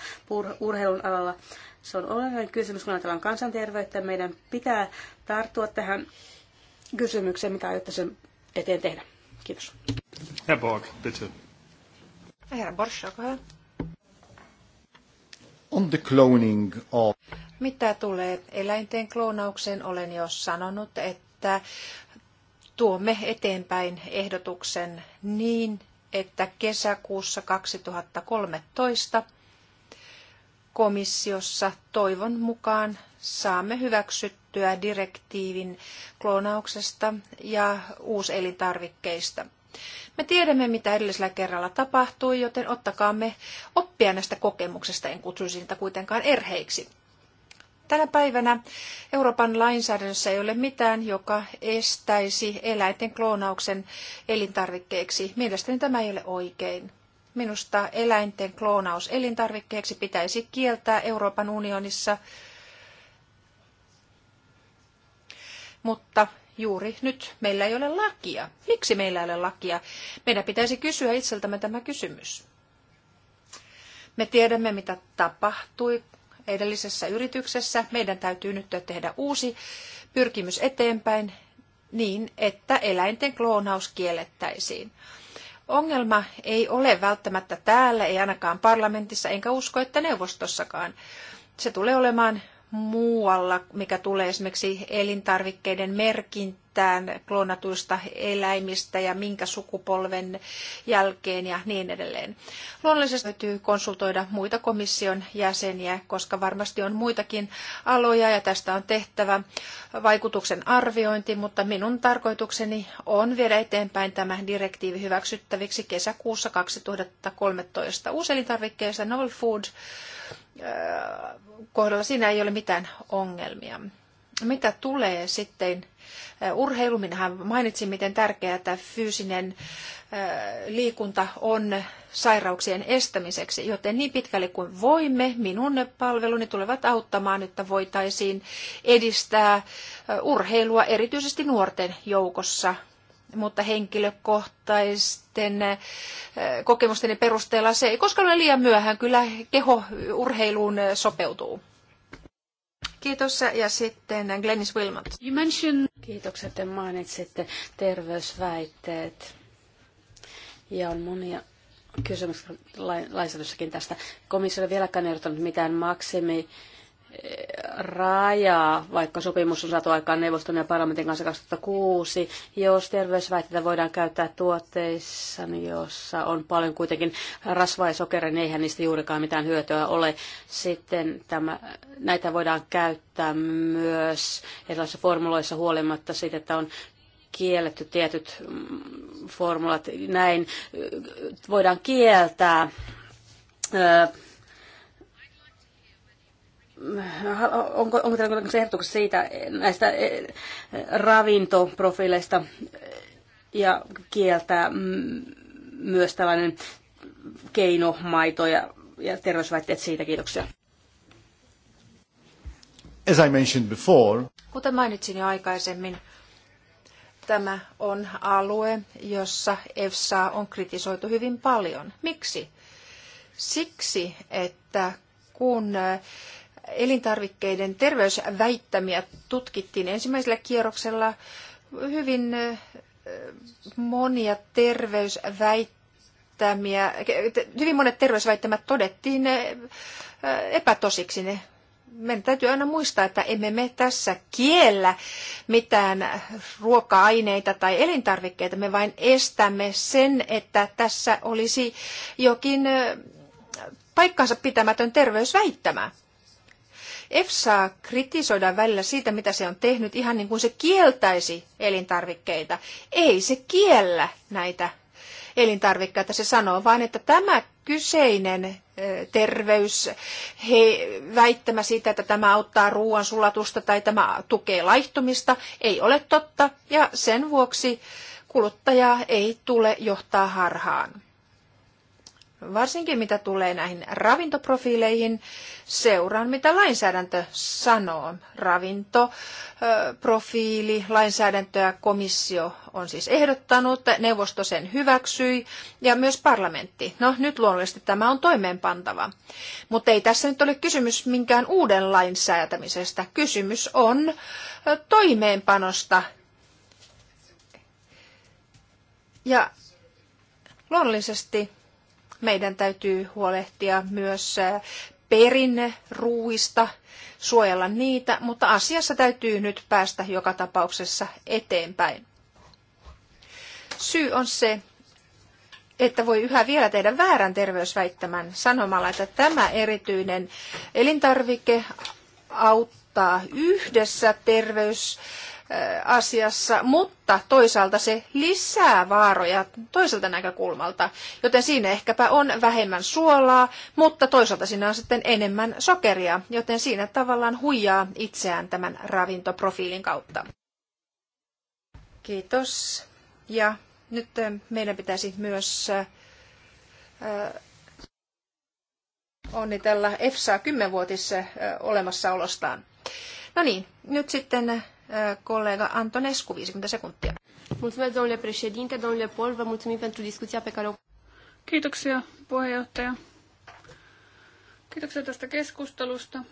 urheilun alalla. Se on olennainen kysymys, kun ajatellaan kansanterveyttä. Meidän pitää tarttua tähän kysymykseen, mitä aiotte sen eteen tehdä. Kiitos. Herr Borg, bitte. Herra Borsch, On the cloning of... Mitä tulee eläinten kloonaukseen, olen jo sanonut, että tuomme eteenpäin ehdotuksen niin, että kesäkuussa 2013 – komissiossa toivon mukaan saamme hyväksyttyä direktiivin kloonauksesta ja uuselintarvikkeista. Me tiedämme, mitä edellisellä kerralla tapahtui, joten ottakaamme oppia näistä kokemuksesta, en kutsuisi niitä kuitenkaan erheiksi. Tänä päivänä Euroopan lainsäädännössä ei ole mitään, joka estäisi eläinten kloonauksen elintarvikkeiksi. Mielestäni tämä ei ole oikein. Minusta eläinten kloonaus elintarvikkeeksi pitäisi kieltää Euroopan unionissa, mutta juuri nyt meillä ei ole lakia. Miksi meillä ei ole lakia? Meidän pitäisi kysyä itseltämme tämä kysymys. Me tiedämme, mitä tapahtui edellisessä yrityksessä. Meidän täytyy nyt tehdä uusi pyrkimys eteenpäin niin, että eläinten kloonaus kiellettäisiin. Ongelma ei ole välttämättä täällä, ei ainakaan parlamentissa, enkä usko, että neuvostossakaan. Se tulee olemaan muualla, mikä tulee esimerkiksi elintarvikkeiden merkintään kloonatuista eläimistä ja minkä sukupolven jälkeen ja niin edelleen. Luonnollisesti täytyy konsultoida muita komission jäseniä, koska varmasti on muitakin aloja ja tästä on tehtävä vaikutuksen arviointi, mutta minun tarkoitukseni on viedä eteenpäin tämä direktiivi hyväksyttäviksi kesäkuussa 2013. Uuselintarvikkeista Novel Food kohdalla siinä ei ole mitään ongelmia. Mitä tulee sitten urheilu, minähän mainitsin, miten tärkeää tämä fyysinen liikunta on sairauksien estämiseksi, joten niin pitkälle kuin voimme, minun palveluni tulevat auttamaan, että voitaisiin edistää urheilua erityisesti nuorten joukossa mutta henkilökohtaisten eh, kokemusten perusteella se ei koskaan ole liian myöhään. Kyllä keho urheiluun eh, sopeutuu. Kiitos. Ja sitten Glennis Wilmot. You mentioned... Kiitokset, että mainitsitte terveysväitteet. Ja on monia kysymyksiä lainsäädännössäkin tästä. Komissio ei vieläkään ehdottanut mitään maksimi rajaa, vaikka sopimus on saatu aikaan neuvoston ja parlamentin kanssa 2006, jos terveysväitteitä voidaan käyttää tuotteissa, niin jossa on paljon kuitenkin rasvaa ja sokeria, niin eihän niistä juurikaan mitään hyötyä ole. Sitten tämä, näitä voidaan käyttää myös erilaisissa formuloissa huolimatta siitä, että on kielletty tietyt formulat. Näin voidaan kieltää onko, onko teillä ehdotuksia siitä näistä eh, ravintoprofiileista eh, ja kieltää myös tällainen keino, maito ja, ja terveysväitteet siitä. Kiitoksia. As I mentioned before, Kuten mainitsin jo aikaisemmin, tämä on alue, jossa EFSA on kritisoitu hyvin paljon. Miksi? Siksi, että kun eh, elintarvikkeiden terveysväittämiä tutkittiin ensimmäisellä kierroksella. Hyvin monia terveysväittämiä, hyvin monet terveysväittämät todettiin epätosiksi. Ne meidän täytyy aina muistaa, että emme me tässä kiellä mitään ruoka-aineita tai elintarvikkeita. Me vain estämme sen, että tässä olisi jokin paikkansa pitämätön terveysväittämä saa kritisoidaan välillä siitä, mitä se on tehnyt, ihan niin kuin se kieltäisi elintarvikkeita. Ei se kiellä näitä elintarvikkeita, se sanoo vain, että tämä kyseinen terveys, he, väittämä siitä, että tämä auttaa ruoan sulatusta tai tämä tukee laihtumista, ei ole totta ja sen vuoksi kuluttajaa ei tule johtaa harhaan varsinkin mitä tulee näihin ravintoprofiileihin, seuraan mitä lainsäädäntö sanoo. Ravintoprofiili, lainsäädäntöä komissio on siis ehdottanut, neuvosto sen hyväksyi ja myös parlamentti. No nyt luonnollisesti tämä on toimeenpantava. Mutta ei tässä nyt ole kysymys minkään uuden lain säätämisestä. Kysymys on toimeenpanosta. Ja luonnollisesti meidän täytyy huolehtia myös äh, perinneruuista, suojella niitä, mutta asiassa täytyy nyt päästä joka tapauksessa eteenpäin. Syy on se, että voi yhä vielä tehdä väärän terveysväittämän sanomalla, että tämä erityinen elintarvike auttaa yhdessä terveys asiassa, mutta toisaalta se lisää vaaroja toiselta näkökulmalta, joten siinä ehkäpä on vähemmän suolaa, mutta toisaalta siinä on sitten enemmän sokeria, joten siinä tavallaan huijaa itseään tämän ravintoprofiilin kautta. Kiitos. Ja nyt meidän pitäisi myös onnitella EFSA 10-vuotis olemassaolostaan. No niin, nyt sitten colega Antonescu, 50 sekuntia. Mulțumesc, domnule președinte, domnule Pol, vă mulțumim pentru discuția pe care o... Kiitoksia, puheenjohtaja. Kiitoksia tästä keskustelusta.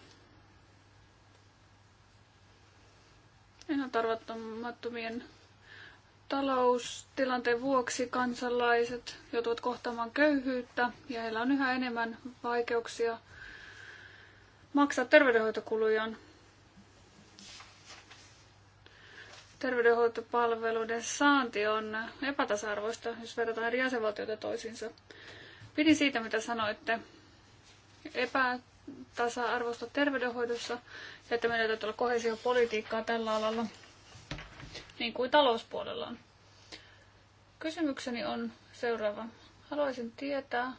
Ennaltarvattomattomien taloustilanteen vuoksi kansalaiset joutuvat kohtaamaan köyhyyttä ja heillä on yhä enemmän vaikeuksia maksaa terveydenhoitokulujaan. terveydenhoitopalveluiden saanti on epätasa-arvoista, jos verrataan eri jäsenvaltioita toisiinsa. Pidin siitä, mitä sanoitte. epätasa arvoista terveydenhoidossa ja että meidän täytyy olla kohesiopolitiikkaa tällä alalla, niin kuin talouspuolella on. Kysymykseni on seuraava. Haluaisin tietää,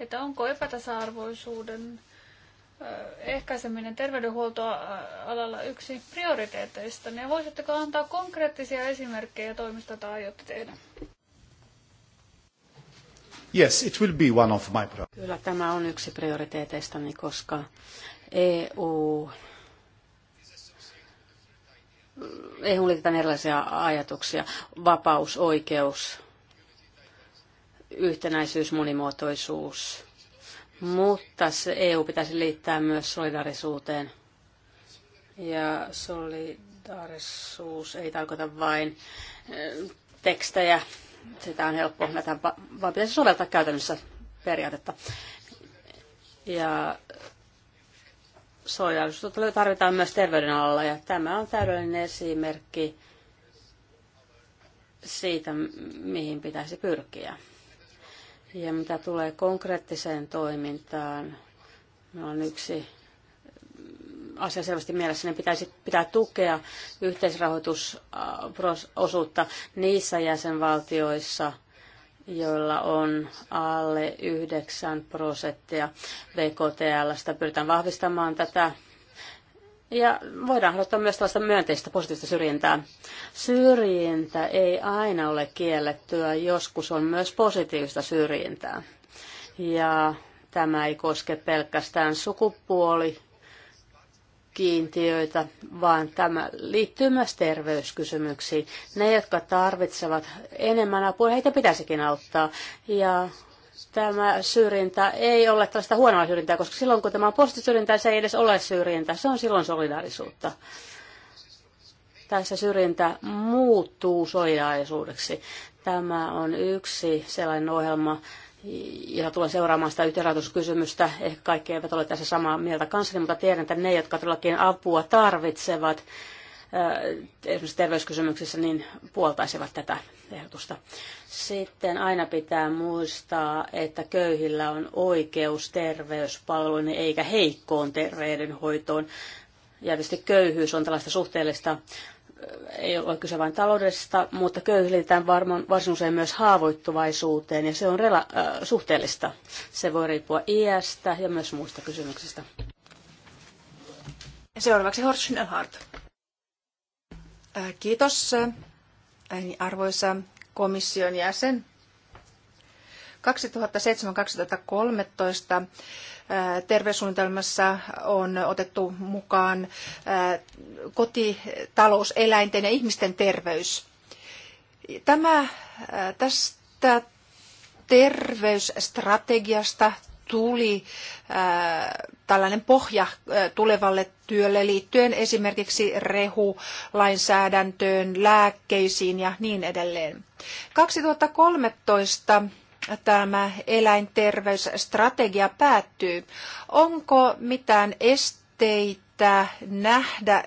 että onko epätasa-arvoisuuden ehkäiseminen terveydenhuoltoalalla yksi prioriteeteista. Ne voisitteko antaa konkreettisia esimerkkejä toimista, joita aiotte tehdä? Yes, it will be one of my Kyllä tämä on yksi prioriteeteistani, koska EU ei liitetään erilaisia ajatuksia. Vapaus, oikeus, yhtenäisyys, monimuotoisuus, mutta se EU pitäisi liittää myös solidarisuuteen. Ja solidarisuus ei tarkoita vain eh, tekstejä, sitä on helppo nähdä, vaan pitäisi soveltaa käytännössä periaatetta. Ja solidarisuutta tarvitaan myös terveyden alalla, ja tämä on täydellinen esimerkki siitä, mihin pitäisi pyrkiä. Ja mitä tulee konkreettiseen toimintaan, meillä on yksi asia selvästi mielessä, niin pitäisi pitää tukea yhteisrahoitusosuutta niissä jäsenvaltioissa, joilla on alle 9 prosenttia BKTLstä. Pyritään vahvistamaan tätä ja voidaan aloittaa myös tällaista myönteistä positiivista syrjintää. Syrjintä ei aina ole kiellettyä, joskus on myös positiivista syrjintää. Ja tämä ei koske pelkästään sukupuoli kiintiöitä, vaan tämä liittyy myös terveyskysymyksiin. Ne, jotka tarvitsevat enemmän apua, heitä pitäisikin auttaa. Ja tämä syrjintä ei ole tällaista huonoa syrjintää, koska silloin kun tämä on postisyrjintä, se ei edes ole syrjintää, se on silloin solidaarisuutta. Tässä syrjintä muuttuu solidaarisuudeksi. Tämä on yksi sellainen ohjelma, ja tulen seuraamaan sitä yhteenrahoituskysymystä. Ehkä kaikki eivät ole tässä samaa mieltä kanssani, mutta tiedän, että ne, jotka todellakin apua tarvitsevat, esimerkiksi terveyskysymyksissä, niin puoltaisivat tätä ehdotusta. Sitten aina pitää muistaa, että köyhillä on oikeus terveyspalveluihin eikä heikkoon terveydenhoitoon. Ja tietysti köyhyys on tällaista suhteellista ei ole kyse vain taloudellisesta, mutta köyhyys liitetään varmaan varsin usein myös haavoittuvaisuuteen, ja se on rela- äh, suhteellista. Se voi riippua iästä ja myös muista kysymyksistä. Seuraavaksi Horst Schnellhardt. Kiitos, arvoisa komission jäsen. 2007-2013 terveyssuunnitelmassa on otettu mukaan kotitalous, eläinten ja ihmisten terveys. Tämä tästä terveysstrategiasta tuli tällainen pohja tulevalle työlle liittyen esimerkiksi rehulainsäädäntöön, lääkkeisiin ja niin edelleen. 2013 tämä eläinterveysstrategia päättyy. Onko mitään esteitä nähdä,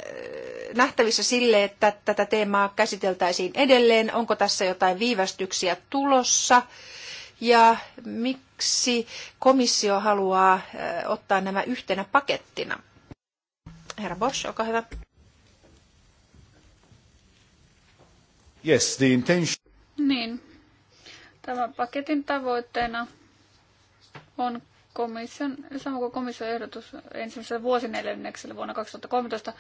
nähtävissä sille, että tätä teemaa käsiteltäisiin edelleen? Onko tässä jotain viivästyksiä tulossa? Ja miksi komissio haluaa ottaa nämä yhtenä pakettina? Herra Bosch, olkaa hyvä. Yes, the intention... Niin. Tämän paketin tavoitteena on komission, sama kuin komission ehdotus ensimmäisellä vuosineljänneksellä vuonna 2013.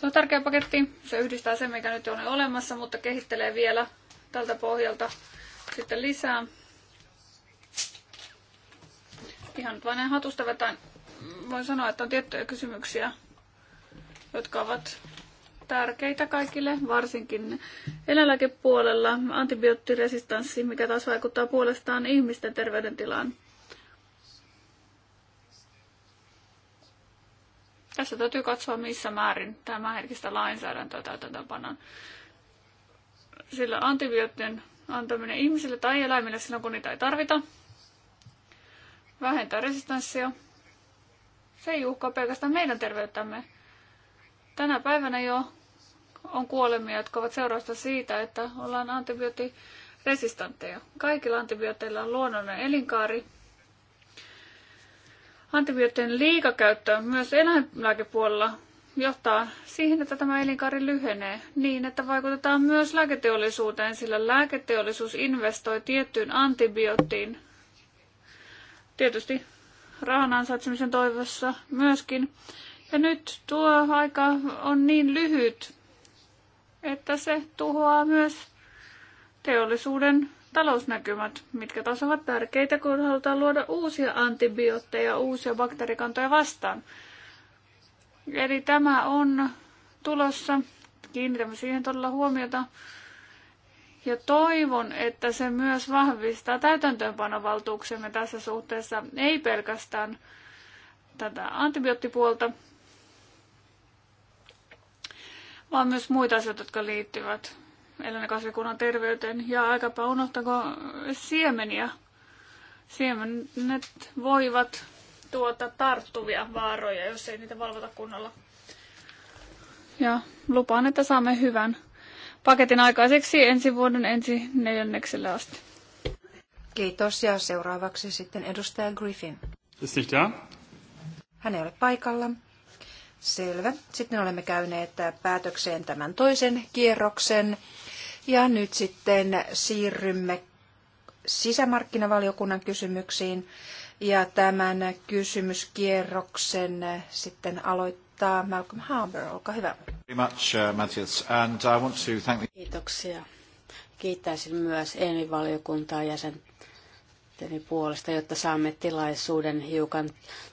Se on tärkeä paketti. Se yhdistää sen, mikä nyt on olemassa, mutta kehittelee vielä tältä pohjalta sitten lisää. Ihan vain hatusta vetäen voin sanoa, että on tiettyjä kysymyksiä, jotka ovat tärkeitä kaikille, varsinkin eläinlääkepuolella. Antibioottiresistanssi, mikä taas vaikuttaa puolestaan ihmisten terveydentilaan. Tässä täytyy katsoa, missä määrin tämä herkistä lainsäädäntöä täytäntöönpannaan. Sillä antibioottien antaminen ihmisille tai eläimille silloin, kun niitä ei tarvita, vähentää resistanssia. Se ei uhkaa pelkästään meidän terveyttämme, Tänä päivänä jo on kuolemia, jotka ovat seurausta siitä, että ollaan antibioottiresistantteja. Kaikilla antibiooteilla on luonnollinen elinkaari. Antibioottien liikakäyttö myös eläinlääkepuolella johtaa siihen, että tämä elinkaari lyhenee niin, että vaikutetaan myös lääketeollisuuteen, sillä lääketeollisuus investoi tiettyyn antibioottiin. Tietysti rahan ansaitsemisen toivossa myöskin, ja nyt tuo aika on niin lyhyt, että se tuhoaa myös teollisuuden talousnäkymät, mitkä taas ovat tärkeitä, kun halutaan luoda uusia antibiootteja uusia bakteerikantoja vastaan. Eli tämä on tulossa. Kiinnitämme siihen todella huomiota. Ja toivon, että se myös vahvistaa täytäntöönpanovaltuuksemme tässä suhteessa, ei pelkästään tätä antibioottipuolta, vaan myös muita asioita, jotka liittyvät eläinkasvikunnan terveyteen. Ja aikapa unohtako siemeniä. Siemenet voivat tuota tarttuvia vaaroja, jos ei niitä valvota kunnolla. Ja lupaan, että saamme hyvän paketin aikaiseksi ensi vuoden ensi neljännekselle asti. Kiitos ja seuraavaksi sitten edustaja Griffin. Hän ei ole paikalla. Selvä. Sitten olemme käyneet päätökseen tämän toisen kierroksen. Ja nyt sitten siirrymme sisämarkkinavaliokunnan kysymyksiin. Ja tämän kysymyskierroksen sitten aloittaa Malcolm Harbour. Olkaa hyvä. Uh, Kiitoksia. Kiittäisin myös ENI-valiokuntaa jäsen, itteni puolesta, jotta saamme tilaisuuden hiukan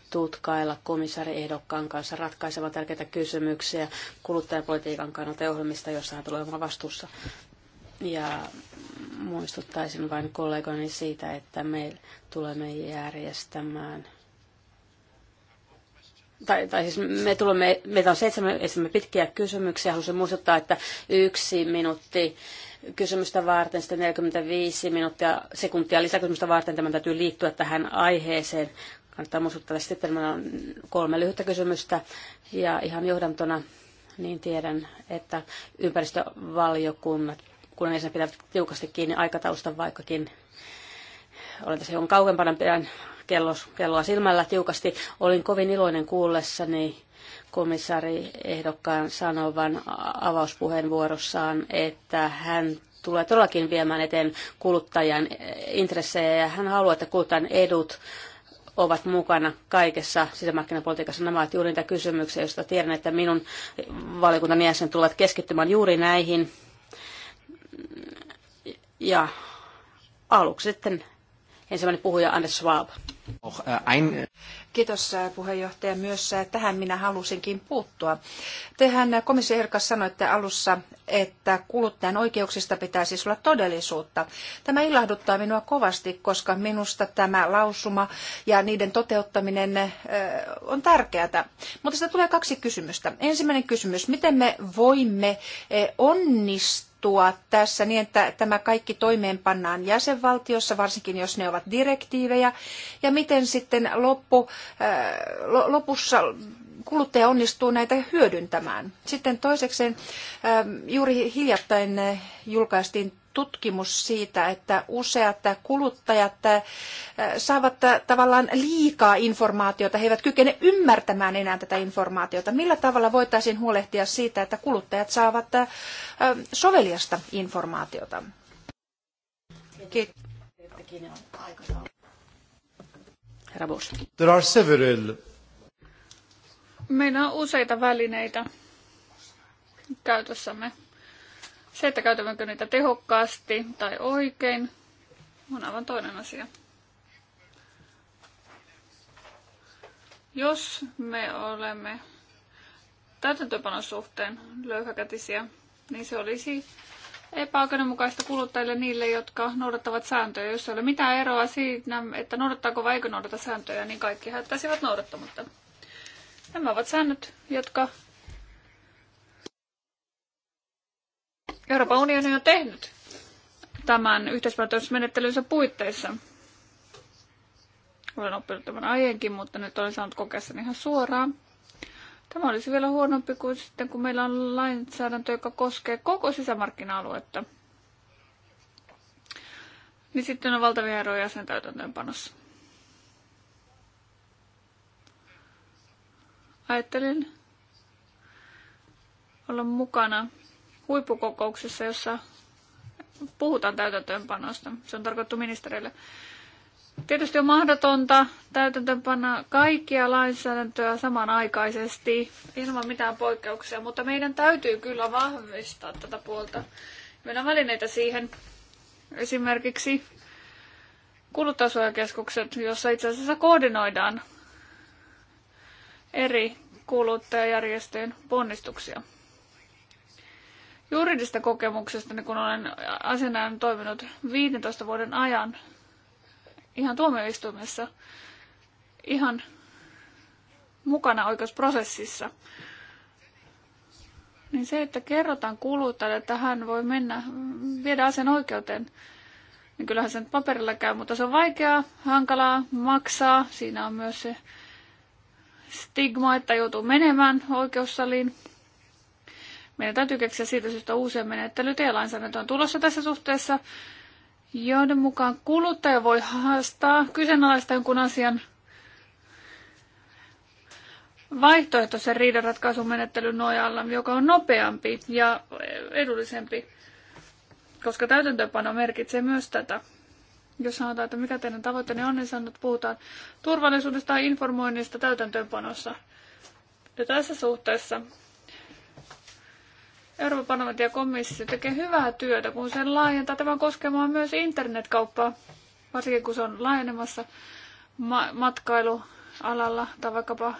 tutkailla komissaariehdokkaan kanssa ratkaisevan tärkeitä kysymyksiä kuluttajapolitiikan kannalta ja ohjelmista, joissa hän tulee olemaan vastuussa. Ja muistuttaisin vain kollegoni siitä, että me tulemme järjestämään tai, tai siis me tulemme, meitä on seitsemän esimerkiksi pitkiä kysymyksiä. Haluaisin muistuttaa, että yksi minuutti kysymystä varten, sitten 45 minuuttia, sekuntia lisäkysymystä varten. Tämä täytyy liittyä tähän aiheeseen. Kannattaa muistuttaa, että sitten meillä on kolme lyhyttä kysymystä. Ja ihan johdantona niin tiedän, että ympäristövaliokunnat, kun ensin pitää tiukasti kiinni aikataulusta, vaikkakin olen tässä on kauempana, pidän kello, kelloa silmällä tiukasti. Olin kovin iloinen kuullessani komissaari ehdokkaan sanovan avauspuheenvuorossaan, että hän tulee todellakin viemään eteen kuluttajan intressejä ja hän haluaa, että kuluttajan edut ovat mukana kaikessa sisämarkkinapolitiikassa. Nämä ovat juuri niitä kysymyksiä, joista tiedän, että minun valiokuntani jäsen tulevat keskittymään juuri näihin. Ja aluksi sitten ensimmäinen puhuja Anders Schwab. Äh, Kiitos puheenjohtaja. Myös tähän minä halusinkin puuttua. Tehän komissioherkas sanoitte alussa, että kuluttajan oikeuksista pitää siis olla todellisuutta. Tämä ilahduttaa minua kovasti, koska minusta tämä lausuma ja niiden toteuttaminen on tärkeää. Mutta sitä tulee kaksi kysymystä. Ensimmäinen kysymys, miten me voimme onnistua etua tässä niin, että tämä kaikki toimeenpannaan jäsenvaltiossa, varsinkin jos ne ovat direktiivejä, ja miten sitten loppu, äh, lopussa kuluttaja onnistuu näitä hyödyntämään. Sitten toisekseen äh, juuri hiljattain julkaistiin tutkimus siitä, että useat kuluttajat äh, saavat äh, tavallaan liikaa informaatiota. He eivät kykene ymmärtämään enää tätä informaatiota. Millä tavalla voitaisiin huolehtia siitä, että kuluttajat saavat äh, soveliasta informaatiota? Kiitos. There are several. Meillä on useita välineitä käytössämme se, että käytämmekö niitä tehokkaasti tai oikein, on aivan toinen asia. Jos me olemme täytäntöpanon suhteen löyhäkätisiä, niin se olisi epäoikeudenmukaista kuluttajille niille, jotka noudattavat sääntöjä. Jos ei ole mitään eroa siinä, että noudattaako vai eikö noudata sääntöjä, niin kaikki hättäisivät noudattamatta. Nämä ovat säännöt, jotka Euroopan unioni on tehnyt tämän yhteispäätösmenettelynsä puitteissa. Olen oppinut tämän aiemmin, mutta nyt olen saanut kokea sen ihan suoraan. Tämä olisi vielä huonompi kuin sitten, kun meillä on lainsäädäntö, joka koskee koko sisämarkkina-aluetta. Niin sitten on valtavia eroja sen täytäntöönpanossa. Ajattelin olla mukana huippukokouksessa, jossa puhutaan täytäntöönpanosta. Se on tarkoittu ministerille. Tietysti on mahdotonta täytäntöönpanna kaikkia lainsäädäntöä samanaikaisesti ilman mitään poikkeuksia, mutta meidän täytyy kyllä vahvistaa tätä puolta. Meillä on välineitä siihen. Esimerkiksi kuluttajasuojakeskukset, jossa itse asiassa koordinoidaan eri kuluttajajärjestöjen ponnistuksia juridista kokemuksesta, niin kun olen asianajan toiminut 15 vuoden ajan ihan tuomioistuimessa, ihan mukana oikeusprosessissa, niin se, että kerrotaan kuluttajalle, että hän voi mennä, viedä asian oikeuteen, niin kyllähän sen paperilla käy, mutta se on vaikeaa, hankalaa, maksaa. Siinä on myös se stigma, että joutuu menemään oikeussaliin. Meidän täytyy keksiä siitä syystä uusia menettelyitä ja lainsäädäntö on tulossa tässä suhteessa, joiden mukaan kuluttaja voi haastaa kyseenalaista jonkun asian vaihtoehtoisen riidanratkaisumenettelyn nojalla, joka on nopeampi ja edullisempi, koska täytäntöönpano merkitsee myös tätä. Jos sanotaan, että mikä teidän tavoitteenne on, niin että puhutaan turvallisuudesta ja informoinnista täytäntöönpanossa. Ja tässä suhteessa Euroopan parlamentti ja komissio tekee hyvää työtä, kun sen laajentaa tämän koskemaan myös internetkauppaa, varsinkin kun se on laajenemassa ma- matkailualalla tai vaikkapa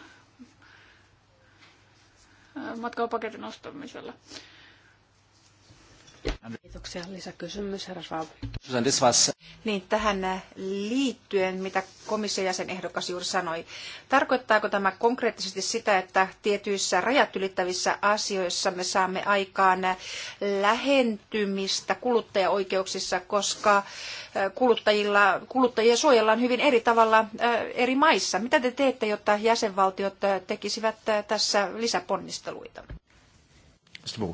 matkailupaketin ostamisella. Kiitoksia. Lisäkysymys, herra Schwab. Niin, tähän äh, liittyen, mitä komission jäsenehdokas juuri sanoi. Tarkoittaako tämä konkreettisesti sitä, että tietyissä rajat ylittävissä asioissa me saamme aikaan äh, lähentymistä kuluttajaoikeuksissa, koska äh, kuluttajilla, kuluttajia suojellaan hyvin eri tavalla eri maissa? Mitä te teette, jotta jäsenvaltiot tekisivät tässä lisäponnisteluita? Mr.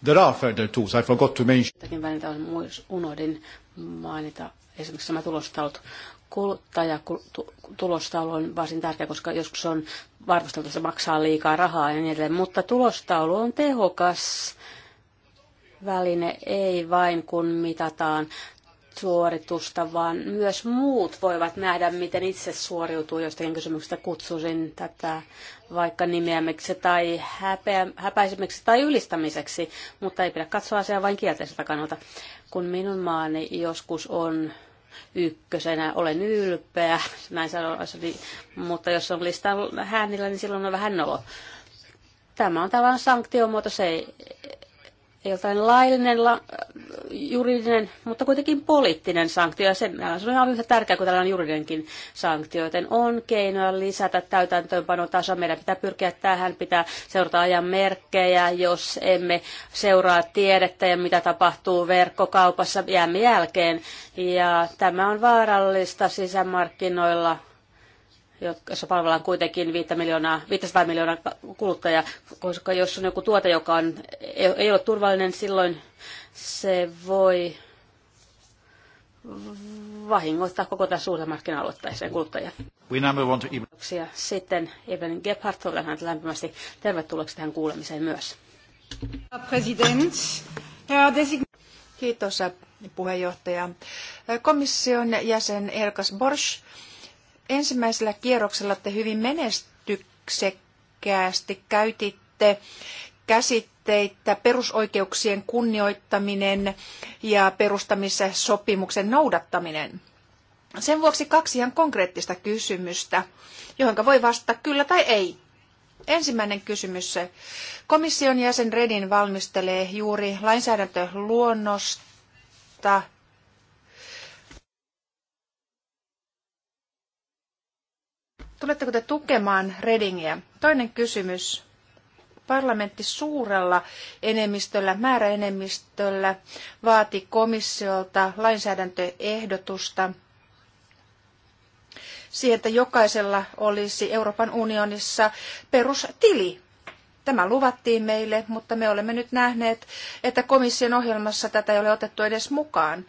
There are further tools. I forgot to mention. Jotakin on, unohdin mainita esimerkiksi nämä tulostaulut. Kuluttajatulostaulu on varsin tärkeä, koska joskus on varmasteltu, että se maksaa liikaa rahaa ja niin edelleen. Mutta tulostaulu on tehokas väline, ei vain kun mitataan suoritusta, vaan myös muut voivat nähdä, miten itse suoriutuu jostakin kysymyksestä. Kutsuisin tätä vaikka nimeämiksi tai häpeä, häpäisemiksi tai ylistämiseksi, mutta ei pidä katsoa asiaa vain kielteiseltä kannalta. Kun minun maani joskus on ykkösenä, olen ylpeä, näin sanoisin, mutta jos on listan häänillä, niin silloin on vähän nolo. Tämä on tavallaan sanktiomuoto, se ei, ei jotain laillinen, la, juridinen, mutta kuitenkin poliittinen sanktio. Ja sen se on aivan yhtä tärkeää kuin tällainen juridinenkin sanktio. Joten on keinoja lisätä täytäntöönpanotasoa. Meidän pitää pyrkiä tähän, pitää seurata ajan merkkejä. Jos emme seuraa tiedettä ja mitä tapahtuu verkkokaupassa, jäämme jälkeen. Ja tämä on vaarallista sisämarkkinoilla jossa palvellaan kuitenkin 5 miljoonaa, 500 miljoonaa kuluttajaa, koska jos on joku tuote, joka on, ei ole turvallinen, silloin se voi vahingoittaa koko tämän suurten markkina aluettaiseen kuluttajia. Sitten Evelyn Gebhardt, olen hänet lämpimästi tervetulleeksi tähän kuulemiseen myös. President. Kiitos äh, puheenjohtaja. Äh, komission jäsen Erkas Borsch ensimmäisellä kierroksella te hyvin menestyksekkäästi käytitte käsitteitä perusoikeuksien kunnioittaminen ja perustamisen sopimuksen noudattaminen. Sen vuoksi kaksi ihan konkreettista kysymystä, johon voi vastata kyllä tai ei. Ensimmäinen kysymys. Komission jäsen Redin valmistelee juuri lainsäädäntöluonnosta Tuletteko te tukemaan Redingiä? Toinen kysymys. Parlamentti suurella enemmistöllä, määräenemmistöllä vaati komissiolta lainsäädäntöehdotusta siihen, että jokaisella olisi Euroopan unionissa perustili. Tämä luvattiin meille, mutta me olemme nyt nähneet, että komission ohjelmassa tätä ei ole otettu edes mukaan.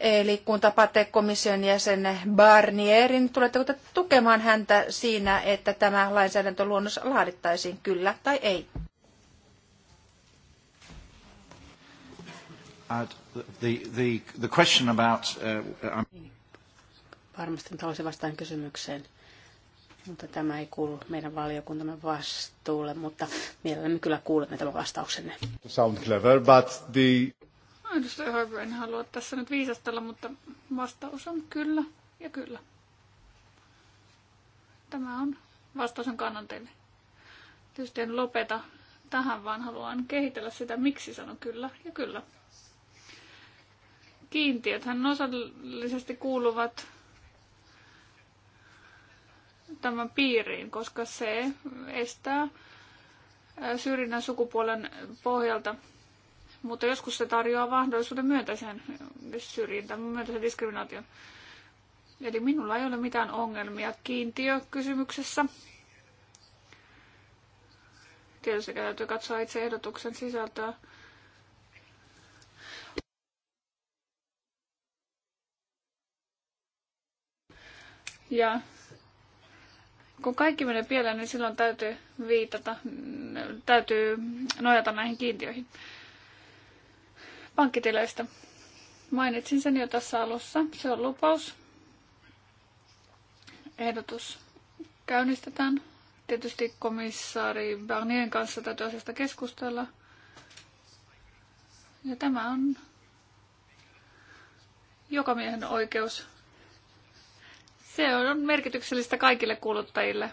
Eli kun tapaatte komission jäsen Barnierin, tuletteko te tukemaan häntä siinä, että tämä lainsäädäntöluonnos laadittaisiin kyllä tai ei? The, the, the question about, uh, um, niin. Varmasti haluaisin vastaan kysymykseen, mutta tämä ei kuulu meidän valiokuntamme vastuulle, mutta mielellämme kyllä kuulemme tämän vastauksenne. Sound clever, but the... Edustaja Harbour, en halua tässä nyt viisastella, mutta vastaus on kyllä ja kyllä. Tämä on vastaus on kannan teille. Tietysti en lopeta tähän, vaan haluan kehitellä sitä, miksi sanon kyllä ja kyllä. Kiintiöthän osallisesti kuuluvat tämän piiriin, koska se estää syrjinnän sukupuolen pohjalta mutta joskus se tarjoaa mahdollisuuden myöntäisen syrjintään, myöntäisen diskriminaation. Eli minulla ei ole mitään ongelmia kiintiökysymyksessä. Tietysti täytyy katsoa itse ehdotuksen sisältöä. Ja kun kaikki menee pieleen, niin silloin täytyy viitata, täytyy nojata näihin kiintiöihin pankkitileistä. Mainitsin sen jo tässä alussa. Se on lupaus. Ehdotus käynnistetään. Tietysti komissaari Barnien kanssa täytyy asiasta keskustella. Ja tämä on joka miehen oikeus. Se on merkityksellistä kaikille kuluttajille.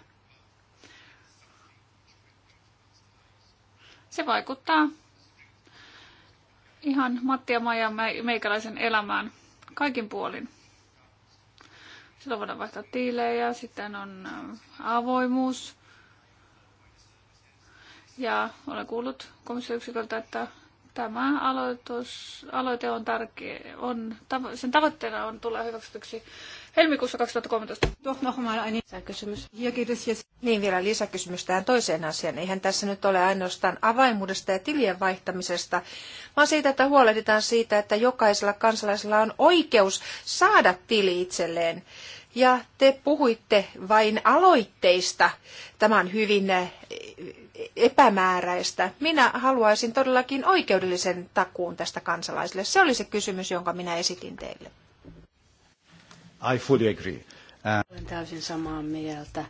Se vaikuttaa ihan Matti ja Maija meikäläisen elämään kaikin puolin. Silloin voidaan vaihtaa tiilejä, sitten on äh, avoimuus. Ja olen kuullut komissioyksiköltä, että tämä aloitus, aloite on tärkeä. On, sen tavoitteena on tulla hyväksytyksi helmikuussa 2013. Lisäkysymys. Niin vielä lisäkysymys tähän toiseen asiaan. Eihän tässä nyt ole ainoastaan avaimuudesta ja tilien vaihtamisesta, vaan siitä, että huolehditaan siitä, että jokaisella kansalaisella on oikeus saada tili itselleen. Ja te puhuitte vain aloitteista. Tämä on hyvin eh, epämääräistä. Minä haluaisin todellakin oikeudellisen takuun tästä kansalaisille. Se oli se kysymys, jonka minä esitin teille. I fully agree. Uh, Olen täysin samaa mieltä.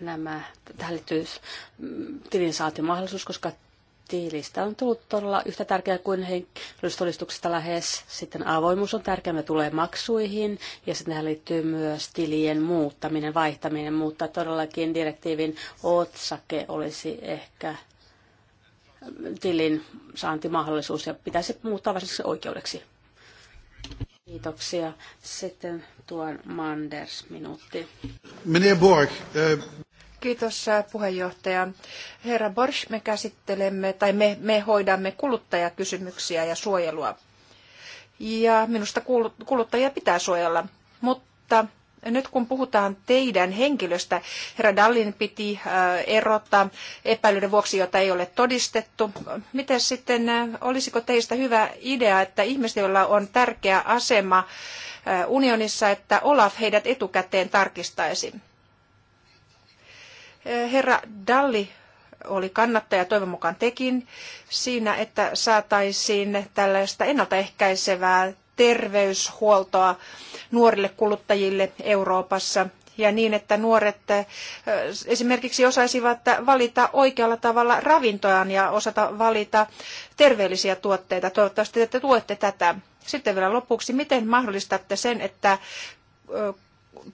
Nämä, tähän liittyy tilin saantimahdollisuus, koska tiilistä on tullut todella yhtä tärkeää kuin henkilöstodistuksesta lähes. Sitten avoimuus on tärkeä, me tulee maksuihin ja sitten tähän liittyy myös tilien muuttaminen, vaihtaminen, mutta todellakin direktiivin otsake olisi ehkä tilin saantimahdollisuus ja pitäisi muuttaa varsinkin oikeudeksi. Kiitoksia. Sitten tuon Manders minuutti. Meneer Borg. Äh... Kiitos eh, puheenjohtaja. Herra Borsch, me käsittelemme tai me, me hoidamme kuluttajakysymyksiä ja suojelua. Ja minusta kuluttajia pitää suojella, mutta nyt kun puhutaan teidän henkilöstä, herra Dallin piti äh, erota epäilyiden vuoksi, jota ei ole todistettu. Miten sitten, äh, olisiko teistä hyvä idea, että ihmiset, joilla on tärkeä asema äh, unionissa, että Olaf heidät etukäteen tarkistaisi? Herra Dalli oli kannattaja, toivon mukaan tekin, siinä, että saataisiin tällaista ennaltaehkäisevää terveyshuoltoa nuorille kuluttajille Euroopassa ja niin, että nuoret esimerkiksi osaisivat valita oikealla tavalla ravintoaan ja osata valita terveellisiä tuotteita. Toivottavasti te tuette tätä. Sitten vielä lopuksi, miten mahdollistatte sen, että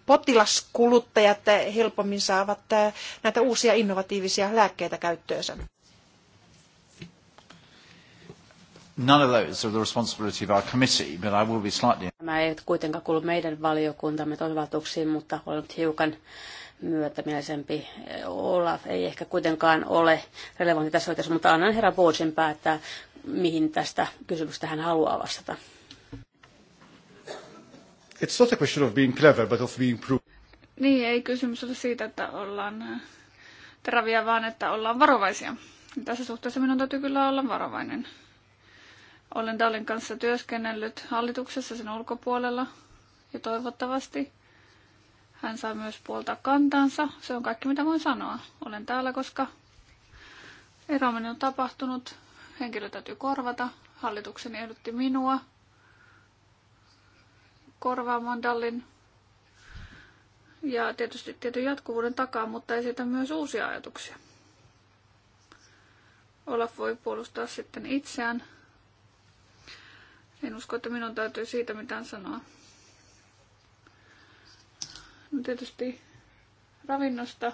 potilaskuluttajat helpommin saavat näitä uusia innovatiivisia lääkkeitä käyttöönsä? None of those are the responsibility of our committee, but I will be slightly... kuitenkaan kuulu meidän valiokuntamme toimivaltuuksiin, mutta olen nyt hiukan myötämielisempi. Olaf ei ehkä kuitenkaan ole relevantti tässä oikeassa, mutta annan herra Bootsin päättää, mihin tästä kysymystä hän haluaa vastata. It's not a question of being clever, but of being prudent. Niin, ei kysymys ole siitä, että ollaan äh, teräviä, vaan että ollaan varovaisia. Tässä suhteessa minun täytyy kyllä olla varovainen. Olen Dalin kanssa työskennellyt hallituksessa sen ulkopuolella ja toivottavasti hän saa myös puolta kantansa. Se on kaikki mitä voin sanoa. Olen täällä, koska eroaminen on tapahtunut. Henkilö täytyy korvata. Hallitukseni ehdotti minua korvaamaan Dallin ja tietysti tietyn jatkuvuuden takaa, mutta esitä myös uusia ajatuksia. Olaf voi puolustaa sitten itseään en usko, että minun täytyy siitä mitään sanoa. No tietysti ravinnosta.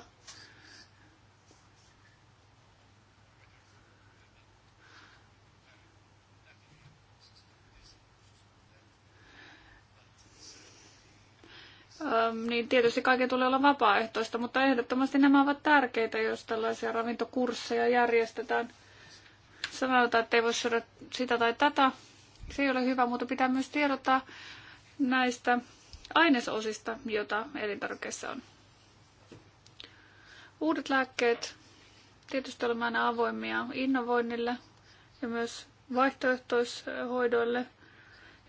Öm, ähm, niin tietysti kaiken tulee olla vapaaehtoista, mutta ehdottomasti nämä ovat tärkeitä, jos tällaisia ravintokursseja järjestetään. Sanotaan, että ei voi syödä sitä tai tätä, se ei ole hyvä, mutta pitää myös tiedottaa näistä ainesosista, joita elintarvikkeessa on. Uudet lääkkeet tietysti olemme aina avoimia innovoinnille ja myös vaihtoehtoishoidoille.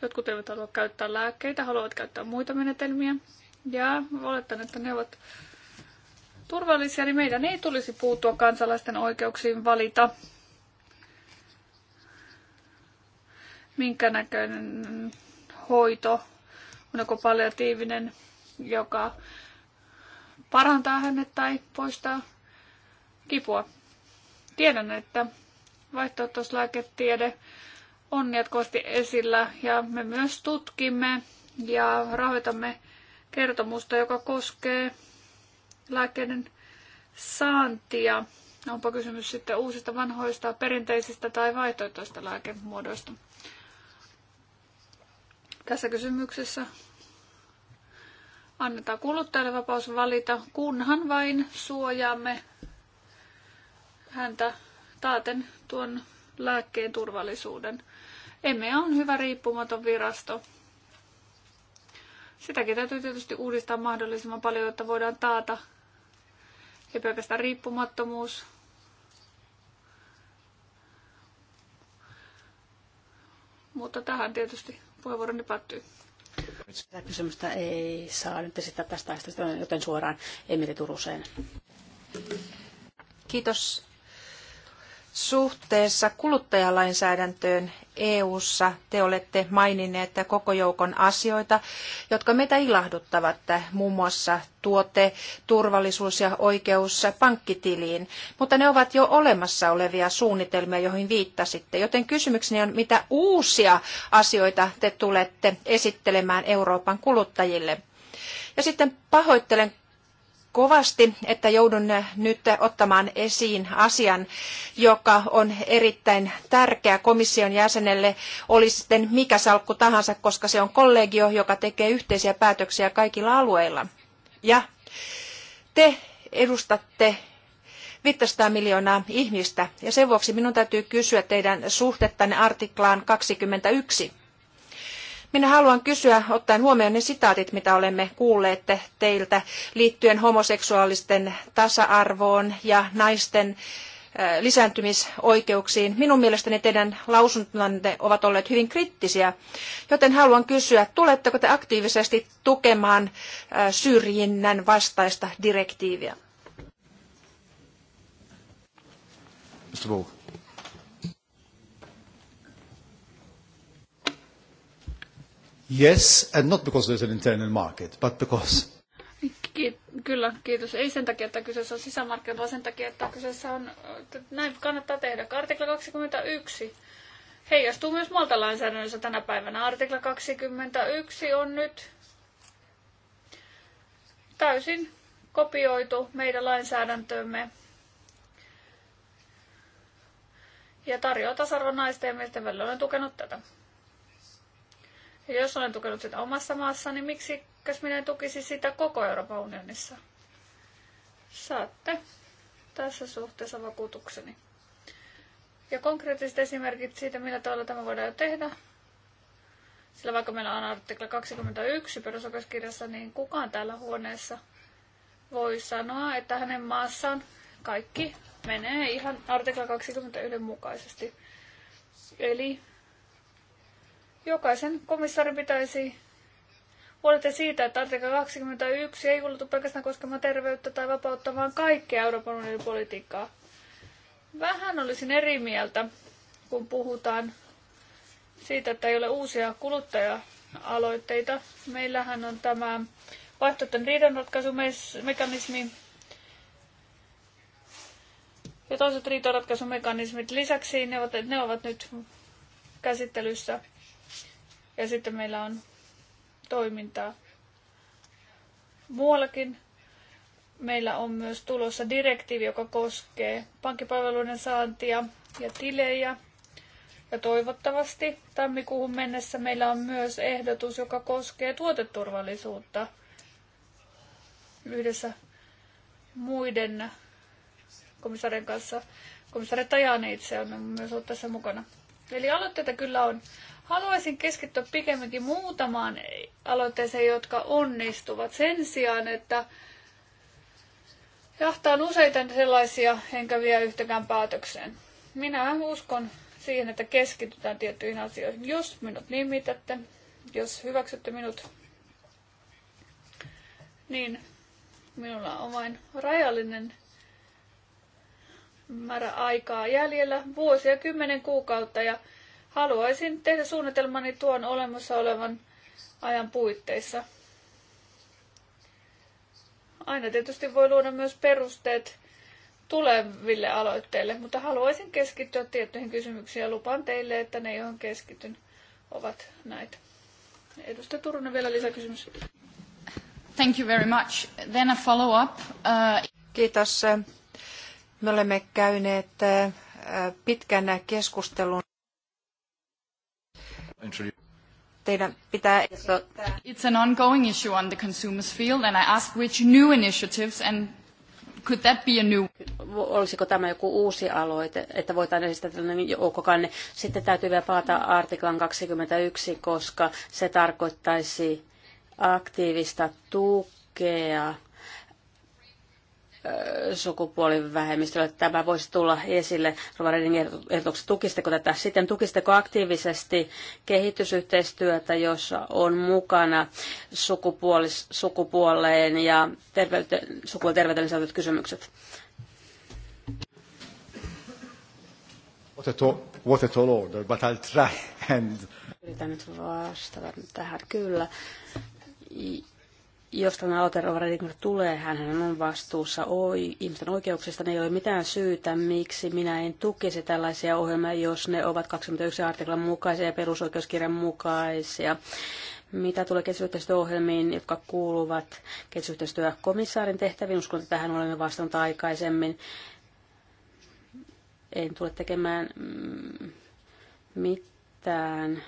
Jotkut eivät halua käyttää lääkkeitä, haluavat käyttää muita menetelmiä. Ja oletan, että ne ovat turvallisia, niin meidän ei tulisi puuttua kansalaisten oikeuksiin valita minkä näköinen hoito onko palliatiivinen, joka parantaa hänet tai poistaa kipua. Tiedän, että vaihtoehtoislääketiede on jatkuvasti esillä ja me myös tutkimme ja rahoitamme kertomusta, joka koskee lääkkeiden saantia. Onpa kysymys sitten uusista, vanhoista, perinteisistä tai vaihtoehtoista lääkemuodoista. Tässä kysymyksessä annetaan kuluttajalle vapaus valita, kunhan vain suojaamme häntä taaten tuon lääkkeen turvallisuuden. EMEA on hyvä riippumaton virasto. Sitäkin täytyy tietysti uudistaa mahdollisimman paljon, jotta voidaan taata ei pelkästään riippumattomuus, mutta tähän tietysti Puheenvuoroni päättyy. Tätä kysymystä ei saa nyt esittää tästä aiheesta, joten suoraan Emili Turuseen. Kiitos suhteessa kuluttajalainsäädäntöön EU:ssa te olette maininneet koko joukon asioita, jotka meitä ilahduttavat, muun muassa tuote, turvallisuus ja oikeus pankkitiliin, mutta ne ovat jo olemassa olevia suunnitelmia, joihin viittasitte. Joten kysymykseni on, mitä uusia asioita te tulette esittelemään Euroopan kuluttajille? Ja sitten pahoittelen kovasti, että joudun nyt ottamaan esiin asian, joka on erittäin tärkeä komission jäsenelle, oli sitten mikä salkku tahansa, koska se on kollegio, joka tekee yhteisiä päätöksiä kaikilla alueilla. Ja te edustatte 500 miljoonaa ihmistä, ja sen vuoksi minun täytyy kysyä teidän suhdettanne artiklaan 21 minä haluan kysyä, ottaen huomioon ne sitaatit, mitä olemme kuulleet teiltä liittyen homoseksuaalisten tasa-arvoon ja naisten lisääntymisoikeuksiin. Minun mielestäni teidän lausuntonne ovat olleet hyvin kriittisiä, joten haluan kysyä, tuletteko te aktiivisesti tukemaan syrjinnän vastaista direktiiviä? Mr. Yes, and not because there's an internal market, but because... Ki- kyllä, kiitos. Ei sen takia, että kyseessä on sisämarkkinat, vaan sen takia, että kyseessä on... Että näin kannattaa tehdä. Artikla 21 heijastuu myös Maltan lainsäädännössä tänä päivänä. Artikla 21 on nyt täysin kopioitu meidän lainsäädäntöömme ja tarjoaa tasa-arvon naisten ja miesten välillä. Olen tukenut tätä. Ja jos olen tukenut sitä omassa maassa, niin miksi minä en tukisi sitä koko Euroopan unionissa? Saatte tässä suhteessa vakuutukseni. Ja konkreettiset esimerkit siitä, millä tavalla tämä voidaan jo tehdä, sillä vaikka meillä on artikla 21 perusoikeuskirjassa, niin kukaan täällä huoneessa voi sanoa, että hänen maassaan kaikki menee ihan artikla 21 mukaisesti. Eli Jokaisen komissaarin pitäisi huolehtia siitä, että artikla 21 ei ulotu pelkästään koskemaan terveyttä tai vapautta, vaan kaikkea Euroopan unionin politiikkaa. Vähän olisin eri mieltä, kun puhutaan siitä, että ei ole uusia kuluttaja-aloitteita. Meillähän on tämä vaihtoehtoinen riidanratkaisumekanismi ja toiset riitoratkaisumekanismit lisäksi, ne ovat, ne ovat nyt käsittelyssä – ja sitten meillä on toimintaa muuallakin. Meillä on myös tulossa direktiivi, joka koskee pankkipalveluiden saantia ja tilejä. Ja toivottavasti tammikuuhun mennessä meillä on myös ehdotus, joka koskee tuoteturvallisuutta yhdessä muiden komissaarien kanssa. Komissaari Tajani itse on myös ollut tässä mukana. Eli aloitteita kyllä on. Haluaisin keskittyä pikemminkin muutamaan aloitteeseen, jotka onnistuvat sen sijaan, että jahtaan useita sellaisia, enkä vie yhtäkään päätökseen. Minä uskon siihen, että keskitytään tiettyihin asioihin. Jos minut nimitätte, jos hyväksytte minut, niin minulla on vain rajallinen määrä aikaa jäljellä, vuosia, kymmenen kuukautta, ja Haluaisin tehdä suunnitelmani tuon olemassa olevan ajan puitteissa. Aina tietysti voi luoda myös perusteet tuleville aloitteille, mutta haluaisin keskittyä tiettyihin kysymyksiin ja lupaan teille, että ne, joihin keskityn, ovat näitä. Edustaja Turunen, vielä lisäkysymys. Thank you very much. Then a follow-up. Uh... Kiitos. Me olemme käyneet uh, pitkän keskustelun Teidän pitää It's an ongoing issue on the consumers field and I ask which new initiatives and could that be a new... Olisiko tämä joku uusi aloite, että voitaisiin esittää tällainen niin joukkokanne. Sitten täytyy vielä palata artiklan 21, koska se tarkoittaisi aktiivista tukea sukupuolivähemmistölle. Tämä voisi tulla esille Rovaredin ehdotuksessa. Tukisteko tätä? Sitten tukisteko aktiivisesti kehitysyhteistyötä, jossa on mukana sukupuolis, sukupuoleen ja terveyte, sukupuoliterveyteen liittyvät kysymykset? Yritän nyt vastata tähän, kyllä jos tämä Alterovaradikma tulee, hän on vastuussa oi, ihmisten oikeuksista, niin ei ole mitään syytä, miksi minä en tukisi tällaisia ohjelmia, jos ne ovat 21 artiklan mukaisia ja perusoikeuskirjan mukaisia. Mitä tulee kehitysyhteistyöohjelmiin, jotka kuuluvat kehitysyhteistyökomissaarin tehtäviin, uskon, että tähän olemme vastannut aikaisemmin. En tule tekemään mm, mitään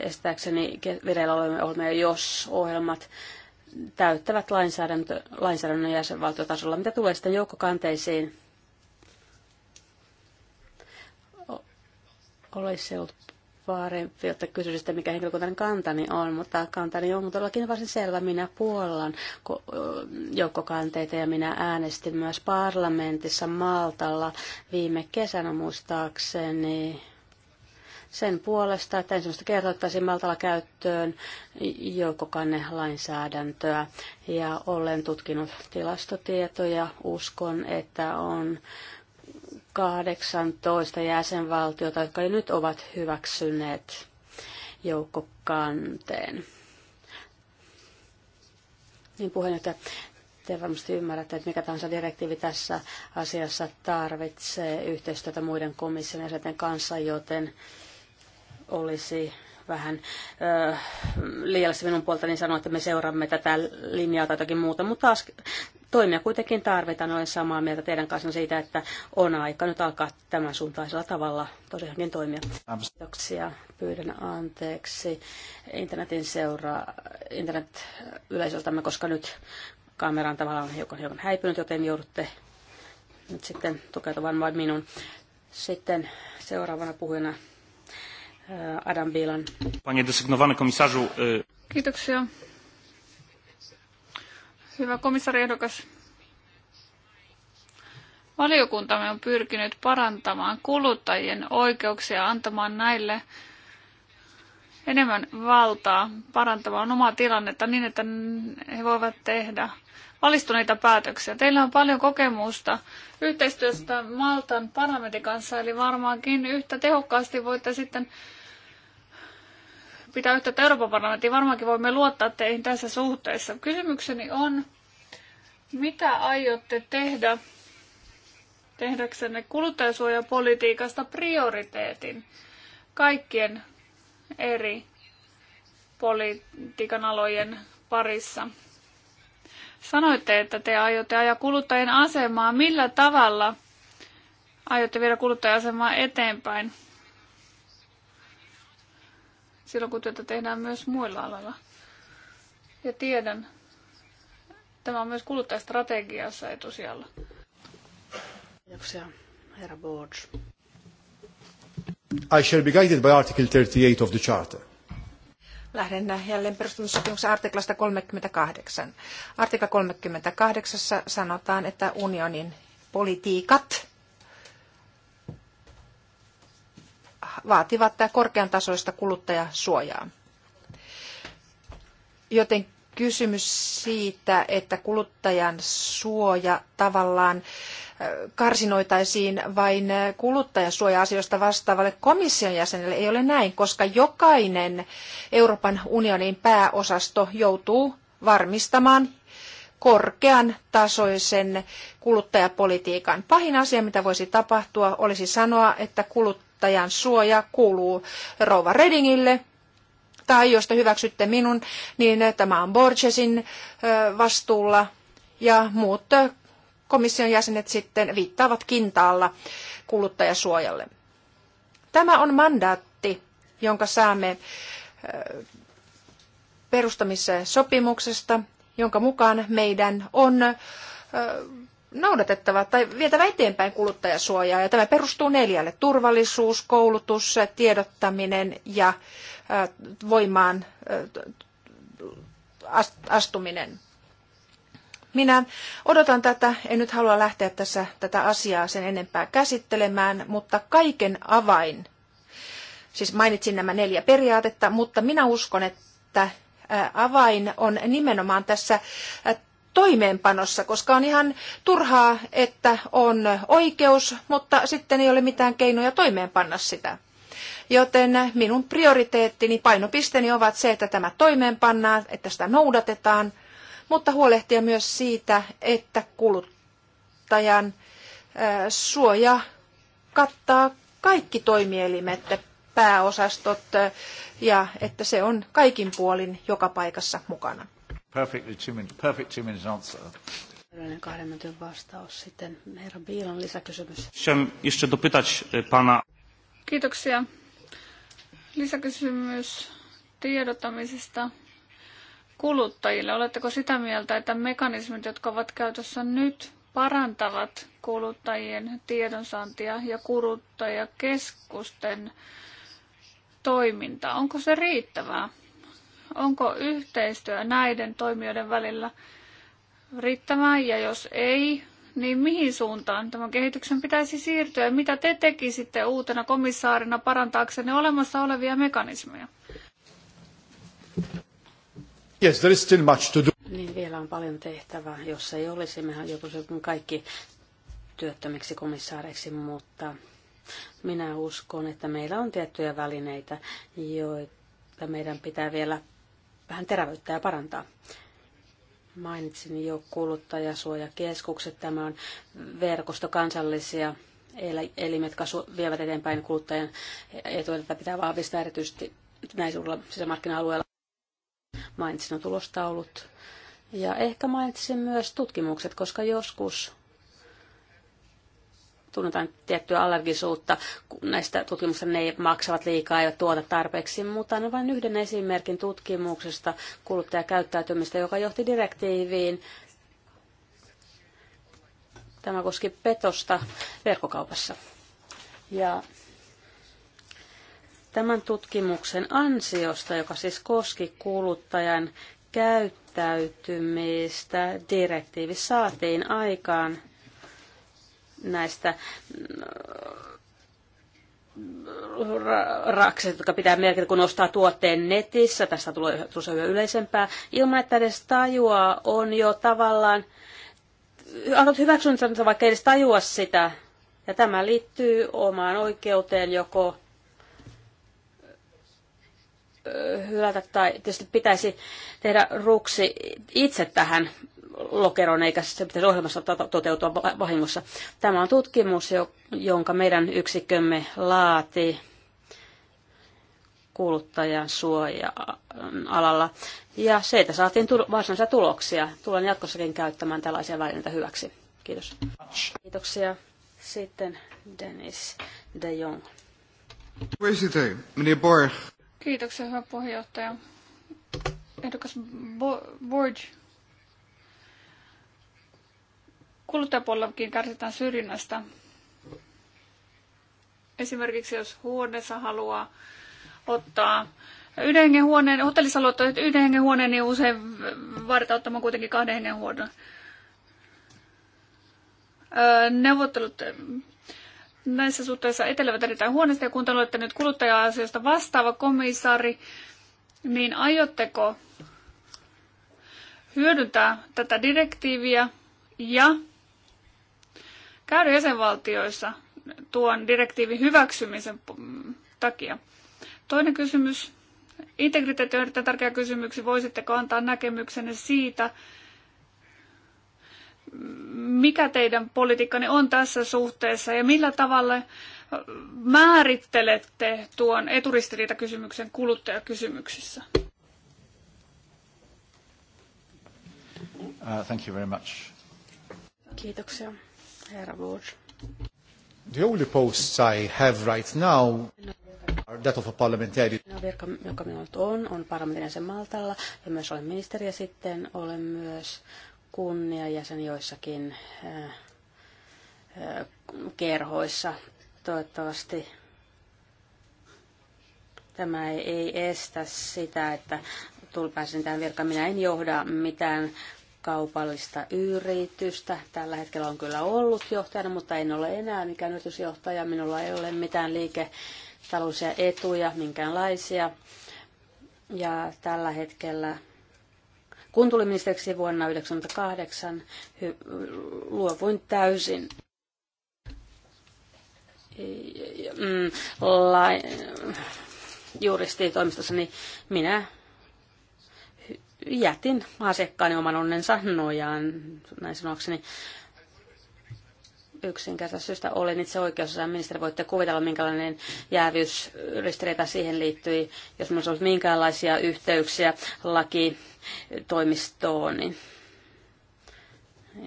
estääkseni vireillä olemme, jos ohjelmat täyttävät lainsäädäntö, lainsäädännön jäsenvaltiotasolla. Mitä tulee sitten joukkokanteisiin, olisi ollut parempi, että kysyisi, sitä, mikä henkilökohtainen kantani on, mutta kantani on todellakin varsin selvä. Minä puollan joukkokanteita ja minä äänestin myös parlamentissa Maltalla viime kesänä muistaakseni sen puolesta, että ensimmäistä kertaa ottaisiin Maltalla käyttöön joukkokannelainsäädäntöä. Ja olen tutkinut tilastotietoja. Uskon, että on 18 jäsenvaltiota, jotka nyt ovat hyväksyneet joukkokanteen. Niin puheenjohtaja, te varmasti ymmärrätte, että mikä tahansa direktiivi tässä asiassa tarvitsee yhteistyötä muiden komission jäsenten kanssa, joten olisi vähän ö, liiallisesti minun puolta, niin sanoa, että me seuraamme tätä linjaa tai jotakin muuta. Mutta taas toimia kuitenkin tarvitaan. Olen samaa mieltä teidän kanssa siitä, että on aika nyt alkaa tämän suuntaisella tavalla tosiaankin toimia. Kiitoksia. Pyydän anteeksi internetin seuraa, internet yleisöltämme, koska nyt kamera on tavallaan hiukan, hiukan häipynyt, joten joudutte nyt sitten tukeutumaan vain minun. Sitten seuraavana puhujana Adam Bilan. Panie desygnowany komisarzu. Kiitoksia. Hyvä Valiokuntamme on pyrkinyt parantamaan kuluttajien oikeuksia antamaan näille enemmän valtaa parantamaan omaa tilannetta niin, että he voivat tehdä valistuneita päätöksiä. Teillä on paljon kokemusta yhteistyöstä Maltan parlamentin kanssa, eli varmaankin yhtä tehokkaasti voitte sitten pitää yhteyttä Euroopan parlamenttiin. Varmaankin voimme luottaa teihin tässä suhteessa. Kysymykseni on, mitä aiotte tehdä tehdäksenne kuluttajasuojapolitiikasta prioriteetin kaikkien eri politiikan alojen parissa? Sanoitte, että te aiotte ajaa kuluttajien asemaa. Millä tavalla aiotte viedä kuluttaja-asemaa eteenpäin? silloin, kun työtä tehdään myös muilla alalla. Ja tiedän, tämä on myös kuluttajastrategiassa etusijalla. Kiitoksia, herra I shall be guided by Article 38 of the Charter. Lähden jälleen perustamissopimuksen artiklasta 38. Artikla 38 sanotaan, että unionin politiikat vaativat korkean tasoista kuluttajasuojaa. Joten kysymys siitä, että kuluttajan suoja tavallaan äh, karsinoitaisiin vain äh, kuluttajasuoja-asioista vastaavalle komission jäsenelle. Ei ole näin, koska jokainen Euroopan unionin pääosasto joutuu varmistamaan korkean tasoisen kuluttajapolitiikan. Pahin asia, mitä voisi tapahtua, olisi sanoa, että kulut kuluttajan suoja kuuluu rouva Redingille, tai jos te hyväksytte minun, niin tämä on Borgesin vastuulla, ja muut komission jäsenet sitten viittaavat kintaalla kuluttajasuojalle. Tämä on mandaatti, jonka saamme perustamissopimuksesta, jonka mukaan meidän on noudatettava tai vietävä eteenpäin kuluttajasuojaa. Ja tämä perustuu neljälle. Turvallisuus, koulutus, tiedottaminen ja voimaan astuminen. Minä odotan tätä, en nyt halua lähteä tässä tätä asiaa sen enempää käsittelemään, mutta kaiken avain, siis mainitsin nämä neljä periaatetta, mutta minä uskon, että avain on nimenomaan tässä toimeenpanossa, koska on ihan turhaa, että on oikeus, mutta sitten ei ole mitään keinoja toimeenpanna sitä. Joten minun prioriteettini, painopisteeni ovat se, että tämä toimeenpannaan, että sitä noudatetaan, mutta huolehtia myös siitä, että kuluttajan suoja kattaa kaikki toimielimet, pääosastot ja että se on kaikin puolin joka paikassa mukana. Perfectly two minutes, perfect two minutes answer. kahden minuutin vastaus sitten. Herra Biilan lisäkysymys. Chciałem jeszcze dopytać e, pana. Kiitoksia. Lisäkysymys tiedottamisesta kuluttajille. Oletteko sitä mieltä, että mekanismit, jotka ovat käytössä nyt, parantavat kuluttajien tiedonsaantia ja kuluttajakeskusten toimintaa? Onko se riittävää? Onko yhteistyö näiden toimijoiden välillä riittävää ja jos ei, niin mihin suuntaan tämän kehityksen pitäisi siirtyä ja mitä te tekisitte uutena komissaarina parantaaksenne olemassa olevia mekanismeja? Yes, there is still much to do. Niin vielä on paljon tehtävää. Jos ei olisi, mehän joutuisimme kaikki työttömiksi komissaareiksi, mutta minä uskon, että meillä on tiettyjä välineitä, joita meidän pitää vielä vähän terävyyttä ja parantaa. Mainitsin jo kuluttajasuojakeskukset. Tämä on verkosto kansallisia elimet, jotka vievät eteenpäin kuluttajan etuja. Tätä pitää vahvistaa erityisesti näin suurella sisämarkkina-alueella. Mainitsin on tulostaulut. Ja ehkä mainitsin myös tutkimukset, koska joskus tunnetaan tiettyä allergisuutta. Näistä tutkimuksista ne maksavat liikaa ja tuota tarpeeksi, mutta on vain yhden esimerkin tutkimuksesta kuluttajakäyttäytymistä, joka johti direktiiviin. Tämä koski petosta verkkokaupassa. Ja tämän tutkimuksen ansiosta, joka siis koski kuluttajan käyttäytymistä, direktiivi saatiin aikaan näistä mm, rakset, jotka pitää merkitä, kun ostaa tuotteen netissä, tästä tulee tuossa yleisempää, ilman että edes tajuaa, on jo tavallaan, annat hyväksyntä, vaikka edes tajua sitä, ja tämä liittyy omaan oikeuteen joko hylätä tai tietysti pitäisi tehdä ruksi itse tähän lokeron, eikä se pitäisi ohjelmassa tota- toteutua vahingossa. Tämä on tutkimus, jonka meidän yksikkömme laati kuluttajan suojan alalla. Ja siitä saatiin varsinaisia tuloksia. Tulen jatkossakin käyttämään tällaisia välineitä hyväksi. Kiitos. Kiitoksia. Sitten Dennis de Jong. Kiitoksia, hyvä puheenjohtaja. Ehdokas Borg kuluttajapuolellakin kärsitään syrjinnästä. Esimerkiksi jos huoneessa haluaa ottaa yhden hengen huoneen, hotellissa haluaa ottaa yhden hengen huoneen, niin usein vaaditaan ottamaan kuitenkin kahden hengen huoneen. Neuvottelut näissä suhteissa etelevät erittäin huonosti, ja kun te olette nyt kuluttaja-asioista vastaava komissaari, niin aiotteko hyödyntää tätä direktiiviä ja käydä jäsenvaltioissa tuon direktiivin hyväksymisen takia. Toinen kysymys. Integriteetti on erittäin tärkeä kysymys. Voisitteko antaa näkemyksenne siitä, mikä teidän politiikkanne on tässä suhteessa ja millä tavalla määrittelette tuon eturistiriitakysymyksen kuluttajakysymyksissä? Uh, thank you very much. Kiitoksia. Herra Ward. The only posts I have right now are that of a parliamentarian. No, virka, joka minulla on, on parlamentin Maltalla ja myös olen ministeri ja sitten olen myös kunniajäsen joissakin äh, äh, kerhoissa. Toivottavasti tämä ei, ei estä sitä, että tulpääsin tähän virkaan. Minä en johda mitään kaupallista yritystä. Tällä hetkellä on kyllä ollut johtajana, mutta en ole enää mikään yritysjohtaja. Minulla ei ole mitään liiketaloudellisia etuja, minkäänlaisia. Ja tällä hetkellä kun tulin ministeriksi vuonna 1998, luovuin täysin mm, la- juristitoimistossa, niin minä jätin asiakkaani oman onnensa nojaan, näin sanokseni. Yksinkertaisesta syystä olen itse oikeusasiaministeri. Voitte kuvitella, minkälainen jäävyysristiriita siihen liittyi, jos minulla olisi minkäänlaisia yhteyksiä lakitoimistoon. Niin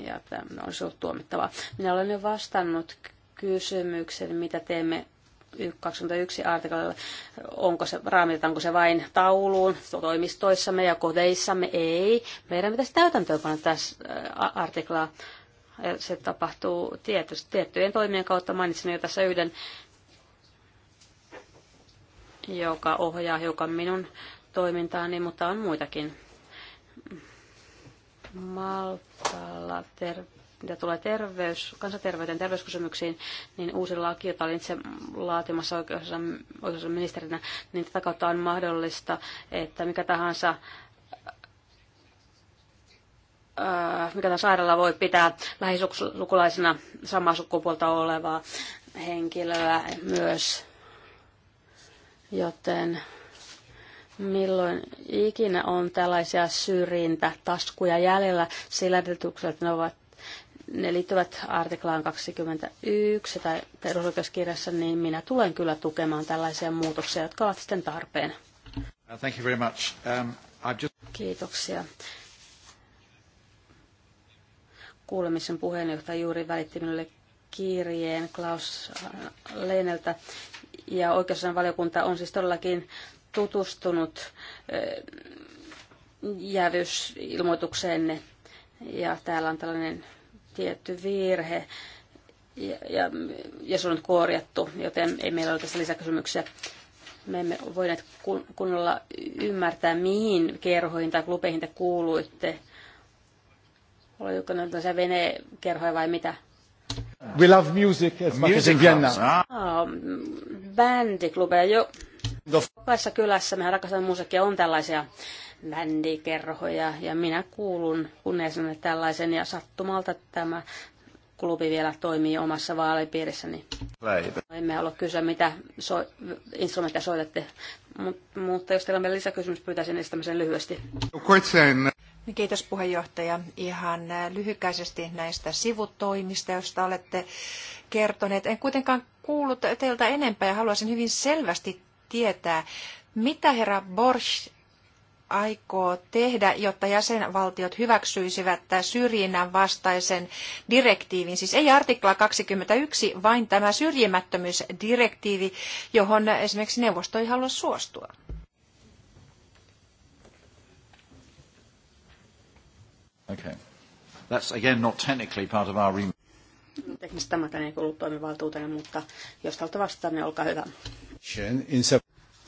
ja tämä olisi ollut tuomittavaa. Minä olen jo vastannut kysymyksen, mitä teemme 21 artiklalle, onko se, raamitetaanko se vain tauluun toimistoissamme ja kodeissamme? Ei. Meidän pitäisi täytäntöönpanna tässä artiklaa. Se tapahtuu tietysti, tiettyjen toimien kautta. Mainitsin jo tässä yhden, joka ohjaa hiukan minun toimintaani, mutta on muitakin. Maltalla terve mitä tulee terveys, kansanterveyteen terveyskysymyksiin, niin uusi laki, jota olin itse laatimassa oikeusministerinä, ministerinä, niin tätä kautta on mahdollista, että mikä tahansa äh, mikä tämä sairaala voi pitää lähisukulaisena samaa sukupuolta olevaa henkilöä myös. Joten milloin ikinä on tällaisia syrjintätaskuja jäljellä sillä edellytyksellä, että ne ovat ne liittyvät artiklaan 21 tai perusoikeuskirjassa, niin minä tulen kyllä tukemaan tällaisia muutoksia, jotka ovat sitten tarpeen. Uh, thank you very much. Um, I've just... Kiitoksia. Kuulemisen puheenjohtaja juuri välitti minulle kirjeen Klaus Leineltä, ja oikeusasian valiokunta on siis todellakin tutustunut eh, jäävyysilmoitukseenne, ja täällä on tällainen tietty virhe ja, ja, ja se on nyt korjattu, joten ei meillä ole tässä lisäkysymyksiä. Me emme voineet kun, kunnolla ymmärtää, mihin kerhoihin tai klubeihin te kuuluitte. Oliko ne tällaisia venekerhoja vai mitä? We love music as much as in Vienna. Ah, bändiklubeja, jo. Jokaisessa kylässä mehän rakastamme musiikkia on tällaisia bändikerhoja ja minä kuulun kunniaisena tällaisen ja sattumalta tämä klubi vielä toimii omassa vaalipiirissäni. Niin Emme halua kysyä, mitä so- instrumentteja soitatte, Mut, mutta jos teillä on vielä lisäkysymys, pyytäisin esittämisen lyhyesti. No, niin, kiitos puheenjohtaja. Ihan äh, lyhykäisesti näistä sivutoimista, joista olette kertoneet. En kuitenkaan kuullut teiltä enempää ja haluaisin hyvin selvästi tietää, mitä herra Borsch aikoo tehdä, jotta jäsenvaltiot hyväksyisivät tämän syrjinnän vastaisen direktiivin? Siis ei artikla 21, vain tämä syrjimättömyysdirektiivi, johon esimerkiksi neuvosto ei halua suostua. Okay. That's again not technically part of our rem. Teknisesti tämä ei kuulu toimivaltuuteen, mutta jos haluatte vastata, niin olkaa hyvä.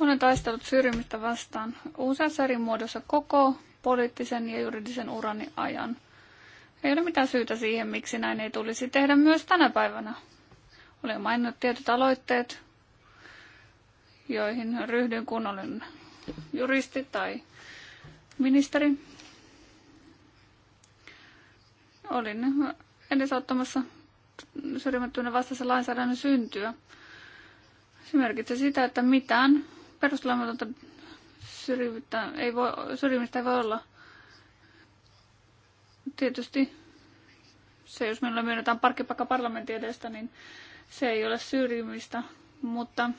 Olen taistellut syrjimistä vastaan useassa eri muodossa koko poliittisen ja juridisen urani ajan. Ei ole mitään syytä siihen, miksi näin ei tulisi tehdä myös tänä päivänä. Olen maininnut tietyt aloitteet, joihin ryhdyin, kun olen juristi tai ministeri. Olin edesauttamassa syrjimättömyyden vastaisen lainsäädännön syntyä. Se merkitsee sitä, että mitään perustelematonta syrjimistä ei voi, syrjimistä ei voi olla. Tietysti se, jos meillä myönnetään parkkipaikka parlamentin edestä, niin se ei ole syrjimistä, mutta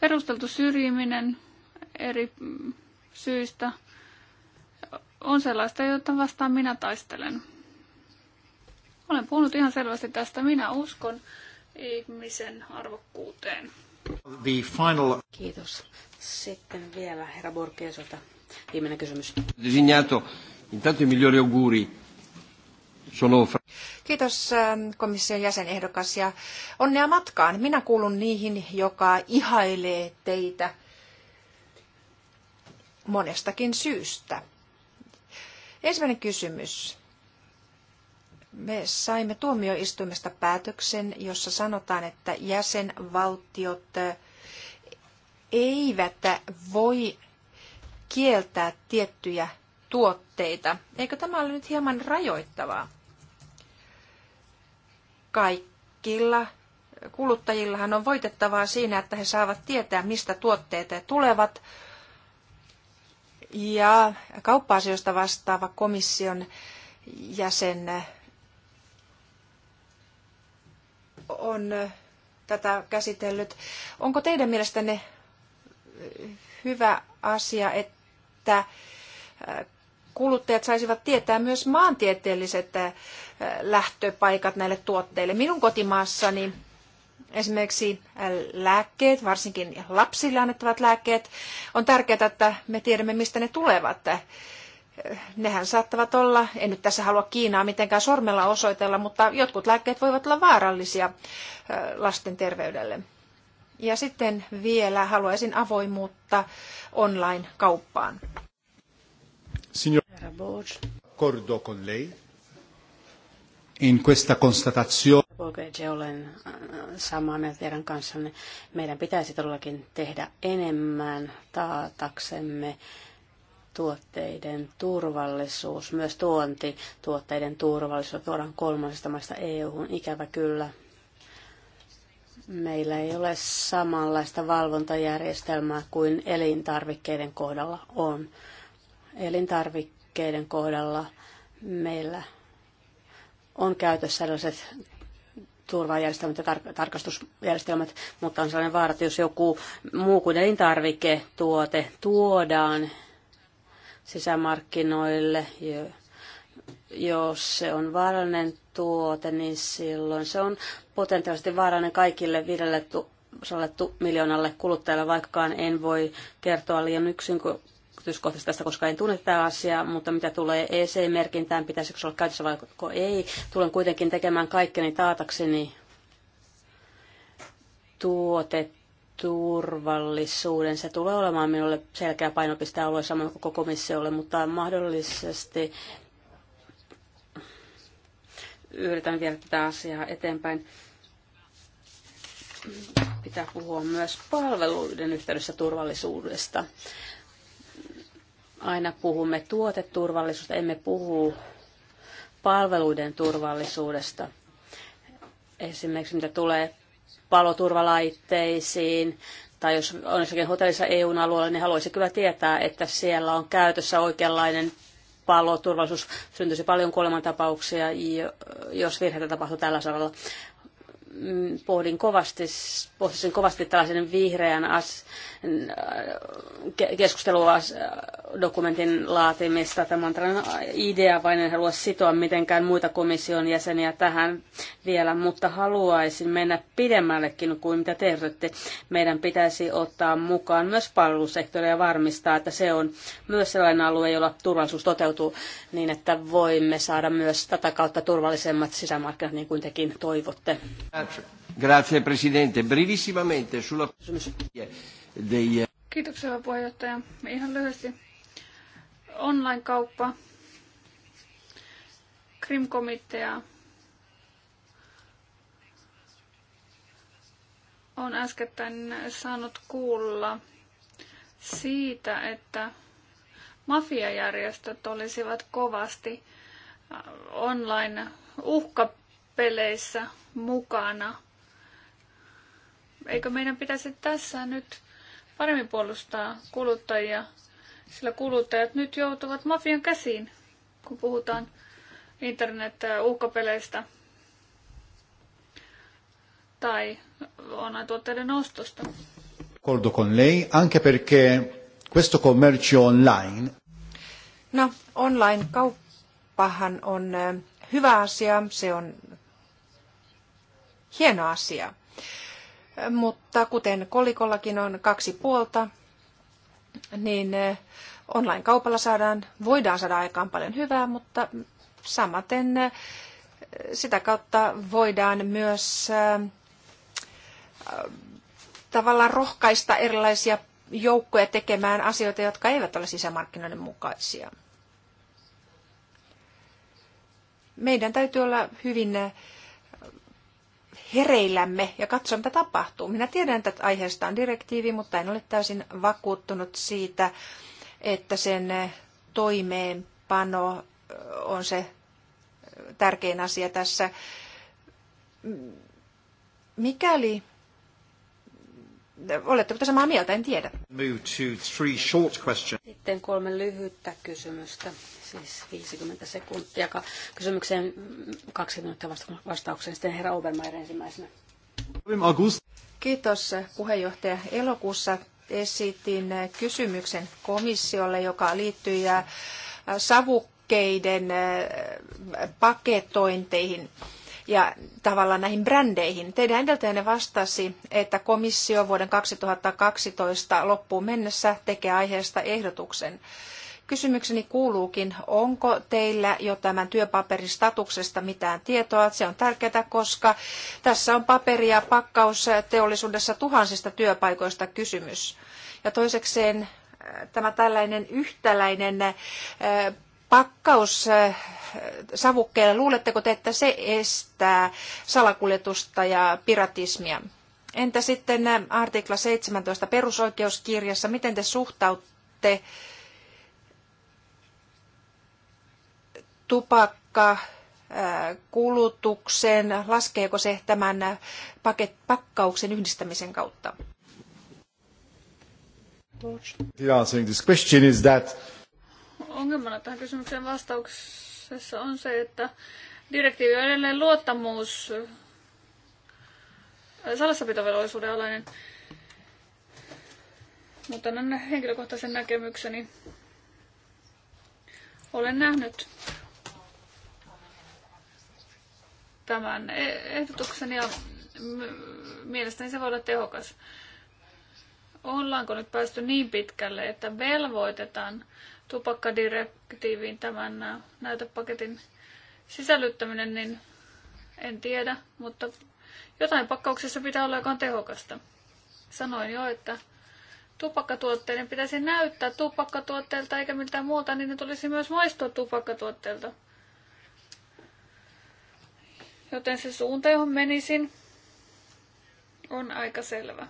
perusteltu syrjiminen eri syistä on sellaista, jota vastaan minä taistelen. Olen puhunut ihan selvästi tästä. Minä uskon, ihmisen arvokkuuteen. The final... Kiitos. Sitten vielä herra Borgesota. viimeinen kysymys. Designato, intanto i migliori auguri. Sono... Kiitos ähm, komission jäsenehdokas ja onnea matkaan. Minä kuulun niihin, joka ihailee teitä monestakin syystä. Ensimmäinen kysymys me saimme tuomioistuimesta päätöksen, jossa sanotaan, että jäsenvaltiot eivät voi kieltää tiettyjä tuotteita. Eikö tämä ole nyt hieman rajoittavaa? Kaikilla kuluttajillahan on voitettavaa siinä, että he saavat tietää, mistä tuotteet tulevat. Ja kauppa-asioista vastaava komission jäsen on tätä käsitellyt. Onko teidän mielestänne hyvä asia, että kuluttajat saisivat tietää myös maantieteelliset lähtöpaikat näille tuotteille? Minun kotimaassani esimerkiksi lääkkeet, varsinkin lapsille annettavat lääkkeet, on tärkeää, että me tiedämme, mistä ne tulevat nehän saattavat olla, en nyt tässä halua Kiinaa mitenkään sormella osoitella, mutta jotkut lääkkeet voivat olla vaarallisia lasten terveydelle. Ja sitten vielä haluaisin avoimuutta online-kauppaan. Signor Cordo con lei in questa constatazione. Oikein, olen äh, samaa mieltä teidän kanssanne. Meidän pitäisi todellakin tehdä enemmän taataksemme tuotteiden turvallisuus, myös tuontituotteiden turvallisuus tuodaan kolmansista maista EU-hun. Ikävä kyllä. Meillä ei ole samanlaista valvontajärjestelmää kuin elintarvikkeiden kohdalla on. Elintarvikkeiden kohdalla meillä on käytössä sellaiset turvajärjestelmät ja tar- tarkastusjärjestelmät, mutta on sellainen vaara, että jos joku muu kuin elintarviketuote tuodaan sisämarkkinoille. Jos se on vaarallinen tuote, niin silloin se on potentiaalisesti vaarallinen kaikille viidelle tu- miljoonalle kuluttajalle, vaikkaan en voi kertoa liian yksin, yksityiskohtaisesti tästä, koska en tunne tätä asiaa, mutta mitä tulee EC-merkintään, pitäisikö se olla käytössä vai ei, tulen kuitenkin tekemään kaikkeni taatakseni tuotet turvallisuuden. Se tulee olemaan minulle selkeä alue samoin kuin komissiolle, mutta mahdollisesti yritän viedä tätä asiaa eteenpäin. Pitää puhua myös palveluiden yhteydessä turvallisuudesta. Aina puhumme tuoteturvallisuudesta, emme puhu palveluiden turvallisuudesta. Esimerkiksi mitä tulee paloturvalaitteisiin, tai jos on jossakin hotellissa EUn alueella, niin haluaisi kyllä tietää, että siellä on käytössä oikeanlainen paloturvallisuus. Syntyisi paljon kuolemantapauksia, jos virheitä tapahtuu tällä saralla. Mm, pohdin kovasti, pohdin kovasti tällaisen vihreän as, äh, keskusteludokumentin äh, laatimista. Tämä on tällainen idea, vain en halua sitoa mitenkään muita komission jäseniä tähän vielä, mutta haluaisin mennä pidemmällekin kuin mitä te ehdotatte. Meidän pitäisi ottaa mukaan myös palvelusektori ja varmistaa, että se on myös sellainen alue, jolla turvallisuus toteutuu niin, että voimme saada myös tätä kautta turvallisemmat sisämarkkinat, niin kuin tekin toivotte. Grazie Presidente. Brivissimamente sulla... Eh, Kiitoksia puheenjohtaja. Ihan lyhyesti. Online-kauppa, Krim-komitea on äskettäin saanut kuulla siitä, että mafiajärjestöt olisivat kovasti online uhka peleissä mukana. Eikö meidän pitäisi tässä nyt paremmin puolustaa kuluttajia, sillä kuluttajat nyt joutuvat mafian käsiin, kun puhutaan internet-uhkapeleistä tai online-tuotteiden ostosta. D'accordo con lei, anche perché questo commercio online. No, online-kauppahan on eh, hyvä asia, se on hieno asia. Mutta kuten kolikollakin on kaksi puolta, niin eh, online-kaupalla saadaan, voidaan saada aikaan paljon hyvää, mutta samaten eh, sitä kautta voidaan myös eh, tavallaan rohkaista erilaisia joukkoja tekemään asioita, jotka eivät ole sisämarkkinoiden mukaisia. Meidän täytyy olla hyvin hereillämme ja katso, mitä tapahtuu. Minä tiedän, että aiheesta on direktiivi, mutta en ole täysin vakuuttunut siitä, että sen toimeenpano on se tärkein asia tässä. Mikäli Oletteko te samaa mieltä? En tiedä. Sitten kolme lyhyttä kysymystä siis 50 sekuntia kysymykseen, minuuttia vastaukseen. Sitten herra Obermeier ensimmäisenä. Kiitos puheenjohtaja. Elokuussa esitin kysymyksen komissiolle, joka liittyy äh, savukkeiden äh, paketointeihin ja tavallaan näihin brändeihin. Teidän edeltäjänne vastasi, että komissio vuoden 2012 loppuun mennessä tekee aiheesta ehdotuksen. Kysymykseni kuuluukin, onko teillä jo tämän työpaperin statuksesta mitään tietoa? Se on tärkeää, koska tässä on paperia pakkausteollisuudessa tuhansista työpaikoista kysymys. Ja toisekseen äh, tämä tällainen yhtäläinen äh, pakkaus savukkeelle, luuletteko te, että se estää salakuljetusta ja piratismia? Entä sitten äh, artikla 17 perusoikeuskirjassa, miten te suhtautte tupakka kulutuksen, laskeeko se tämän paket, pakkauksen yhdistämisen kautta? Ongelmana tähän kysymykseen vastauksessa on se, että direktiivi on edelleen luottamus salassapitovelvollisuuden alainen. Mutta annan henkilökohtaisen näkemykseni. Olen nähnyt tämän e- ehdotuksen ja mielestäni se voi olla tehokas. Ollaanko nyt päästy niin pitkälle, että velvoitetaan tupakkadirektiiviin tämän näytepaketin sisällyttäminen, niin en tiedä, mutta jotain pakkauksessa pitää olla, joka on tehokasta. Sanoin jo, että tupakkatuotteiden pitäisi näyttää tupakkatuotteelta eikä miltään muuta, niin ne tulisi myös maistua tupakkatuotteelta. Joten se suunta, johon menisin, on aika selvä.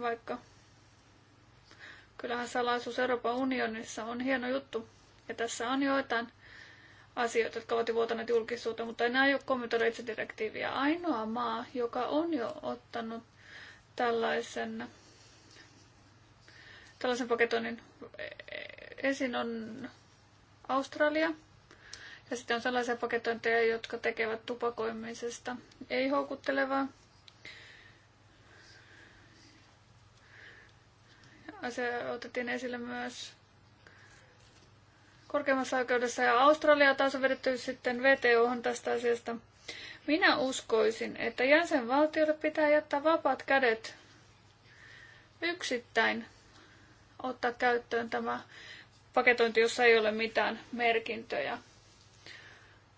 Vaikka kyllähän salaisuus Euroopan unionissa on hieno juttu. Ja tässä on joitain asioita, jotka ovat jo vuotaneet julkisuuteen, mutta enää ei ole kommentoida itse direktiiviä. Ainoa maa, joka on jo ottanut tällaisen, tällaisen paketoinnin Ensin on Australia. Ja sitten on sellaisia paketointeja, jotka tekevät tupakoimisesta ei houkuttelevaa. Asia otettiin esille myös korkeimmassa oikeudessa ja Australia taas on vedetty sitten VTOhon tästä asiasta. Minä uskoisin, että jäsenvaltiolle pitää jättää vapaat kädet yksittäin ottaa käyttöön tämä paketointi, jossa ei ole mitään merkintöjä.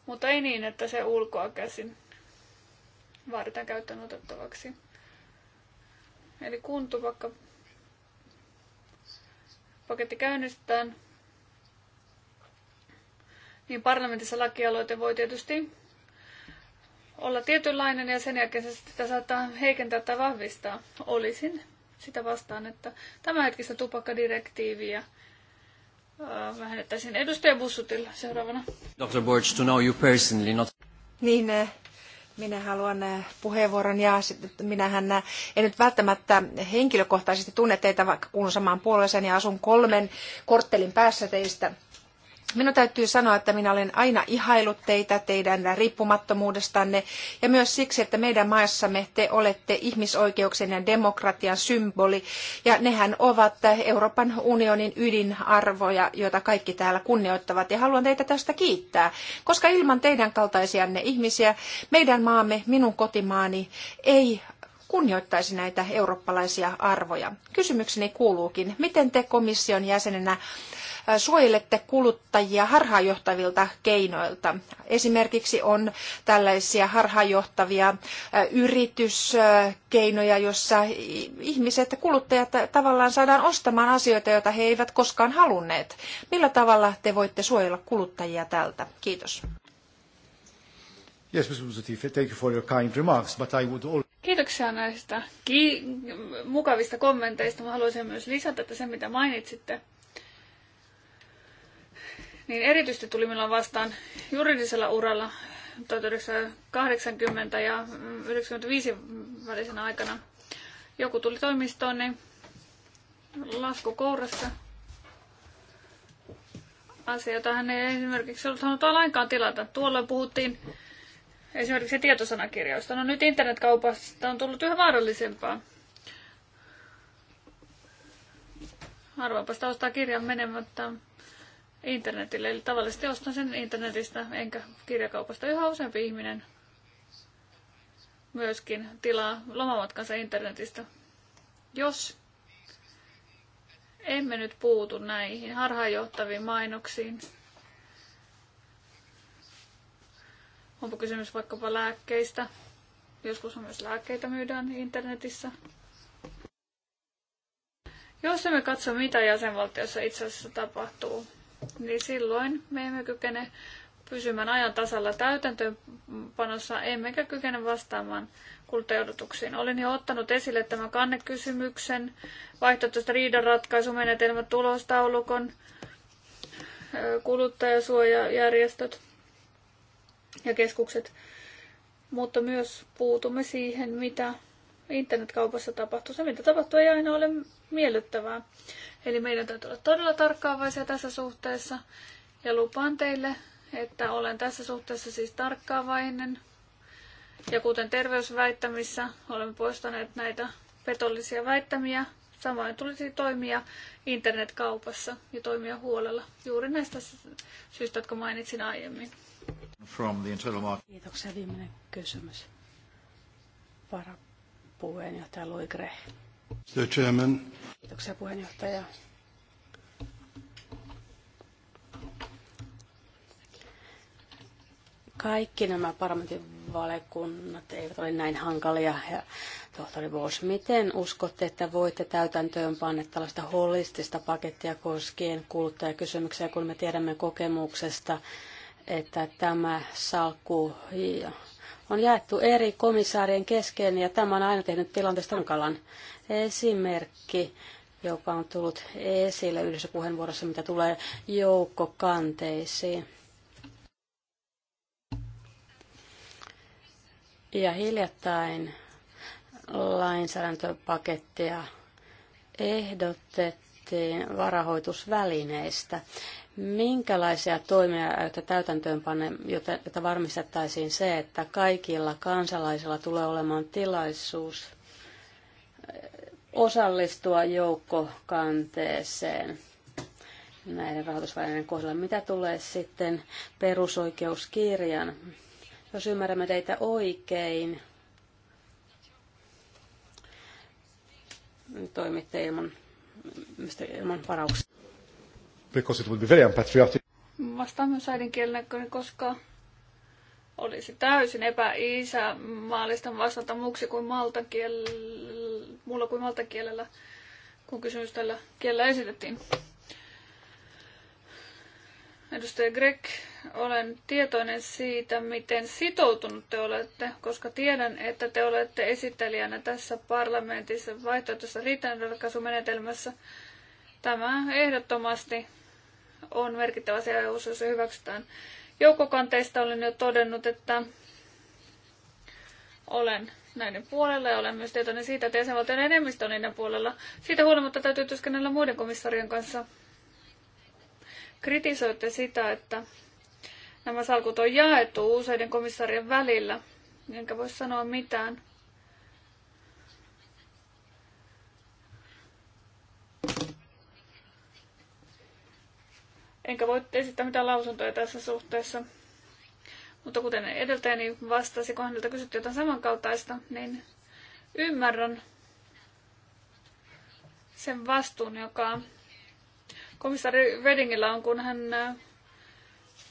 Mutta ei niin, että se ulkoa käsin vaaditaan käyttöön otettavaksi. Eli kun tupakka paketti käynnistetään, niin parlamentissa lakialoite voi tietysti olla tietynlainen ja sen jälkeen se sitä saattaa heikentää tai vahvistaa. Olisin sitä vastaan, että tämänhetkistä tupakkadirektiiviä Äh, vähennettäisiin. Edustaja Bussutilla seuraavana. Dr. Borch, to know you personally, not... Niin, äh, minä haluan äh, puheenvuoron ja minähän en nyt välttämättä henkilökohtaisesti tunne teitä, vaikka kuulun samaan puolueeseen ja asun kolmen korttelin päässä teistä. Minun täytyy sanoa, että minä olen aina ihailut teitä teidän riippumattomuudestanne ja myös siksi, että meidän maassamme te olette ihmisoikeuksien ja demokratian symboli ja nehän ovat Euroopan unionin ydinarvoja, joita kaikki täällä kunnioittavat ja haluan teitä tästä kiittää, koska ilman teidän kaltaisianne ihmisiä meidän maamme, minun kotimaani ei kunnioittaisi näitä eurooppalaisia arvoja. Kysymykseni kuuluukin, miten te komission jäsenenä suojelette kuluttajia harhaanjohtavilta keinoilta. Esimerkiksi on tällaisia harhaanjohtavia yrityskeinoja, jossa ihmiset, kuluttajat tavallaan saadaan ostamaan asioita, joita he eivät koskaan halunneet. Millä tavalla te voitte suojella kuluttajia tältä? Kiitos. Yes, Mr. thank you for your kind remarks, but I would all... Kiitoksia näistä ki- mukavista kommenteista. Mä haluaisin myös lisätä, että se mitä mainitsitte, niin erityisesti tuli minulla vastaan juridisella uralla 1980 ja 1995 välisenä aikana. Joku tuli toimistoon, niin lasku kourassa. Asia, jota hän ei esimerkiksi ollut halunnut lainkaan tilata. Tuolloin puhuttiin esimerkiksi tietosanakirjoista. No nyt internetkaupasta on tullut yhä mahdollisempaa. Harvaanpa sitä ostaa kirjan menemättä internetille. Eli tavallisesti ostan sen internetistä enkä kirjakaupasta. Yhä useampi ihminen myöskin tilaa lomamatkansa internetistä. Jos emme nyt puutu näihin harhaanjohtaviin mainoksiin, Onpa kysymys vaikkapa lääkkeistä. Joskus on myös lääkkeitä myydään internetissä. Jos emme katso, mitä jäsenvaltiossa itse asiassa tapahtuu, niin silloin me emme kykene pysymään ajan tasalla täytäntöönpanossa, emmekä kykene vastaamaan kuluttajodotuksiin. Olen jo ottanut esille tämän kannekysymyksen, vaihtoehtoista riidanratkaisumenetelmät, tulostaulukon, kuluttajasuojajärjestöt ja keskukset, mutta myös puutumme siihen, mitä internetkaupassa tapahtuu. Se, mitä tapahtuu, ei aina ole miellyttävää. Eli meidän täytyy olla todella tarkkaavaisia tässä suhteessa. Ja lupaan teille, että olen tässä suhteessa siis tarkkaavainen. Ja kuten terveysväittämissä olemme poistaneet näitä petollisia väittämiä, samoin tulisi toimia internetkaupassa ja toimia huolella juuri näistä syistä, jotka mainitsin aiemmin. From the internal market. Kiitoksia. Viimeinen kysymys. Varapuheenjohtaja Louis Greh. Mr. Chairman. Kiitoksia puheenjohtaja. kaikki nämä parlamentin valiokunnat eivät ole näin hankalia. Ja tohtori Vos, miten uskotte, että voitte täytäntöön panna tällaista holistista pakettia koskien kuluttajakysymyksiä, kun me tiedämme kokemuksesta, että tämä salkku on jaettu eri komissaarien kesken ja tämä on aina tehnyt tilanteesta hankalan esimerkki, joka on tullut esille yhdessä puheenvuorossa, mitä tulee joukkokanteisiin. Ja hiljattain lainsäädäntöpakettia ehdotettiin varahoitusvälineistä. Minkälaisia toimia aiotte täytäntöönpanne, jotta varmistettaisiin se, että kaikilla kansalaisilla tulee olemaan tilaisuus osallistua joukkokanteeseen näiden rahoitusvälineiden kohdalla? Mitä tulee sitten perusoikeuskirjan? Jos ymmärrämme teitä oikein, toimitte ilman, ilman varauksia because it would be very unpatriotic. Vastaan myös äidinkielenä, koska olisi täysin epäisämaallista vastata muuksi kuin maltakiel... muulla kuin maltakielellä, kun kysymys tällä kielellä esitettiin. Edustaja Greg, olen tietoinen siitä, miten sitoutunut te olette, koska tiedän, että te olette esittelijänä tässä parlamentissa vaihtoehtoisessa riittävänratkaisumenetelmässä menetelmässä Tämä ehdottomasti on merkittävä asia eu jos se hyväksytään. Joukkokanteista olen jo todennut, että olen näiden puolella ja olen myös tietoinen siitä, että jäsenvaltion enemmistö on niiden puolella. Siitä huolimatta täytyy työskennellä muiden komissarien kanssa. Kritisoitte sitä, että nämä salkut on jaettu useiden komissarien välillä, enkä voi sanoa mitään enkä voi esittää mitään lausuntoja tässä suhteessa. Mutta kuten edeltäjäni vastasi, kun häneltä kysyttiin jotain samankaltaista, niin ymmärrän sen vastuun, joka komissaari Redingillä on, kun hän äh,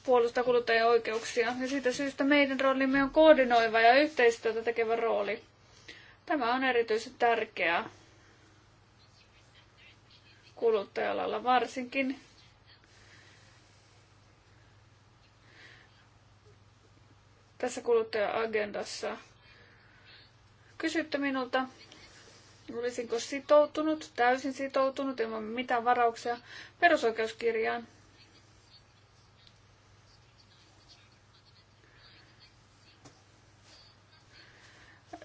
puolustaa kuluttajien oikeuksia. Ja siitä syystä meidän roolimme on koordinoiva ja yhteistyötä tekevä rooli. Tämä on erityisen tärkeää kuluttajalalla, varsinkin tässä kuluttaja-agendassa. Kysytte minulta, olisinko sitoutunut, täysin sitoutunut, ilman mitään varauksia perusoikeuskirjaan.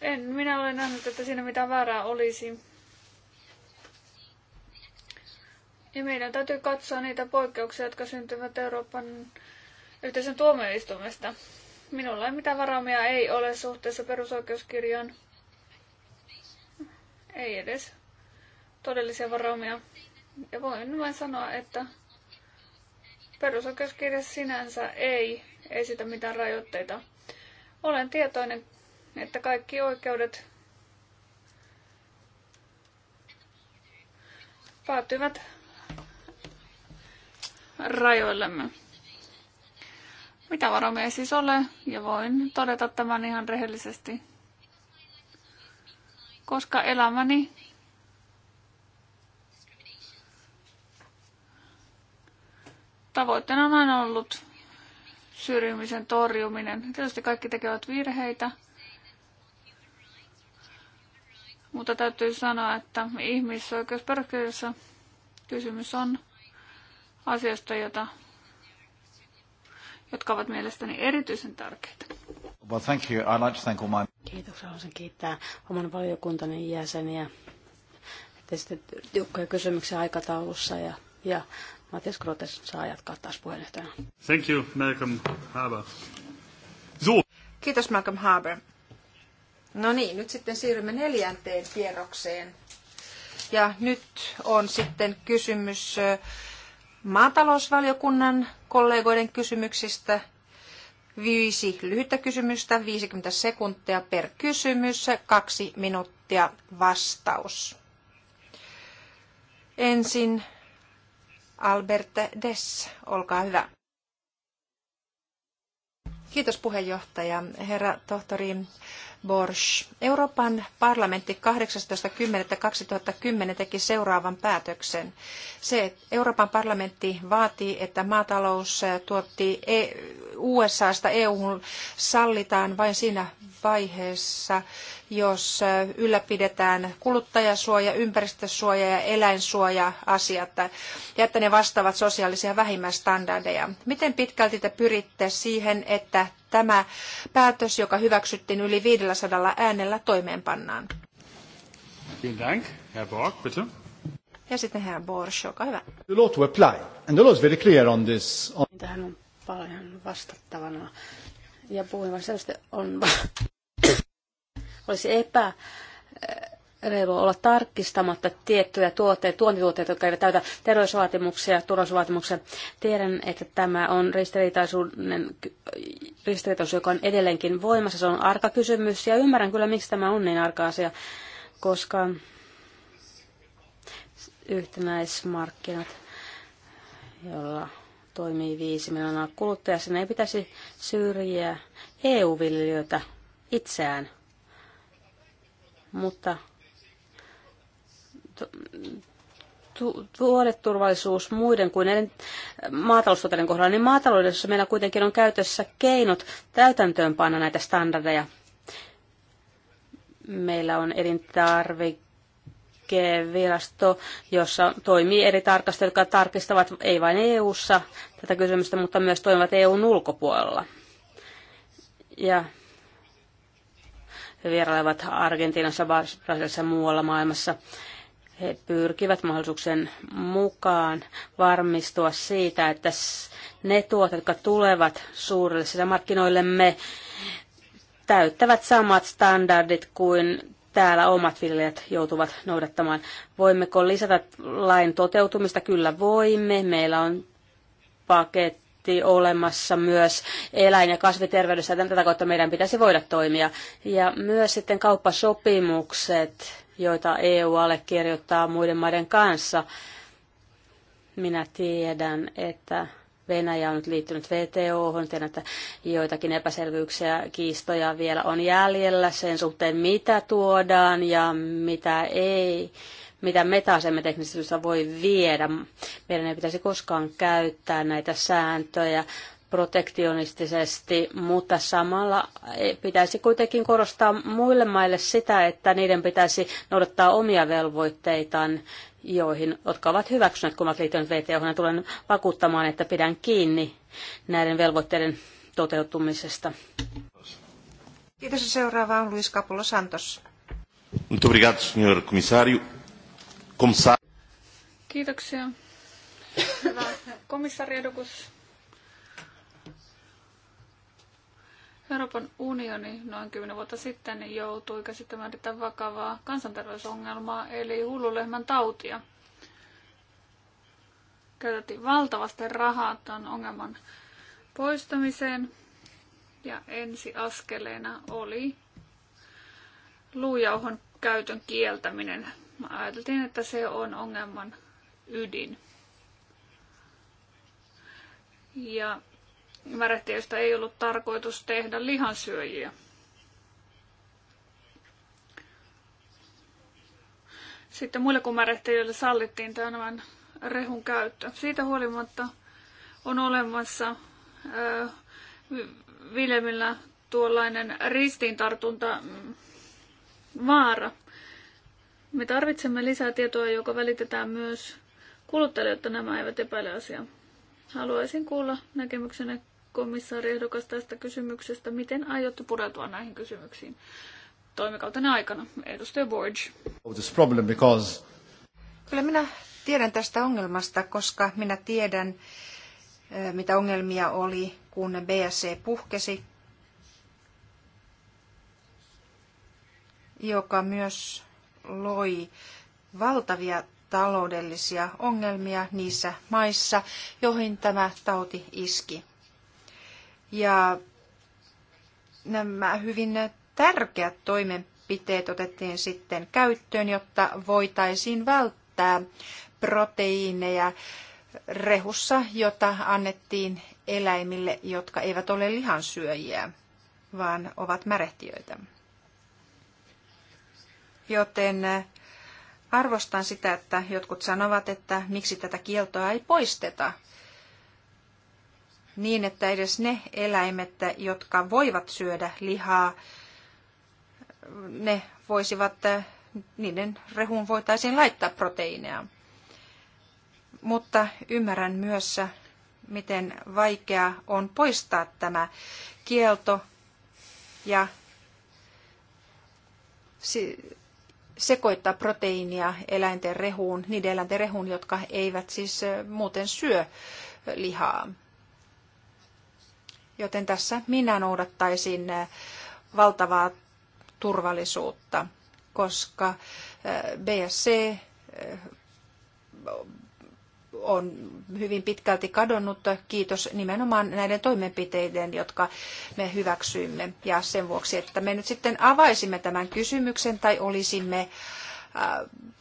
En minä ole nähnyt, että siinä mitään väärää olisi. Ja meidän täytyy katsoa niitä poikkeuksia, jotka syntyvät Euroopan yhteisön tuomioistuimesta. Minulla ei mitään varaumia ei ole suhteessa perusoikeuskirjaan. Ei edes todellisia varaumia. Ja voin vain sanoa, että perusoikeuskirja sinänsä ei esitä mitään rajoitteita. Olen tietoinen, että kaikki oikeudet päätyvät rajoillemme. Mitä varomia ei siis ole, ja voin todeta tämän ihan rehellisesti. Koska elämäni tavoitteena on aina ollut syrjimisen torjuminen. Tietysti kaikki tekevät virheitä, mutta täytyy sanoa, että ihmisoikeusperuskirjassa kysymys on asiasta, jota jotka ovat mielestäni erityisen tärkeitä. Well, thank you. I'd like to thank all my... Kiitoksia. Haluaisin kiittää oman valiokuntani jäseniä. Tietysti tiukkoja kysymyksiä aikataulussa ja, ja Matias Grotes saa jatkaa taas puheenjohtajana. Thank you, Malcolm Haber. So. Kiitos, Malcolm Haber. No niin, nyt sitten siirrymme neljänteen kierrokseen. Ja nyt on sitten kysymys äh, maatalousvaliokunnan kollegoiden kysymyksistä. Viisi lyhyttä kysymystä, 50 sekuntia per kysymys, kaksi minuuttia vastaus. Ensin Albert Dess, olkaa hyvä. Kiitos puheenjohtaja. Herra tohtori, Borsch. Euroopan parlamentti 18.10.2010 teki seuraavan päätöksen. Se, että Euroopan parlamentti vaatii, että maatalous tuotti e, USAsta EU-hun sallitaan vain siinä vaiheessa, jos ylläpidetään kuluttajasuoja, ympäristösuoja ja eläinsuoja-asiat, ja että ne vastaavat sosiaalisia vähimmäistandardeja. Miten pitkälti te pyritte siihen, että tämä päätös, joka hyväksyttiin yli 500 äänellä, toimeenpannaan. Dank. Herr Borg, bitte. Ja sitten herra Borsch, olkaa hyvä. The law to apply, and the law is very clear on this. On... Niin, tähän on paljon vastattavana, ja puhuin vaan on, olisi epä reilua olla tarkistamatta tiettyjä tuotteita, tuontituotteita, jotka eivät täytä terveysvaatimuksia ja turvallisuusvaatimuksia. Tiedän, että tämä on ristiriitaisuuden, ristiriitaisuus, joka on edelleenkin voimassa. Se on arka kysymys ja ymmärrän kyllä, miksi tämä on niin arka asia, koska yhtenäismarkkinat, jolla toimii viisi miljoonaa kuluttajaa, sen ei pitäisi syrjiä EU-viljelijöitä itseään. Mutta tuoreturvallisuus muiden kuin maataloustuotteiden kohdalla, niin maataloudessa meillä kuitenkin on käytössä keinot täytäntöönpanna näitä standardeja. Meillä on elintarvikevirasto, jossa toimii eri tarkastajat, jotka tarkistavat ei vain EU-ssa tätä kysymystä, mutta myös toimivat EUn ulkopuolella. Ja vierailevat Argentiinassa, Brasiliassa ja muualla maailmassa he pyrkivät mahdollisuuksien mukaan varmistua siitä, että ne tuotteet, jotka tulevat suurille sisämarkkinoillemme, täyttävät samat standardit kuin täällä omat viljelijät joutuvat noudattamaan. Voimmeko lisätä lain toteutumista? Kyllä voimme. Meillä on paketti olemassa myös eläin- ja kasviterveydessä. Tätä kautta meidän pitäisi voida toimia. Ja myös sitten kauppasopimukset joita EU allekirjoittaa muiden maiden kanssa. Minä tiedän, että Venäjä on nyt liittynyt VTO-hon, tiedän, että joitakin epäselvyyksiä, kiistoja vielä on jäljellä sen suhteen, mitä tuodaan ja mitä ei mitä me taas emme teknisesti voi viedä. Meidän ei pitäisi koskaan käyttää näitä sääntöjä protektionistisesti, mutta samalla pitäisi kuitenkin korostaa muille maille sitä, että niiden pitäisi noudattaa omia velvoitteitaan, joihin, jotka ovat hyväksyneet, kun ovat liittyneet VTO, ja tulen vakuuttamaan, että pidän kiinni näiden velvoitteiden toteutumisesta. Kiitos. Seuraava on Luis Capulo Santos. Muito obrigado, senhor comissário. Comissário. Kiitoksia. Hyvä komissaariedokus. Euroopan unioni noin 10 vuotta sitten joutui käsittämään erittäin vakavaa kansanterveysongelmaa, eli hullulehmän tautia. Käytettiin valtavasti rahaa tämän ongelman poistamiseen, ja ensiaskeleena oli luujauhon käytön kieltäminen. Mä ajateltiin, että se on ongelman ydin. Ja värehtiestä ei ollut tarkoitus tehdä lihansyöjiä. Sitten muille kuin sallittiin tämän rehun käyttö. Siitä huolimatta on olemassa ö, viljelmillä tuollainen ristiintartunta mm, vaara. Me tarvitsemme lisää tietoa, joka välitetään myös kuluttajille, jotta nämä eivät epäile asiaa. Haluaisin kuulla näkemyksenne komissaariehdokas tästä kysymyksestä. Miten aiotte pureutua näihin kysymyksiin toimikautena aikana? Edustaja Borge. Kyllä minä tiedän tästä ongelmasta, koska minä tiedän, eh, mitä ongelmia oli, kun BSC puhkesi, joka myös loi valtavia taloudellisia ongelmia niissä maissa, joihin tämä tauti iski. Ja nämä hyvin tärkeät toimenpiteet otettiin sitten käyttöön, jotta voitaisiin välttää proteiineja rehussa, jota annettiin eläimille, jotka eivät ole lihansyöjiä, vaan ovat märehtiöitä. Joten Arvostan sitä, että jotkut sanovat, että miksi tätä kieltoa ei poisteta niin, että edes ne eläimet, jotka voivat syödä lihaa, ne voisivat, niiden rehuun voitaisiin laittaa proteiineja. Mutta ymmärrän myös, miten vaikea on poistaa tämä kielto ja sekoittaa proteiinia eläinten rehuun, niiden eläinten rehuun, jotka eivät siis muuten syö lihaa. Joten tässä minä noudattaisin valtavaa turvallisuutta, koska BSC on hyvin pitkälti kadonnut, kiitos nimenomaan näiden toimenpiteiden, jotka me hyväksyimme. Ja sen vuoksi, että me nyt sitten avaisimme tämän kysymyksen tai olisimme äh,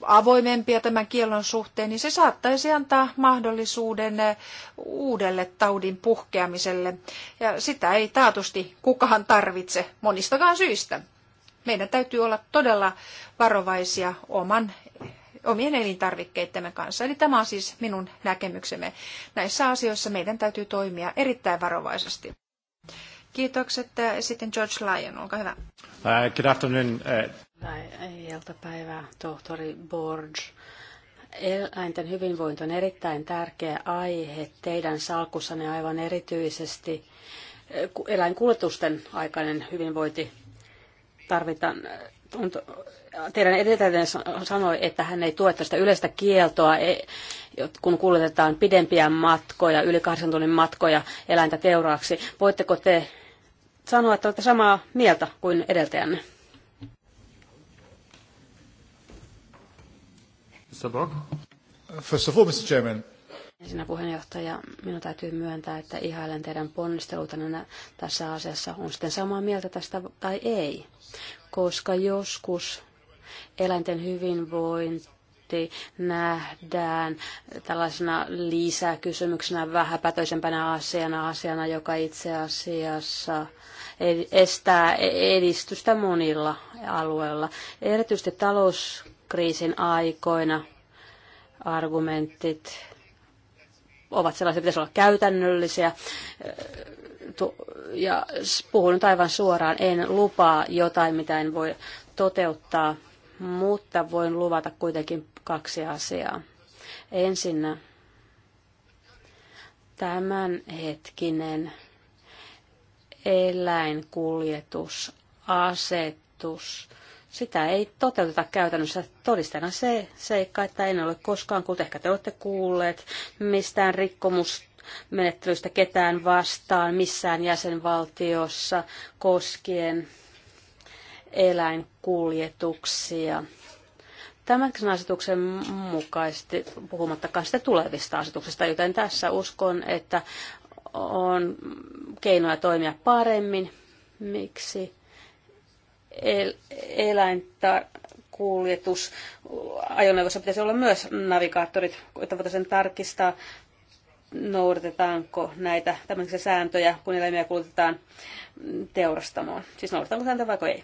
avoimempia tämän kiellon suhteen, niin se saattaisi antaa mahdollisuuden äh, uudelle taudin puhkeamiselle. Ja sitä ei taatusti kukaan tarvitse monistakaan syistä. Meidän täytyy olla todella varovaisia oman omien elintarvikkeittemme kanssa. Eli tämä on siis minun näkemyksemme. Näissä asioissa meidän täytyy toimia erittäin varovaisesti. Kiitokset. Äh, sitten George Lyon, olkaa hyvä. Uh, good afternoon. Uh... tohtori Borg. Eläinten hyvinvointi on erittäin tärkeä aihe teidän salkussanne aivan erityisesti. Eläinkuljetusten aikainen hyvinvointi tarvitaan on teidän edeltäjänne sanoi, että hän ei tue tästä yleistä kieltoa, e, kun kuljetetaan pidempiä matkoja, yli kahdeksan tunnin matkoja eläintä teuraaksi. Voitteko te sanoa, että olette samaa mieltä kuin edeltäjänne? First of all, Mr. Chairman. Ensinnä puheenjohtaja, minun täytyy myöntää, että ihailen teidän ponnistelutanne tässä asiassa. On sitten samaa mieltä tästä tai ei koska joskus eläinten hyvinvointi nähdään tällaisena lisäkysymyksenä, vähäpätöisempänä asiana, asiana, joka itse asiassa estää edistystä monilla alueilla. Erityisesti talouskriisin aikoina argumentit ovat sellaisia, pitäisi olla käytännöllisiä. Ja puhun nyt aivan suoraan, en lupaa jotain, mitä en voi toteuttaa mutta voin luvata kuitenkin kaksi asiaa. Ensinnä tämänhetkinen eläinkuljetusasetus. Sitä ei toteuteta käytännössä todistena se seikka, että en ole koskaan, kuten ehkä te olette kuulleet mistään rikkomusmenettelystä ketään vastaan missään jäsenvaltiossa koskien eläinkuljetuksia. Tämänkin asetuksen mukaisesti, puhumattakaan sitten tulevista asetuksista, joten tässä uskon, että on keinoja toimia paremmin. Miksi? El- eläinkuljetus. Ajoneuvossa pitäisi olla myös navigaattorit, jotta voitaisiin tarkistaa, noudatetaanko näitä tämmöisiä sääntöjä, kun eläimiä kuljetetaan teurastamoon. Siis noudatetaanko sääntöjä vai ei.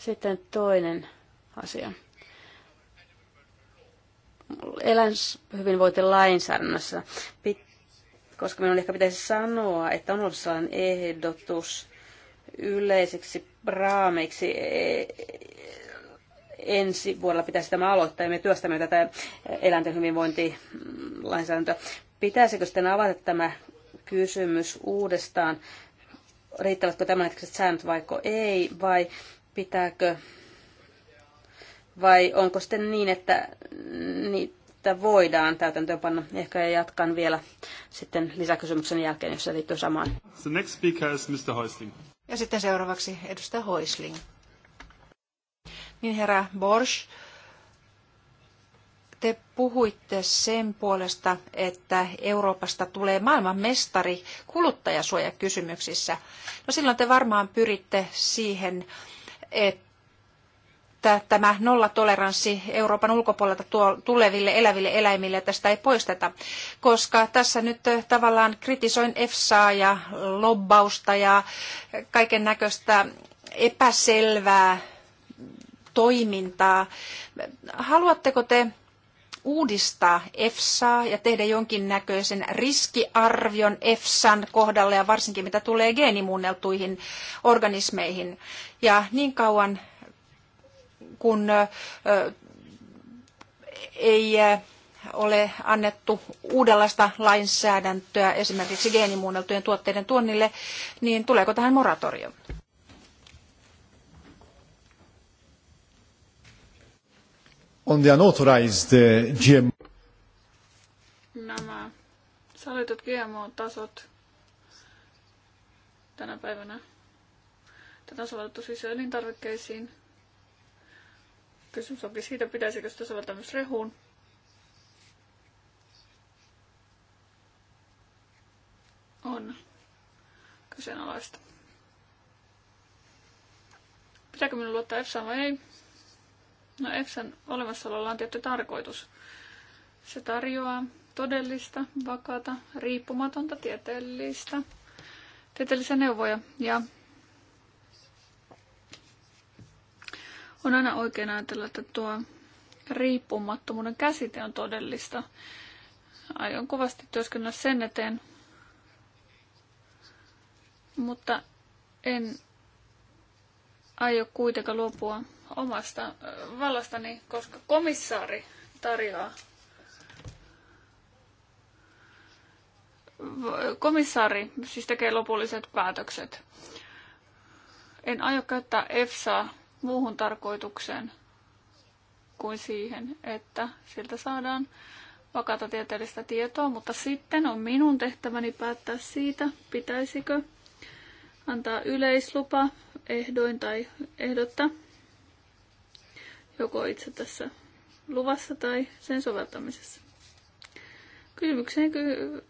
Sitten toinen asia. Eläinhyvinvointilainsäädännössä, koska minun ehkä pitäisi sanoa, että on ollut sellainen ehdotus yleiseksi raameiksi e, e, ensi vuodella pitäisi tämä aloittaa ja me työstämme tätä eläinten hyvinvointilainsäädäntöä. Pitäisikö sitten avata tämä kysymys uudestaan, riittävätkö tämänhetkiset säännöt vaiko ei, vai pitääkö vai onko sitten niin, että niitä voidaan täytäntöönpanna? Ehkä jatkan vielä sitten lisäkysymyksen jälkeen, jos se liittyy samaan. The next speaker is Mr. Häusling. Ja sitten seuraavaksi edustaja Hoisling. Niin herra Borsch, te puhuitte sen puolesta, että Euroopasta tulee maailman mestari kuluttajasuojakysymyksissä. No silloin te varmaan pyritte siihen, että tämä nollatoleranssi Euroopan ulkopuolelta tuleville eläville eläimille tästä ei poisteta, koska tässä nyt eh, tavallaan kritisoin EFSAa ja lobbausta ja kaiken näköistä epäselvää toimintaa. Haluatteko te uudistaa EFSAa ja tehdä jonkinnäköisen riskiarvion EFSAn kohdalle ja varsinkin mitä tulee geenimuunneltuihin organismeihin. Ja niin kauan kun ei ole annettu uudenlaista lainsäädäntöä esimerkiksi geenimuunneltujen tuotteiden tuonnille, niin tuleeko tähän moratorio? on the unauthorized uh, GM. Nämä sallitut GMO-tasot tänä päivänä. Tätä on sovellettu siis elintarvikkeisiin. Kysymys onkin siitä, pitäisikö sitä soveltaa myös rehuun. On kyseenalaista. Pitääkö minun luottaa EFSAan vai ei? No EFSAn olemassaololla on tietty tarkoitus. Se tarjoaa todellista, vakaata, riippumatonta tieteellistä, tieteellisiä neuvoja ja on aina oikein ajatella, että tuo riippumattomuuden käsite on todellista. Aion kovasti työskennellä sen eteen, mutta en aio kuitenkaan luopua omasta vallastani, koska komissaari tarjoaa komissaari siis tekee lopulliset päätökset. En aio käyttää EFSAa muuhun tarkoitukseen kuin siihen, että siltä saadaan vakata tieteellistä tietoa, mutta sitten on minun tehtäväni päättää siitä, pitäisikö antaa yleislupa ehdoin tai ehdotta joko itse tässä luvassa tai sen soveltamisessa. Kysymykseen,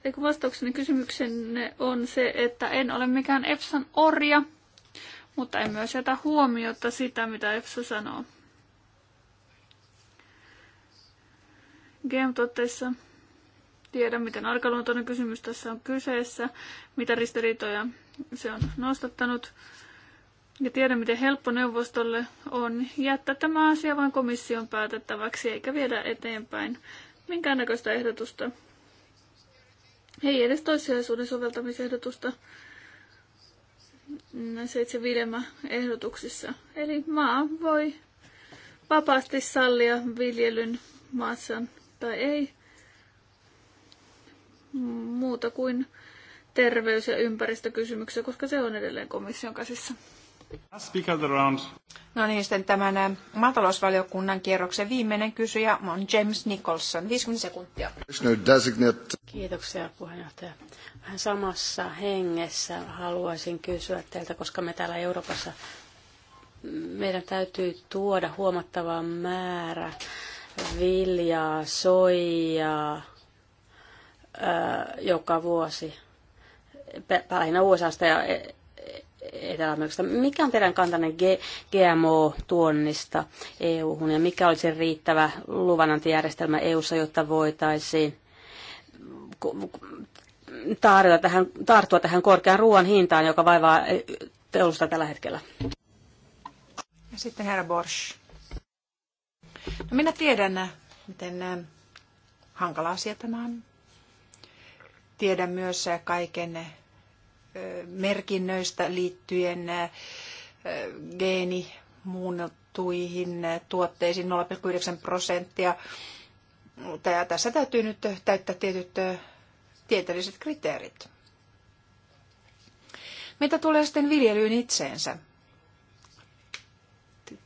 eikö vastaukseni kysymyksenne on se, että en ole mikään EFSAn orja, mutta en myös jätä huomiota sitä, mitä EFSA sanoo. Game-totteissa tiedä, miten arkaluontoinen kysymys tässä on kyseessä, mitä ristiriitoja se on nostattanut. Ja tiedä, miten helppo neuvostolle on jättää tämä asia vain komission päätettäväksi eikä viedä eteenpäin minkäännäköistä ehdotusta. Ei edes toissijaisuuden soveltamisehdotusta näissä itse ehdotuksissa. Eli maa voi vapaasti sallia viljelyn maassa tai ei muuta kuin terveys- ja ympäristökysymyksiä, koska se on edelleen komission käsissä. No niin, sitten tämän äh, maatalousvaliokunnan kierroksen viimeinen kysyjä on James Nicholson. 50 sekuntia. Kiitoksia puheenjohtaja. Vähän samassa hengessä haluaisin kysyä teiltä, koska me täällä Euroopassa meidän täytyy tuoda huomattava määrä viljaa, soijaa äh, joka vuosi aina USAsta ja Etelä-Amerikasta. Mikä on teidän kantanne GMO-tuonnista EU-hun ja mikä olisi riittävä luvanantijärjestelmä EU-ssa, jotta voitaisiin tähän, tarttua tähän korkean ruoan hintaan, joka vaivaa teollista tällä hetkellä? Ja Sitten herra Borsch. No minä tiedän, miten äh, hankala asia tämä on. Tiedän myös äh, kaiken äh, merkinnöistä liittyen äh, geenimuunneltuihin tuotteisiin 0,9 prosenttia. Tässä täytyy nyt täyttää tietyt äh, tieteelliset kriteerit. Mitä tulee sitten viljelyyn itseensä?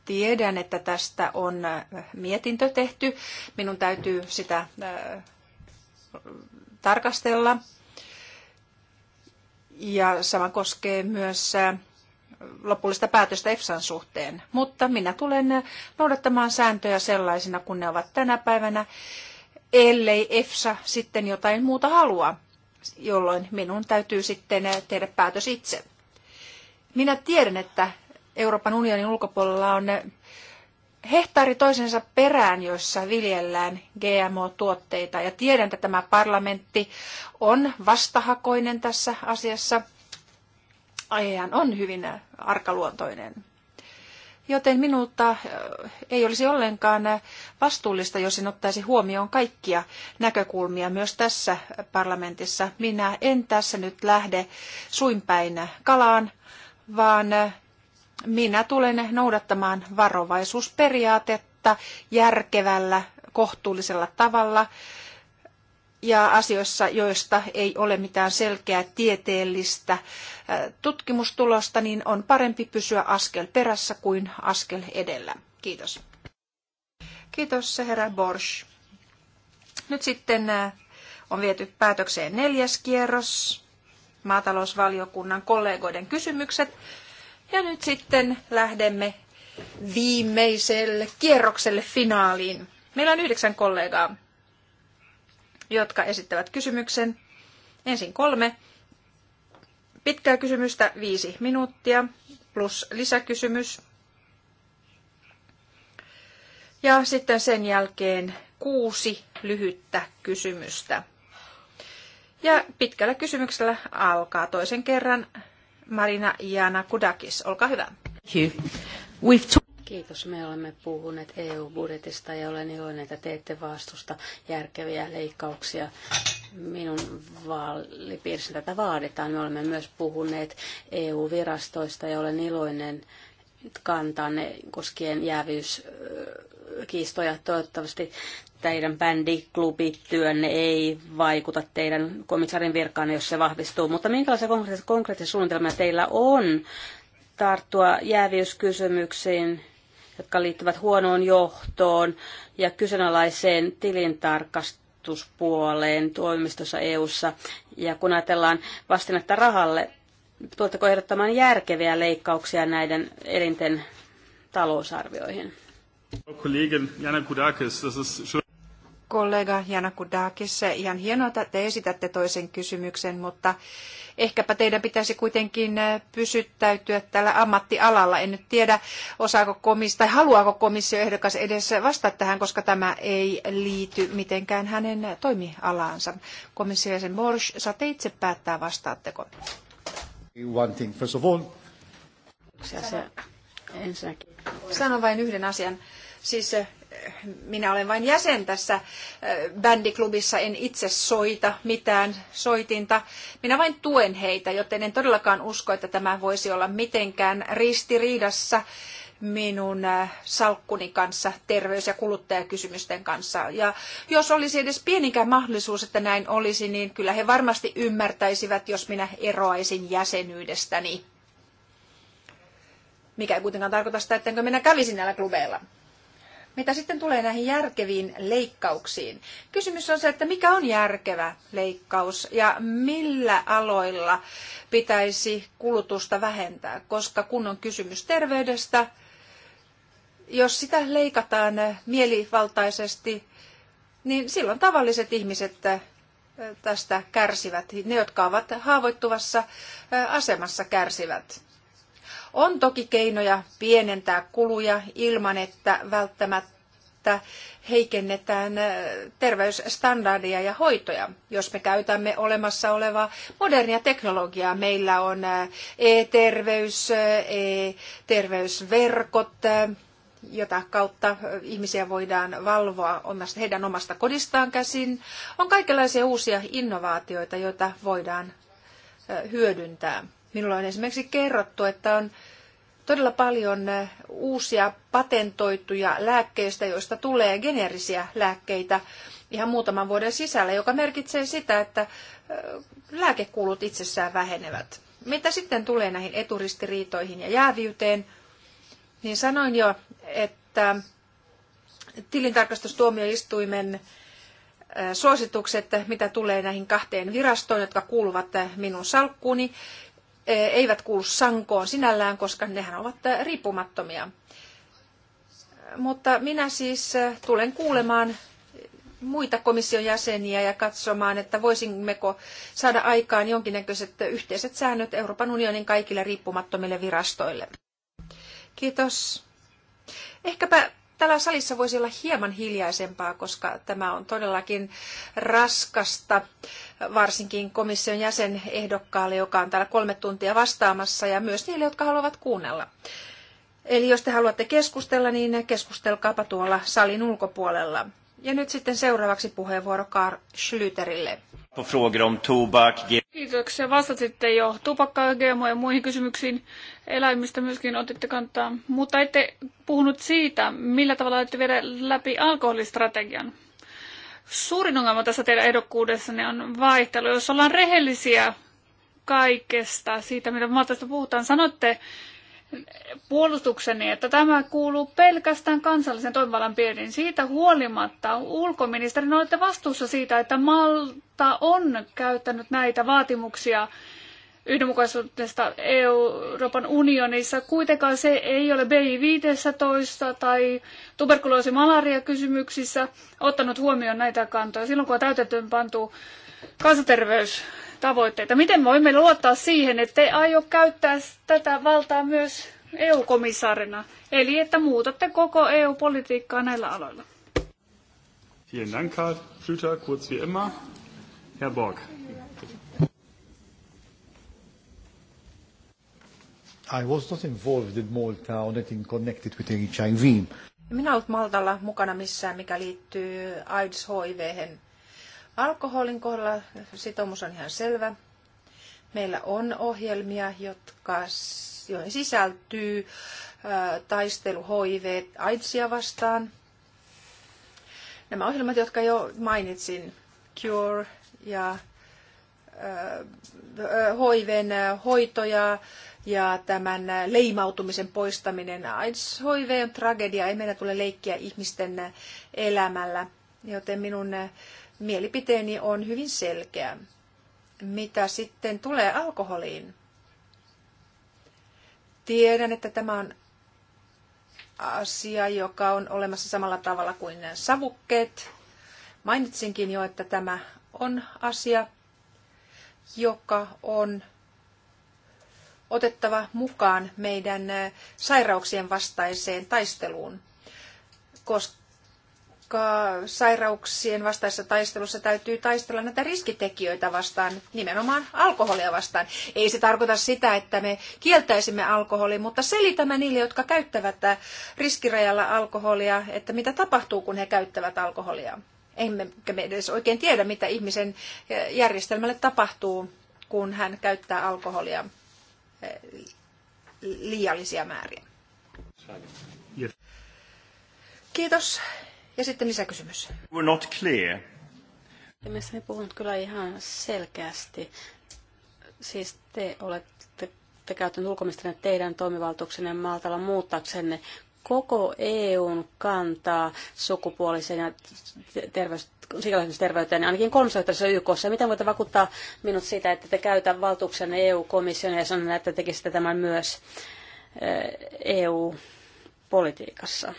Tiedän, että tästä on äh, mietintö tehty. Minun täytyy sitä tarkastella. Ja sama koskee myös lopullista päätöstä EFSAn suhteen. Mutta minä tulen noudattamaan sääntöjä sellaisina kuin ne ovat tänä päivänä, ellei EFSA sitten jotain muuta halua, jolloin minun täytyy sitten tehdä päätös itse. Minä tiedän, että Euroopan unionin ulkopuolella on hehtaari toisensa perään, jossa viljellään GMO-tuotteita. Ja tiedän, että tämä parlamentti on vastahakoinen tässä asiassa. Aihehan on hyvin arkaluontoinen. Joten minulta ei olisi ollenkaan vastuullista, jos en ottaisi huomioon kaikkia näkökulmia myös tässä parlamentissa. Minä en tässä nyt lähde suinpäin kalaan, vaan minä tulen noudattamaan varovaisuusperiaatetta järkevällä, kohtuullisella tavalla ja asioissa, joista ei ole mitään selkeää tieteellistä äh, tutkimustulosta, niin on parempi pysyä askel perässä kuin askel edellä. Kiitos. Kiitos, herra Borsch. Nyt sitten äh, on viety päätökseen neljäs kierros, maatalousvaliokunnan kollegoiden kysymykset. Ja nyt sitten lähdemme viimeiselle kierrokselle finaaliin. Meillä on yhdeksän kollegaa, jotka esittävät kysymyksen. Ensin kolme pitkää kysymystä, viisi minuuttia, plus lisäkysymys. Ja sitten sen jälkeen kuusi lyhyttä kysymystä. Ja pitkällä kysymyksellä alkaa toisen kerran Marina Iana Kudakis, olkaa hyvä. Kiitos. Me olemme puhuneet EU-budjetista ja olen iloinen, että teette vastusta järkeviä leikkauksia. Minun vaalipiirissä tätä vaaditaan. Me olemme myös puhuneet EU-virastoista ja olen iloinen kantanne koskien jäävyyskiistoja. Toivottavasti teidän bändiklubityönne ei vaikuta teidän komissarin virkaan, jos se vahvistuu. Mutta minkälaisia konkreettisia, konkreettisia suunnitelmia teillä on tarttua jäävyyskysymyksiin, jotka liittyvät huonoon johtoon ja kyseenalaiseen tilintarkastuspuoleen toimistossa EU:ssa. Ja kun ajatellaan vastinetta rahalle, tuotteko ehdottamaan järkeviä leikkauksia näiden elinten talousarvioihin? Kollegin Jana Kudakis, das ist kollega Jana Kudakis. Ihan hienoa, että te esitätte toisen kysymyksen, mutta ehkäpä teidän pitäisi kuitenkin eh, pysyttäytyä tällä ammattialalla. En nyt tiedä, osaako komissio tai haluaako komissio ehdokas edes vastata tähän, koska tämä ei liity mitenkään hänen toimialaansa. Komissio jäsen Borsch, saatte itse päättää, vastaatteko. One thing, first of all. Sano vain yhden asian. Siis eh, minä olen vain jäsen tässä äh, bändiklubissa, en itse soita mitään soitinta. Minä vain tuen heitä, joten en todellakaan usko, että tämä voisi olla mitenkään ristiriidassa minun äh, salkkuni kanssa terveys- ja kuluttajakysymysten kanssa. Ja jos olisi edes pienikään mahdollisuus, että näin olisi, niin kyllä he varmasti ymmärtäisivät, jos minä eroaisin jäsenyydestäni. Mikä ei kuitenkaan tarkoita sitä, ettenkö minä kävisin näillä klubeilla. Mitä sitten tulee näihin järkeviin leikkauksiin? Kysymys on se, että mikä on järkevä leikkaus ja millä aloilla pitäisi kulutusta vähentää, koska kun on kysymys terveydestä, jos sitä leikataan mielivaltaisesti, niin silloin tavalliset ihmiset tästä kärsivät. Ne, jotka ovat haavoittuvassa asemassa, kärsivät. On toki keinoja pienentää kuluja ilman, että välttämättä heikennetään terveysstandardeja ja hoitoja. Jos me käytämme olemassa olevaa modernia teknologiaa, meillä on e-terveys, e-terveysverkot, jota kautta ihmisiä voidaan valvoa heidän omasta kodistaan käsin. On kaikenlaisia uusia innovaatioita, joita voidaan hyödyntää. Minulla on esimerkiksi kerrottu, että on todella paljon eh, uusia patentoituja lääkkeistä, joista tulee geneerisiä lääkkeitä ihan muutaman vuoden sisällä, joka merkitsee sitä, että eh, lääkekulut itsessään vähenevät. Mitä sitten tulee näihin eturistiriitoihin ja jääviyteen, niin sanoin jo, että tilintarkastustuomioistuimen eh, suositukset, mitä tulee näihin kahteen virastoon, jotka kuuluvat minun salkkuuni, E, eivät kuulu sankoon sinällään, koska nehän ovat e, riippumattomia. Mutta minä siis e, tulen kuulemaan muita komission jäseniä ja katsomaan, että voisimmeko saada aikaan jonkinnäköiset yhteiset säännöt Euroopan unionin kaikille riippumattomille virastoille. Kiitos. Ehkäpä täällä salissa voisi olla hieman hiljaisempaa, koska tämä on todellakin raskasta, varsinkin komission jäsenehdokkaalle, joka on täällä kolme tuntia vastaamassa, ja myös niille, jotka haluavat kuunnella. Eli jos te haluatte keskustella, niin keskustelkaapa tuolla salin ulkopuolella. Ja nyt sitten seuraavaksi puheenvuoro Karl Schlüterille. Kiitoksia. Vastasitte jo tupakkaa, GMO ja muihin kysymyksiin. Eläimistä myöskin otitte kantaa. Mutta ette puhunut siitä, millä tavalla olette viedä läpi alkoholistrategian. Suurin ongelma tässä teidän ehdokkuudessanne on vaihtelu. Jos ollaan rehellisiä kaikesta siitä, mitä maatasta puhutaan, sanotte, puolustukseni, että tämä kuuluu pelkästään kansallisen toimivallan piiriin. Siitä huolimatta ulkoministerin no olette vastuussa siitä, että Malta on käyttänyt näitä vaatimuksia yhdenmukaisuudesta Euroopan unionissa. Kuitenkaan se ei ole BI-15 tai tuberkuloosi-malaria-kysymyksissä ottanut huomioon näitä kantoja. Silloin kun on täytetyn pantu kansanterveys tavoitteita. Miten voimme luottaa siihen, että te aio käyttää tätä valtaa myös EU-komissaarina, eli että muutatte koko EU-politiikkaa näillä aloilla? Vielen Dank, Karl Schlüter, kurz wie immer. Herr Borg. I was not involved in Malta on anything connected with HIV. Minä olen Maltalla mukana missään, mikä liittyy AIDS-HIV. Alkoholin kohdalla sitoumus on ihan selvä. Meillä on ohjelmia, jotka, joihin sisältyy taistelu HIV AIDSia vastaan. Nämä ohjelmat, jotka jo mainitsin, Cure ja hoiven hoitoja ja tämän leimautumisen poistaminen. AIDS HIV on tragedia, ei meidän tule leikkiä ihmisten elämällä, joten minun mielipiteeni on hyvin selkeä. Mitä sitten tulee alkoholiin? Tiedän, että tämä on asia, joka on olemassa samalla tavalla kuin savukkeet. Mainitsinkin jo, että tämä on asia, joka on otettava mukaan meidän sairauksien vastaiseen taisteluun, koska koska sairauksien vastaisessa taistelussa täytyy taistella näitä riskitekijöitä vastaan, nimenomaan alkoholia vastaan. Ei se tarkoita sitä, että me kieltäisimme alkoholin, mutta selitämme niille, jotka käyttävät riskirajalla alkoholia, että mitä tapahtuu, kun he käyttävät alkoholia. Emmekä me edes oikein tiedä, mitä ihmisen järjestelmälle tapahtuu, kun hän käyttää alkoholia eh, liiallisia määriä. Kiitos. Ja sitten lisäkysymys. We're not clear. Mielestäni puhunut kyllä ihan selkeästi. Siis te olette te käytänyt ulkoministerinä teidän toimivaltuuksenne maaltalla muuttaaksenne koko EUn kantaa sukupuoliseen ja terveys, terveyteen, ainakin kolmessa YKssa. Miten voitte vakuuttaa minut siitä, että te käytä valtuuksenne EU-komission ja sanon, että tekisitte tämän myös EU-politiikassa? Eh, e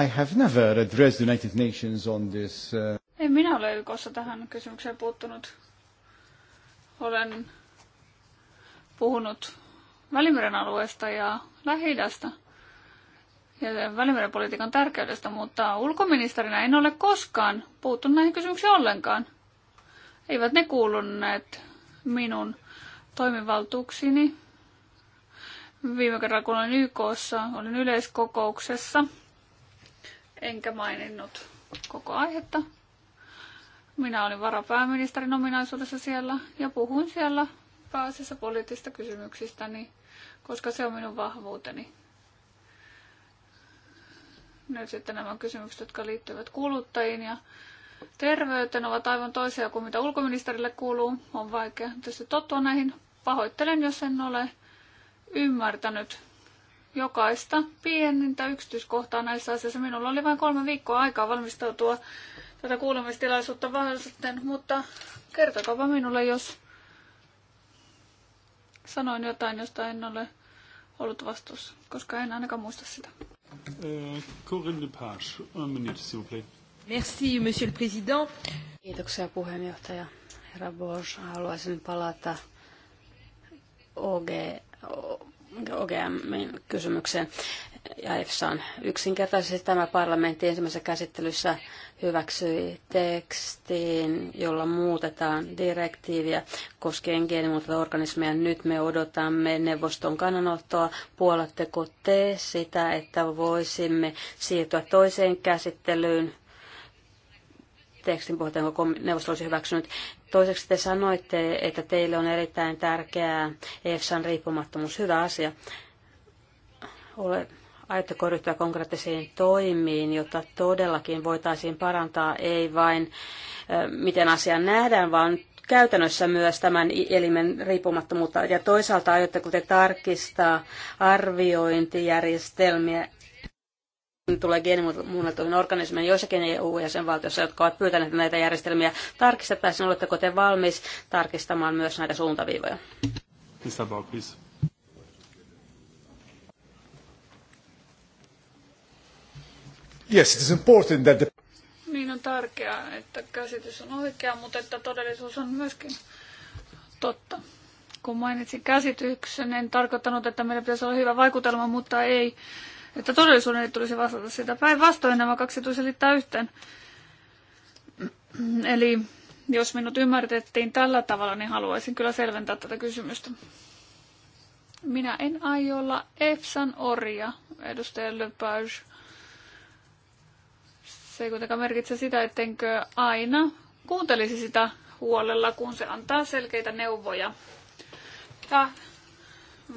I have never addressed the United Nations on this. Uh... minä ole YKssa tähän kysymykseen puuttunut. Olen puhunut Välimeren alueesta ja lähi ja Välimeren politiikan tärkeydestä, mutta ulkoministerinä en ole koskaan puuttunut näihin kysymyksiin ollenkaan. Eivät ne kuulunneet minun toimivaltuuksiini. Viime kerralla kun olin YKssa, olin yleiskokouksessa – enkä maininnut koko aihetta. Minä olin varapääministerin ominaisuudessa siellä ja puhuin siellä pääasiassa poliittisista kysymyksistäni, koska se on minun vahvuuteni. Nyt sitten nämä kysymykset, jotka liittyvät kuluttajiin ja terveyteen, ovat aivan toisia kuin mitä ulkoministerille kuuluu. On vaikea tietysti tottua näihin. Pahoittelen, jos en ole ymmärtänyt jokaista pienintä yksityiskohtaa näissä asioissa. Minulla oli vain kolme viikkoa aikaa valmistautua tätä kuulemistilaisuutta varten, mutta kertokaa minulle, jos sanoin jotain, josta en ole ollut vastuussa, koska en ainakaan muista sitä. Eh, Corinne Lepage, un minute, s'il vous plaît. Merci, monsieur le président. Kiitoksia puheenjohtaja. Herra Bosch, haluaisin palata OG, OGMin kysymykseen ja EFSAan. Yksinkertaisesti tämä parlamentti ensimmäisessä käsittelyssä hyväksyi tekstiin, jolla muutetaan direktiiviä koskien geenimuutelta organismeja. Nyt me odotamme neuvoston kannanottoa. Puolatteko te sitä, että voisimme siirtyä toiseen käsittelyyn tekstin pohjalta, jonka neuvosto olisi hyväksynyt Toiseksi te sanoitte, että teille on erittäin tärkeää EFSAn riippumattomuus. Hyvä asia. Ole, aiotteko ryhtyä konkreettisiin toimiin, jotta todellakin voitaisiin parantaa ei vain miten asia nähdään, vaan käytännössä myös tämän elimen riippumattomuutta. Ja toisaalta aiotteko te tarkistaa arviointijärjestelmiä tulee geenimuunneltuihin organismeihin joissakin EU-jäsenvaltioissa, jotka ovat pyytäneet näitä järjestelmiä tarkistettaisiin. Oletteko te valmis tarkistamaan myös näitä suuntaviivoja? Yes, it is important that the... Niin on tärkeää, että käsitys on oikea, mutta että todellisuus on myöskin totta. Kun mainitsin käsityksen, en tarkoittanut, että meillä pitäisi olla hyvä vaikutelma, mutta ei että todellisuuden ei tulisi vastata sitä. Päinvastoin nämä kaksi tulisi liittää yhteen. Eli jos minut ymmärtettiin tällä tavalla, niin haluaisin kyllä selventää tätä kysymystä. Minä en aio olla EFSAn orja, edustaja Lepage. Se ei kuitenkaan merkitse sitä, ettenkö aina kuuntelisi sitä huolella, kun se antaa selkeitä neuvoja. Ja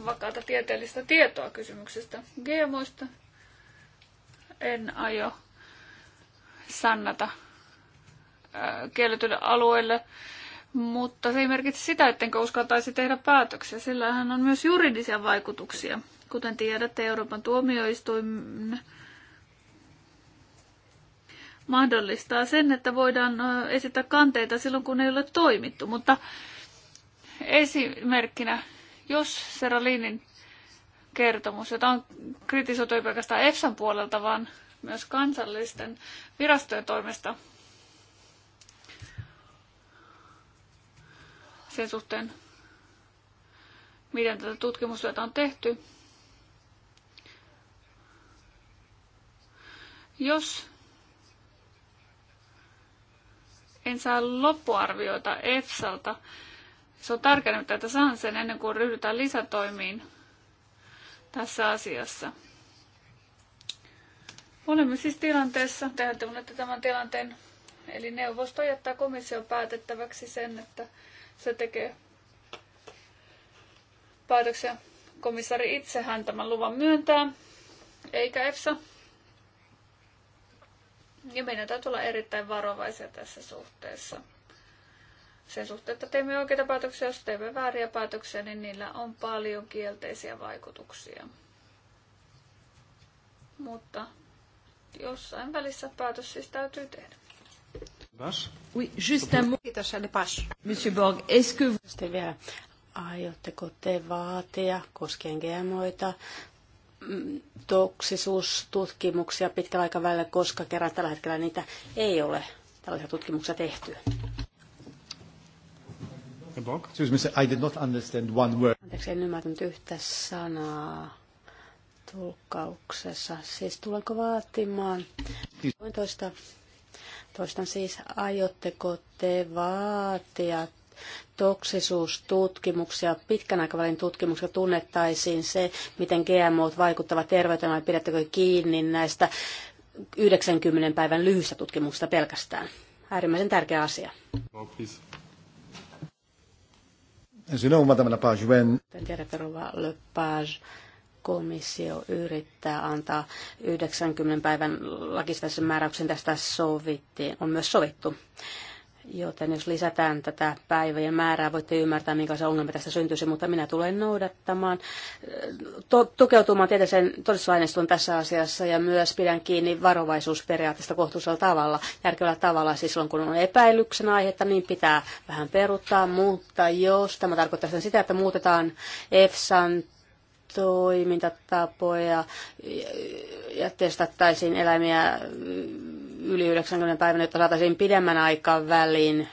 vakaata tieteellistä tietoa kysymyksestä. GMOista en aio sannata kielletylle alueelle, mutta se ei merkitse sitä, ettenkö uskaltaisi tehdä päätöksiä. Sillähän on myös juridisia vaikutuksia. Kuten tiedätte, Euroopan tuomioistuin mahdollistaa sen, että voidaan esittää kanteita silloin, kun ei ole toimittu. Mutta esimerkkinä jos Seralinin kertomus, jota on kritisoitu ei pelkästään EFSAn puolelta, vaan myös kansallisten virastojen toimesta sen suhteen, miten tätä tutkimustyötä on tehty. Jos en saa loppuarvioita EFSalta, se on tärkeää, että saan sen ennen kuin ryhdytään lisätoimiin tässä asiassa. Olemme siis tilanteessa, tehän tunnette tämän tilanteen, eli neuvosto jättää komission päätettäväksi sen, että se tekee päätöksiä. Komissari itsehän tämän luvan myöntää, eikä EFSA. Ja meidän täytyy olla erittäin varovaisia tässä suhteessa sen suhteen, että teemme oikeita päätöksiä, jos teemme vääriä päätöksiä, niin niillä on paljon kielteisiä vaikutuksia. Mutta jossain välissä päätös siis täytyy tehdä. Oui, juste un mot. Kiitos, Anne Monsieur Borg, est-ce que vous... vielä, aiotteko te vaatia koskien GMOita mm, toksisuustutkimuksia pitkällä aikavälillä, koska kerran tällä hetkellä niitä ei ole tällaisia tutkimuksia tehty? Bock. I did not understand one word. Anteeksi, en ymmärtänyt yhtä sanaa tulkkauksessa. Siis tulenko vaatimaan? Voin toista Toistan siis, aiotteko te vaatia toksisuustutkimuksia, pitkän aikavälin tutkimuksia tunnettaisiin se, miten GMO:t vaikuttavat terveyteen vai pidättekö kiinni näistä 90 päivän lyhyistä tutkimuksista pelkästään? Äärimmäisen tärkeä asia. Oh, As Madame Lepage, when... Tiedätte, Rova komissio yrittää antaa 90 päivän lakistaisen määräyksen tästä sovittiin, on myös sovittu. Joten jos lisätään tätä päivien määrää, voitte ymmärtää, minkälaisia ongelmia tässä syntyisi, mutta minä tulen noudattamaan, eh, to, tukeutumaan tieteeseen todistusaineistoon tässä asiassa ja myös pidän kiinni varovaisuusperiaatteesta kohtuullisella tavalla, järkevällä tavalla, siis silloin kun on epäilyksen aihetta, niin pitää vähän peruttaa, mutta jos tämä tarkoittaa sitä, että muutetaan EFSAn toimintatapoja ja testattaisiin eläimiä yli 90 päivän, jotta saataisiin pidemmän aikaa väliin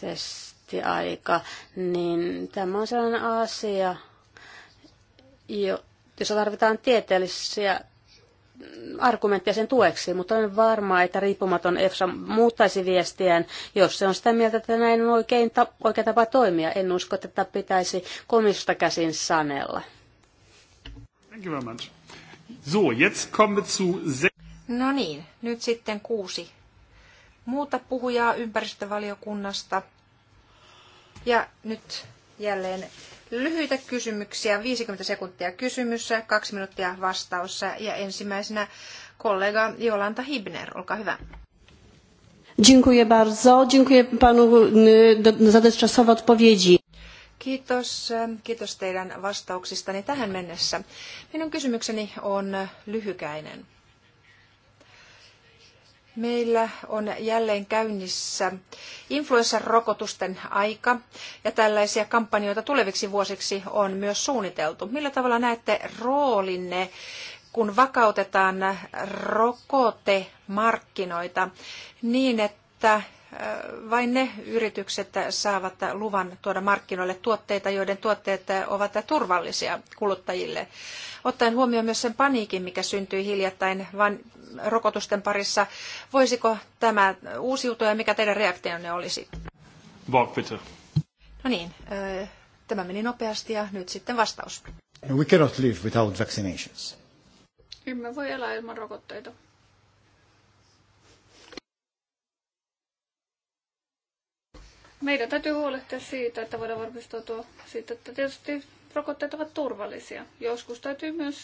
testiaika, niin tämä on sellainen asia, jo, jossa tarvitaan tieteellisiä argumentteja sen tueksi, mutta olen varma, että riippumaton EFSA muuttaisi viestiään, jos se on sitä mieltä, että näin on oikein ta- oikea tapa toimia. En usko, että tätä pitäisi komissiosta käsin sanella. Thank you very much. So, jetzt kommen wir zu... No niin, nyt sitten kuusi muuta puhujaa ympäristövaliokunnasta. Ja nyt jälleen lyhyitä kysymyksiä, 50 sekuntia kysymys, kaksi minuuttia vastaus ja ensimmäisenä kollega Jolanta Hibner, olkaa hyvä. Dziękuję bardzo. Dziękuję panu za dotychczasowe odpowiedzi. Kiitos. Kiitos teidän vastauksistanne tähän mennessä. Minun kysymykseni on lyhykäinen. Meillä on jälleen käynnissä influenssarokotusten aika ja tällaisia kampanjoita tuleviksi vuosiksi on myös suunniteltu. Millä tavalla näette roolinne, kun vakautetaan rokotemarkkinoita niin, että vain ne yritykset saavat luvan tuoda markkinoille tuotteita, joiden tuotteet ovat turvallisia kuluttajille. Ottaen huomioon myös sen paniikin, mikä syntyi hiljattain vain rokotusten parissa, voisiko tämä uusiutua ja mikä teidän reaktionne olisi? Vauhvita. No niin, tämä meni nopeasti ja nyt sitten vastaus. We cannot live without vaccinations. Emme voi elää ilman rokotteita. meidän täytyy huolehtia siitä, että voidaan varmistautua siitä, että tietysti rokotteet ovat turvallisia. Joskus täytyy myös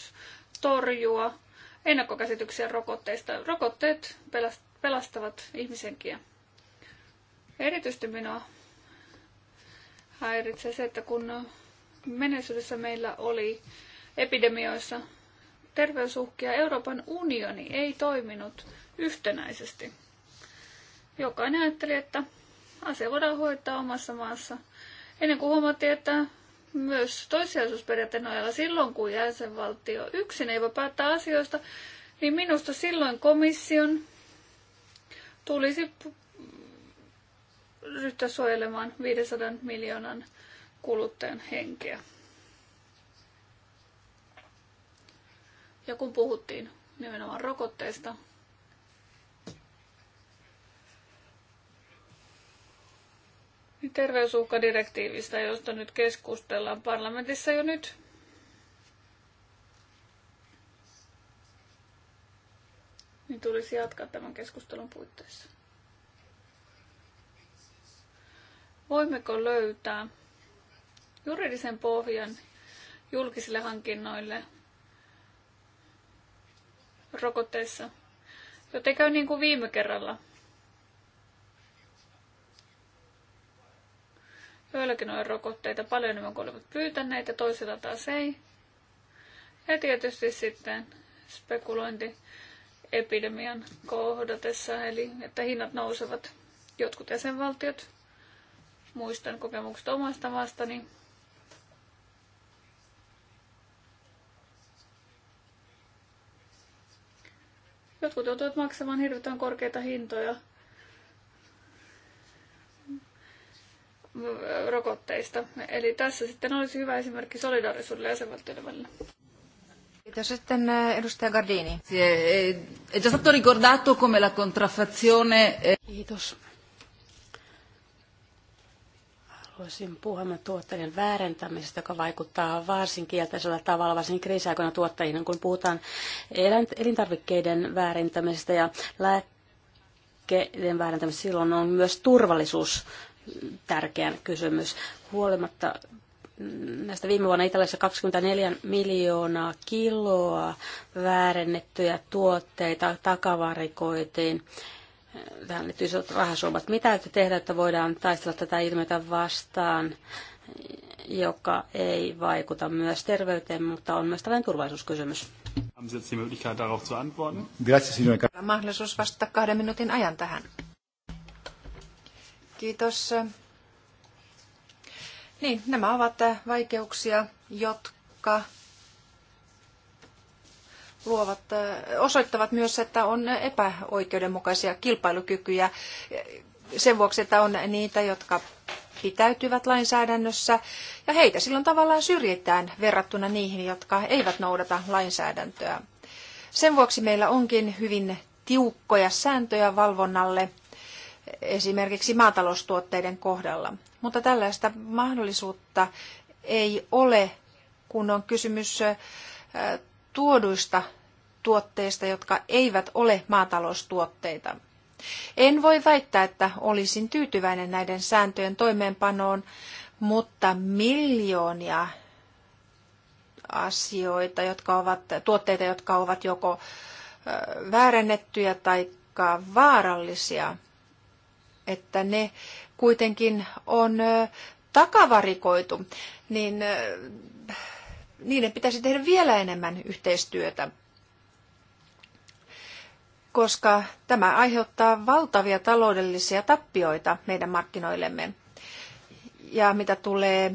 torjua ennakkokäsityksiä rokotteista. Rokotteet pelastavat ihmisenkiä. Erityisesti minua häiritsee se, että kun menneisyydessä meillä oli epidemioissa terveysuhkia, Euroopan unioni ei toiminut yhtenäisesti. Jokainen ajatteli, että asia voidaan hoitaa omassa maassa. Ennen kuin huomattiin, että myös toissijaisuusperiaatteen nojalla silloin, kun jäsenvaltio yksin ei voi päättää asioista, niin minusta silloin komission tulisi ryhtyä suojelemaan 500 miljoonan kuluttajan henkeä. Ja kun puhuttiin nimenomaan rokotteista, terveysuhkadirektiivistä, josta nyt keskustellaan parlamentissa jo nyt. Niin tulisi jatkaa tämän keskustelun puitteissa. Voimmeko löytää juridisen pohjan julkisille hankinnoille rokotteissa, joten käy niin kuin viime kerralla – Joillakin on rokotteita paljon enemmän kuin olivat pyytäneet ja toisilla taas ei. Ja tietysti sitten spekulointi epidemian kohdatessa, eli että hinnat nousevat. Jotkut jäsenvaltiot, muistan kokemukset omasta vastani. Jotkut joutuvat maksamaan hirvittävän korkeita hintoja rokotteista. Eli tässä sitten olisi hyvä esimerkki solidaarisuudelle jäsenvaltioiden välillä. Kiitos sitten äh, edustaja Gardini. Eh, eh, è già stato ricordato come la contraffazione... Kiitos. Haluaisin puhua tuottajien väärentämisestä, joka vaikuttaa varsin kielteisellä tavalla, varsin kriisiaikoina tuottajiin, kun puhutaan elintarvikkeiden väärentämisestä ja lääkkeiden väärentämisestä. Silloin on myös turvallisuus Tärkeän kysymys. Huolimatta näistä viime vuonna Italiassa 24 miljoonaa kiloa väärennettyjä tuotteita takavarikoitiin. Tähän liittyy isot rahasummat. Mitä te tehdä, että voidaan taistella tätä ilmiötä vastaan, joka ei vaikuta myös terveyteen, mutta on myös tällainen turvallisuuskysymys? Haben Sie jetzt die Möglichkeit, darauf zu antworten? Mahdollisuus vastata kahden minuutin ajan tähän. Kiitos. Niin, nämä ovat vaikeuksia, jotka luovat, osoittavat myös, että on epäoikeudenmukaisia kilpailukykyjä sen vuoksi, että on niitä, jotka pitäytyvät lainsäädännössä, ja heitä silloin tavallaan syrjitään verrattuna niihin, jotka eivät noudata lainsäädäntöä. Sen vuoksi meillä onkin hyvin tiukkoja sääntöjä valvonnalle – esimerkiksi maataloustuotteiden kohdalla. Mutta tällaista mahdollisuutta ei ole, kun on kysymys tuoduista tuotteista, jotka eivät ole maataloustuotteita. En voi väittää, että olisin tyytyväinen näiden sääntöjen toimeenpanoon, mutta miljoonia asioita, jotka ovat, tuotteita, jotka ovat joko väärennettyjä tai vaarallisia – että ne kuitenkin on takavarikoitu, niin niiden pitäisi tehdä vielä enemmän yhteistyötä, koska tämä aiheuttaa valtavia taloudellisia tappioita meidän markkinoillemme. Ja mitä tulee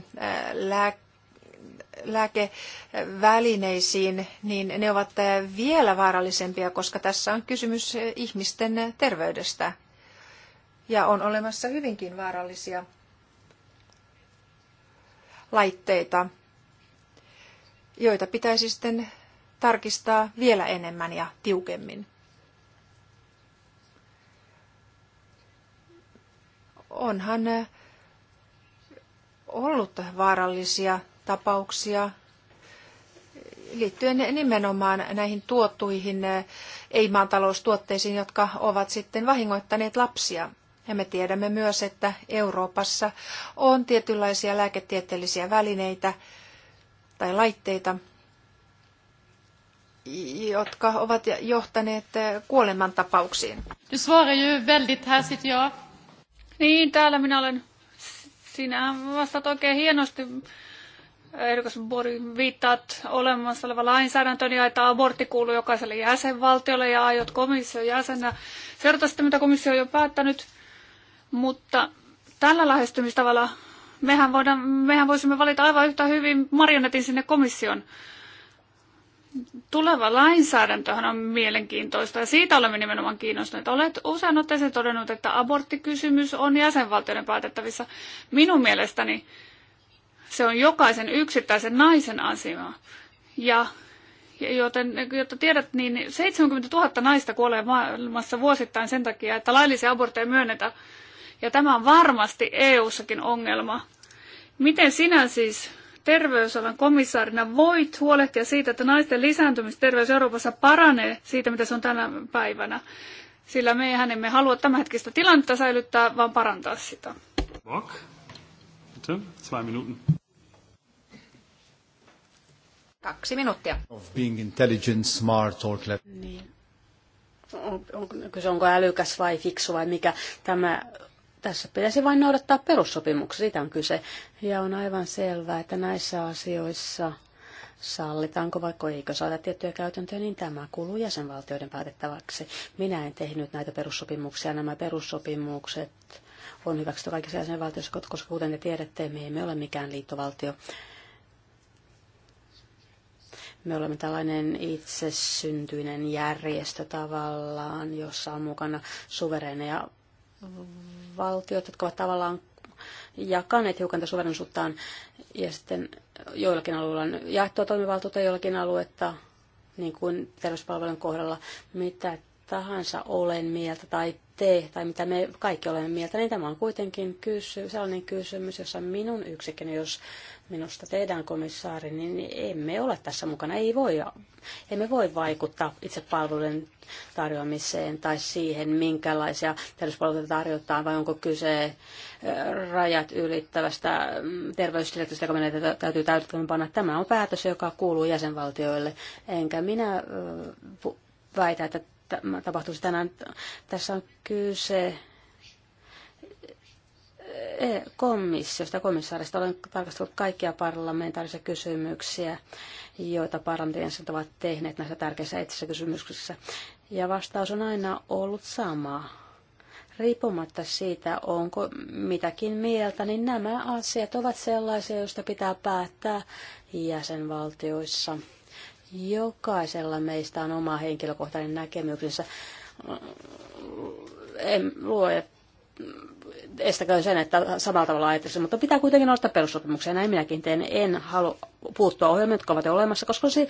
lääkevälineisiin, niin ne ovat vielä vaarallisempia, koska tässä on kysymys ihmisten terveydestä. Ja on olemassa hyvinkin vaarallisia laitteita, joita pitäisi sitten tarkistaa vielä enemmän ja tiukemmin. Onhan eh, ollut vaarallisia tapauksia liittyen nimenomaan näihin tuottuihin eh, ei-maataloustuotteisiin, jotka ovat sitten vahingoittaneet lapsia. Ja me tiedämme myös, että Euroopassa on tietynlaisia lääketieteellisiä välineitä tai laitteita, jotka ovat johtaneet kuolemantapauksiin. Du svarar ju väldigt, här sitter jag. Niin, täällä minä olen. Sinä vastaat oikein hienosti. Ehdokas Bori, viittaat olemassa oleva lainsäädäntö, ja niin että abortti kuuluu jokaiselle jäsenvaltiolle ja aiot komission jäsenä. Seurata mitä komissio on jo päättänyt. Mutta tällä lähestymistavalla mehän, voidaan, mehän voisimme valita aivan yhtä hyvin marionetin sinne komission. Tuleva lainsäädäntöhän on mielenkiintoista ja siitä olemme nimenomaan kiinnostuneita. Olet usein otteeseen todennut, että aborttikysymys on jäsenvaltioiden päätettävissä. Minun mielestäni se on jokaisen yksittäisen naisen asia. Ja joten, jotta tiedät, niin 70 000 naista kuolee maailmassa vuosittain sen takia, että laillisia abortteja myönnetään ja tämä on varmasti EU-sakin ongelma. Miten sinä siis terveysalan komissaarina voit huolehtia siitä, että naisten lisääntymisterveys Euroopassa paranee siitä, mitä se on tänä päivänä? Sillä mehän emme halua tämänhetkistä tilannetta säilyttää, vaan parantaa sitä. Bock. Bitte, zwei Minuten. Kaksi minuuttia. Of being intelligent, smart or clever. Niin. On, on, onko älykäs vai fiksu vai mikä? Tämä tässä pitäisi vain noudattaa perussopimuksia, siitä on kyse. Ja on aivan selvää, että näissä asioissa sallitaanko vaikka eikö saada tiettyjä käytäntöjä, niin tämä kuuluu jäsenvaltioiden päätettäväksi. Minä en tehnyt näitä perussopimuksia. Nämä perussopimukset on hyväksytty kaikissa jäsenvaltioissa, koska kuten te tiedätte, me emme ole mikään liittovaltio. Me olemme tällainen itsesyntyinen järjestö tavallaan, jossa on mukana suvereineja valtiot, jotka ovat tavallaan jakaneet hiukan tätä suverensuuttaan ja sitten joillakin alueilla on jaettua toimivaltuutta joillakin aluetta, niin kuin terveyspalvelun kohdalla, mitä tahansa olen mieltä tai te tai mitä me kaikki olemme mieltä, niin tämä on kuitenkin kysy, sellainen kysymys, jossa minun yksikön, jos minusta teidän komissaari, niin emme ole tässä mukana. Ei voi, emme voi vaikuttaa itse palvelujen tarjoamiseen tai siihen, minkälaisia terveyspalveluita tarjotaan, vai onko kyse rajat ylittävästä mm, terveysdirektiivistä, joka meidän täytyy täytäntöönpanna. Tämä on päätös, joka kuuluu jäsenvaltioille, enkä minä väitä, että tapahtuisi tänään. Tässä on kyse E, komissiosta ja komissaarista. Olen tarkastellut kaikkia parlamentaarisia kysymyksiä, joita parlamentaariset ovat tehneet näissä tärkeissä etsissä kysymyksissä. Ja vastaus on aina ollut sama. Riippumatta siitä, onko mitäkin mieltä, niin nämä asiat ovat sellaisia, joista pitää päättää jäsenvaltioissa. Jokaisella meistä on oma henkilökohtainen näkemyksensä. En luo, estäköön sen, että samalla tavalla ajattelisi, mutta pitää kuitenkin noudattaa perussopimuksia. Näin minäkin teen. En halua puuttua ohjelmiin, jotka ovat jo olemassa, koska se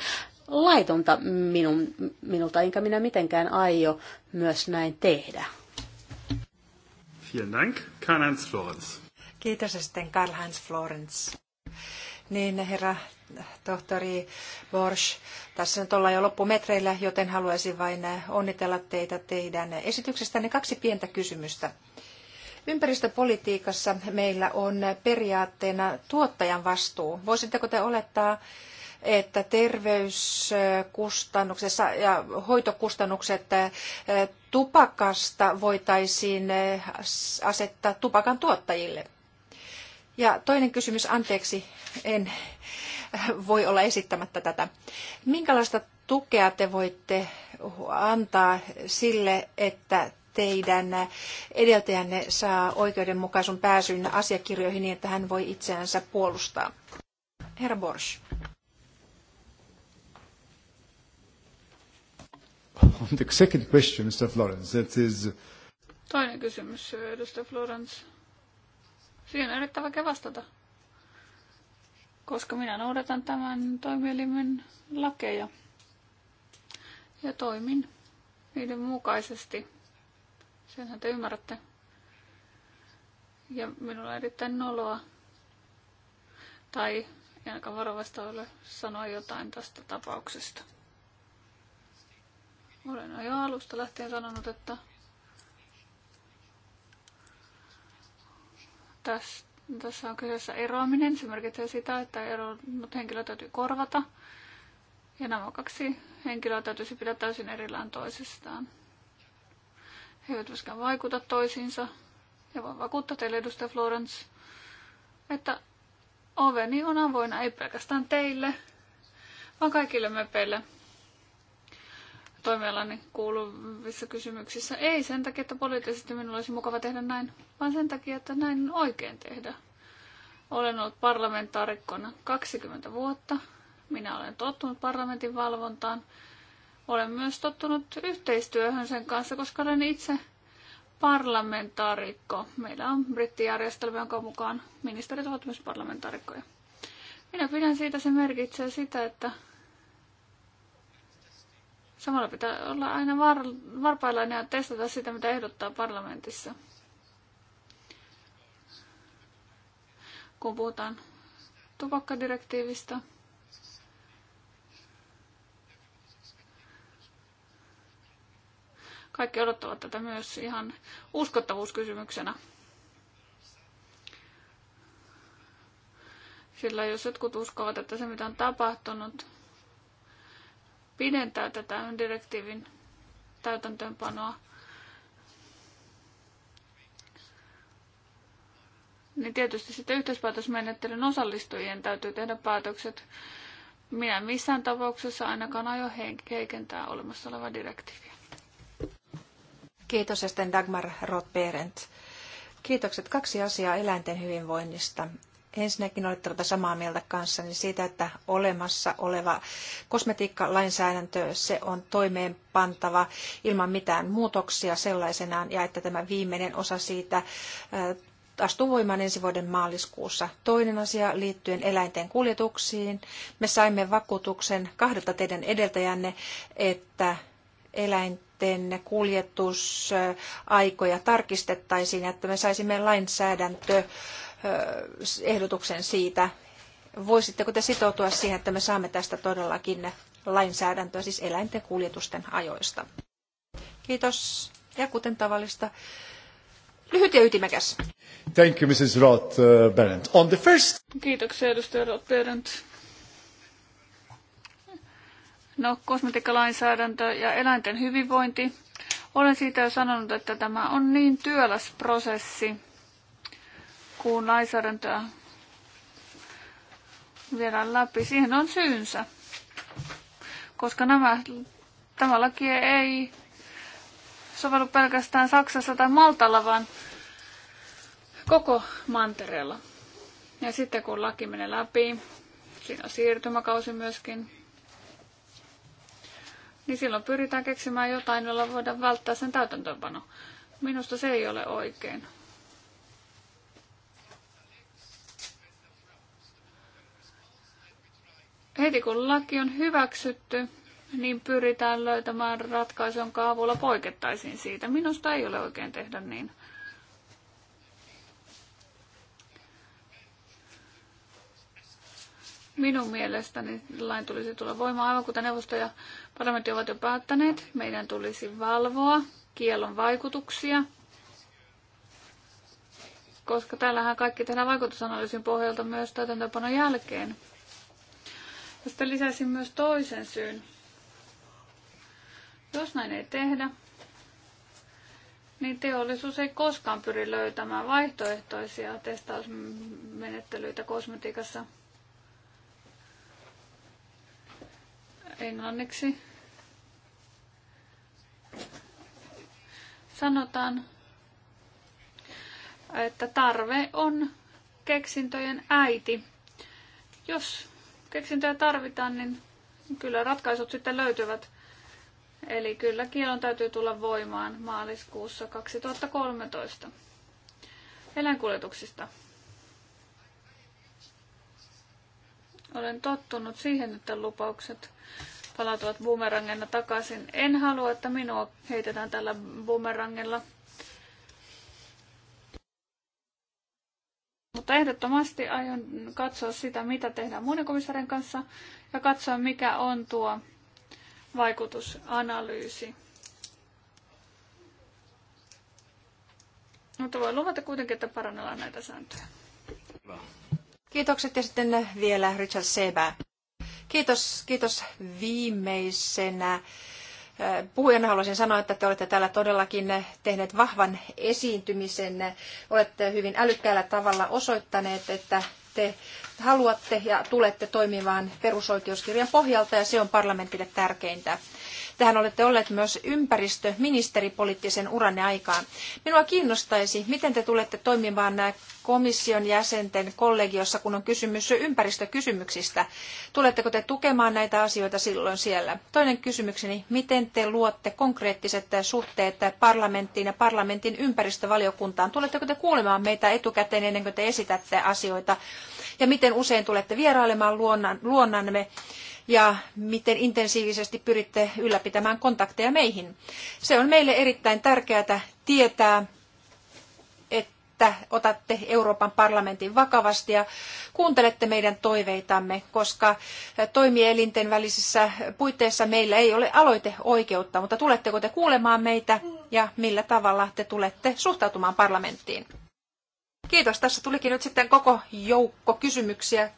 laitonta minun, minulta, enkä minä mitenkään aio myös näin tehdä. Vielen Dank, Karl-Heinz Florenz. Kiitos ja sitten Karl-Heinz Florenz. Niin herra tohtori Borsch, tässä nyt ollaan jo loppumetreillä, joten haluaisin vain onnitella teitä teidän esityksestänne kaksi pientä kysymystä. Ympäristöpolitiikassa meillä on periaatteena tuottajan vastuu. Voisitteko te olettaa, että terveyskustannuksessa ja hoitokustannukset eh, tupakasta voitaisiin eh, asettaa tupakan tuottajille? Ja toinen kysymys, anteeksi, en voi olla esittämättä tätä. Minkälaista tukea te voitte antaa sille, että teidän edeltäjänne saa oikeudenmukaisen pääsyn asiakirjoihin niin, että hän voi itseänsä puolustaa. Herra Borsch. the second question, Mr. Florence, that is... Toinen kysymys, edustaja Florence. Siihen on erittäin vaikea vastata, koska minä noudatan tämän toimielimen lakeja ja toimin niiden mukaisesti. Senhän te ymmärrätte. Ja minulla on erittäin noloa. Tai en ainakaan varovasta ole sanoa jotain tästä tapauksesta. Olen jo alusta lähtien sanonut, että tässä, tässä on kyseessä eroaminen. Se merkitsee sitä, että eronnut henkilö täytyy korvata. Ja nämä kaksi henkilöä täytyisi pitää täysin erillään toisistaan. He eivät vaikuta toisiinsa. Ja voin vakuuttaa teille, edustaja Florence, että oveni on avoinna ei pelkästään teille, vaan kaikille mepeille. toimialani kuuluvissa kysymyksissä. Ei sen takia, että poliittisesti minulla olisi mukava tehdä näin, vaan sen takia, että näin on oikein tehdä. Olen ollut parlamentaarikkona 20 vuotta. Minä olen tottunut parlamentin valvontaan. Olen myös tottunut yhteistyöhön sen kanssa, koska olen itse parlamentaarikko. Meillä on brittijärjestelmä, jonka mukaan ministerit ovat myös parlamentaarikkoja. Minä pidän siitä, se merkitsee sitä, että samalla pitää olla aina var- varpaillaan ja testata sitä, mitä ehdottaa parlamentissa. Kun puhutaan tupakkadirektiivistä, Kaikki odottavat tätä myös ihan uskottavuuskysymyksenä. Sillä jos jotkut uskovat, että se mitä on tapahtunut pidentää tätä direktiivin täytäntöönpanoa, niin tietysti sitten yhteispäätösmenettelyn osallistujien täytyy tehdä päätökset. Minä missään tapauksessa ainakaan aio heikentää olemassa olevaa direktiiviä. Kiitos ja sitten Dagmar Roth-Berendt. Kiitokset. Kaksi asiaa eläinten hyvinvoinnista. Ensinnäkin olette tuota samaa mieltä kanssani siitä, että olemassa oleva kosmetiikkalainsäädäntö, se on toimeenpantava ilman mitään muutoksia sellaisenaan ja että tämä viimeinen osa siitä äh, astuu voimaan ensi vuoden maaliskuussa. Toinen asia liittyen eläinten kuljetuksiin. Me saimme vakuutuksen kahdelta teidän edeltäjänne, että eläinten miten kuljetusaikoja tarkistettaisiin, että me saisimme lainsäädäntöehdotuksen siitä. Voisitteko te sitoutua siihen, että me saamme tästä todellakin lainsäädäntöä, siis eläinten kuljetusten ajoista? Kiitos. Ja kuten tavallista, lyhyt ja ytimekäs. Thank you, Mrs. Roth, uh, On the first... Kiitoksia, edustaja Roth, No, kosmetiikkalainsäädäntö ja eläinten hyvinvointi. Olen siitä jo sanonut, että tämä on niin työläs prosessi, kun lainsäädäntöä viedään läpi. Siihen on syynsä, koska nämä, tämä laki ei sovellu pelkästään Saksassa tai Maltalla, vaan koko mantereella. Ja sitten kun laki menee läpi, siinä on siirtymäkausi myöskin, niin silloin pyritään keksimään jotain, jolla voidaan välttää sen täytäntöönpano. Minusta se ei ole oikein. Heti kun laki on hyväksytty, niin pyritään löytämään ratkaisu, jonka avulla poikettaisiin siitä. Minusta ei ole oikein tehdä niin. Minun mielestäni lain tulisi tulla voimaan aivan kuten neuvosto ja parlamentti ovat jo päättäneet. Meidän tulisi valvoa kielon vaikutuksia, koska täällähän kaikki tehdään vaikutusanalyysin pohjalta myös täytäntöpanon jälkeen. Ja sitten lisäisin myös toisen syyn. Jos näin ei tehdä, niin teollisuus ei koskaan pyri löytämään vaihtoehtoisia testausmenettelyitä kosmetiikassa – englanniksi. Sanotaan, että tarve on keksintöjen äiti. Jos keksintöjä tarvitaan, niin kyllä ratkaisut sitten löytyvät. Eli kyllä kielon täytyy tulla voimaan maaliskuussa 2013 eläinkuljetuksista. Olen tottunut siihen, että lupaukset palautuvat boomerangena takaisin. En halua, että minua heitetään tällä boomerangella. Mutta ehdottomasti aion katsoa sitä, mitä tehdään muiden kanssa ja katsoa, mikä on tuo vaikutusanalyysi. Mutta voi luvata kuitenkin, että parannellaan näitä sääntöjä. Kiitokset ja sitten vielä Richard Seba. Kiitos, kiitos viimeisenä. Äh, puhujana haluaisin sanoa, että te olette täällä todellakin tehneet vahvan esiintymisen. Olette hyvin älykkäällä tavalla osoittaneet, että te haluatte ja tulette toimimaan perusoikeuskirjan pohjalta ja se on parlamentille tärkeintä. Tähän olette olleet myös ympäristöministeripoliittisen uranne aikaan. Minua kiinnostaisi, miten te tulette toimimaan nämä komission jäsenten kollegiossa, kun on kysymys ympäristökysymyksistä. Tuletteko te tukemaan näitä asioita silloin siellä? Toinen kysymykseni, miten te luotte konkreettiset suhteet parlamenttiin ja parlamentin ympäristövaliokuntaan? Tuletteko te kuulemaan meitä etukäteen ennen kuin te esitätte asioita? Ja miten usein tulette vierailemaan luonnanne? ja miten intensiivisesti pyritte ylläpitämään kontakteja meihin. Se on meille erittäin tärkeää tietää, että otatte Euroopan parlamentin vakavasti ja kuuntelette meidän toiveitamme, koska toimielinten välisissä puitteissa meillä ei ole aloiteoikeutta, mutta tuletteko te kuulemaan meitä ja millä tavalla te tulette suhtautumaan parlamenttiin? Kiitos. Tässä tulikin nyt sitten koko joukko kysymyksiä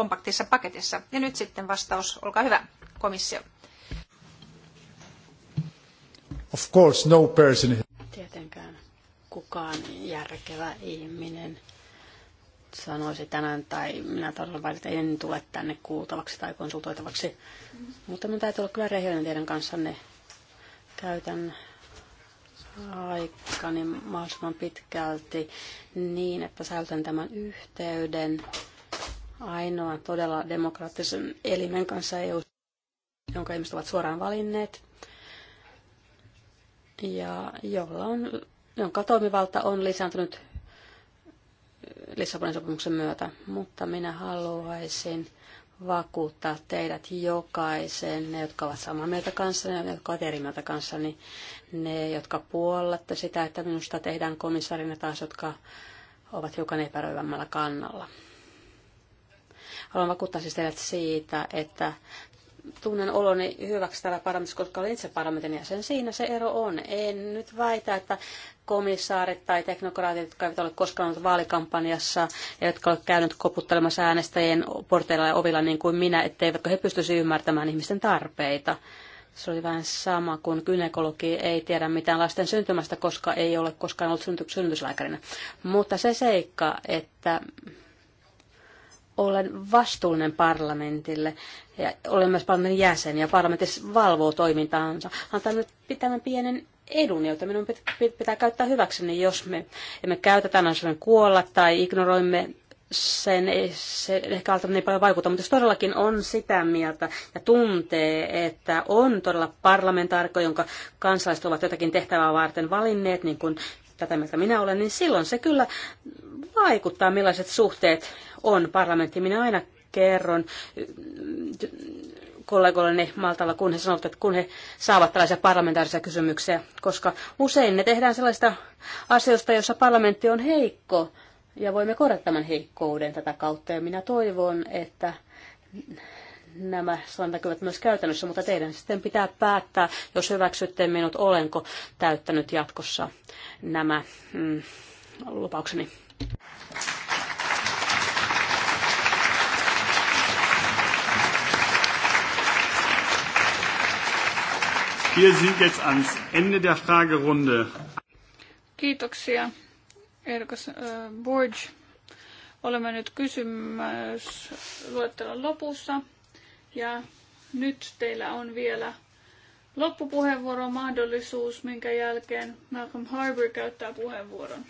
kompaktissa paketissa. Ja nyt sitten vastaus, olkaa hyvä, komissio. Of course, no person. Tietenkään kukaan järkevä ihminen sanoisi tänään tai minä todella vain, että en tule tänne kuultavaksi tai konsultoitavaksi. Mutta minun täytyy olla kyllä rehellinen teidän kanssanne. Käytän aikani mahdollisimman pitkälti niin, että säilytän tämän yhteyden ainoa todella demokraattisen elimen kanssa EU, jonka ihmiset ovat suoraan valinneet ja jolla on, jonka toimivalta on lisääntynyt Lissabonin sopimuksen myötä, mutta minä haluaisin vakuuttaa teidät jokaisen, ne jotka ovat samaa mieltä kanssani, ne jotka ovat eri mieltä kanssani, ne jotka puollatte sitä, että minusta tehdään komissaarina taas, jotka ovat hiukan epäröivämmällä kannalla. Haluan vakuuttaa siis teidät siitä, että tunnen oloni hyväksi täällä parlamentissa, koska olen itse parlamentin jäsen. Siinä se ero on. En nyt väitä, että komissaarit tai teknokraatit, jotka eivät ole koskaan ollut vaalikampanjassa ja jotka ovat käyneet koputtelemassa äänestäjien porteilla ja ovilla niin kuin minä, etteivätkö he pystyisi ymmärtämään ihmisten tarpeita. Se oli vähän sama kuin gynekologi ei tiedä mitään lasten syntymästä, koska ei ole koskaan ollut synty- synnytyslääkärinä. Mutta se seikka, että olen vastuullinen parlamentille ja olen myös parlamentin jäsen ja parlamentti valvoo toimintaansa. Antaa nyt pitämään pienen edun, jota minun pitää käyttää hyväkseni, jos me emme käytä tämän kuolla tai ignoroimme sen ei se ehkä alta niin paljon vaikuta, mutta jos todellakin on sitä mieltä ja tuntee, että on todella parlamentaarikko, jonka kansalaiset ovat jotakin tehtävää varten valinneet, niin kuin tätä mieltä minä olen, niin silloin se kyllä vaikuttaa, millaiset suhteet on parlamentti. Minä aina kerron kollegoilleni Maltalla, kun he sanovat, että kun he saavat tällaisia parlamentaarisia kysymyksiä, koska usein ne tehdään sellaista asioista, jossa parlamentti on heikko, ja voimme korjata tämän heikkouden tätä kautta, ja minä toivon, että nämä näkyvät myös käytännössä, mutta teidän sitten pitää päättää, jos hyväksytte minut, olenko täyttänyt jatkossa nämä mm, lupaukseni. Wir sind jetzt ans Ende der Fragerunde. Kiitoksia, Erkos äh, Borg. Olemme nyt luettelon lopussa. Ja nyt teillä on vielä loppupuheenvuoron mahdollisuus, minkä jälkeen Malcolm Harbour käyttää puheenvuoron.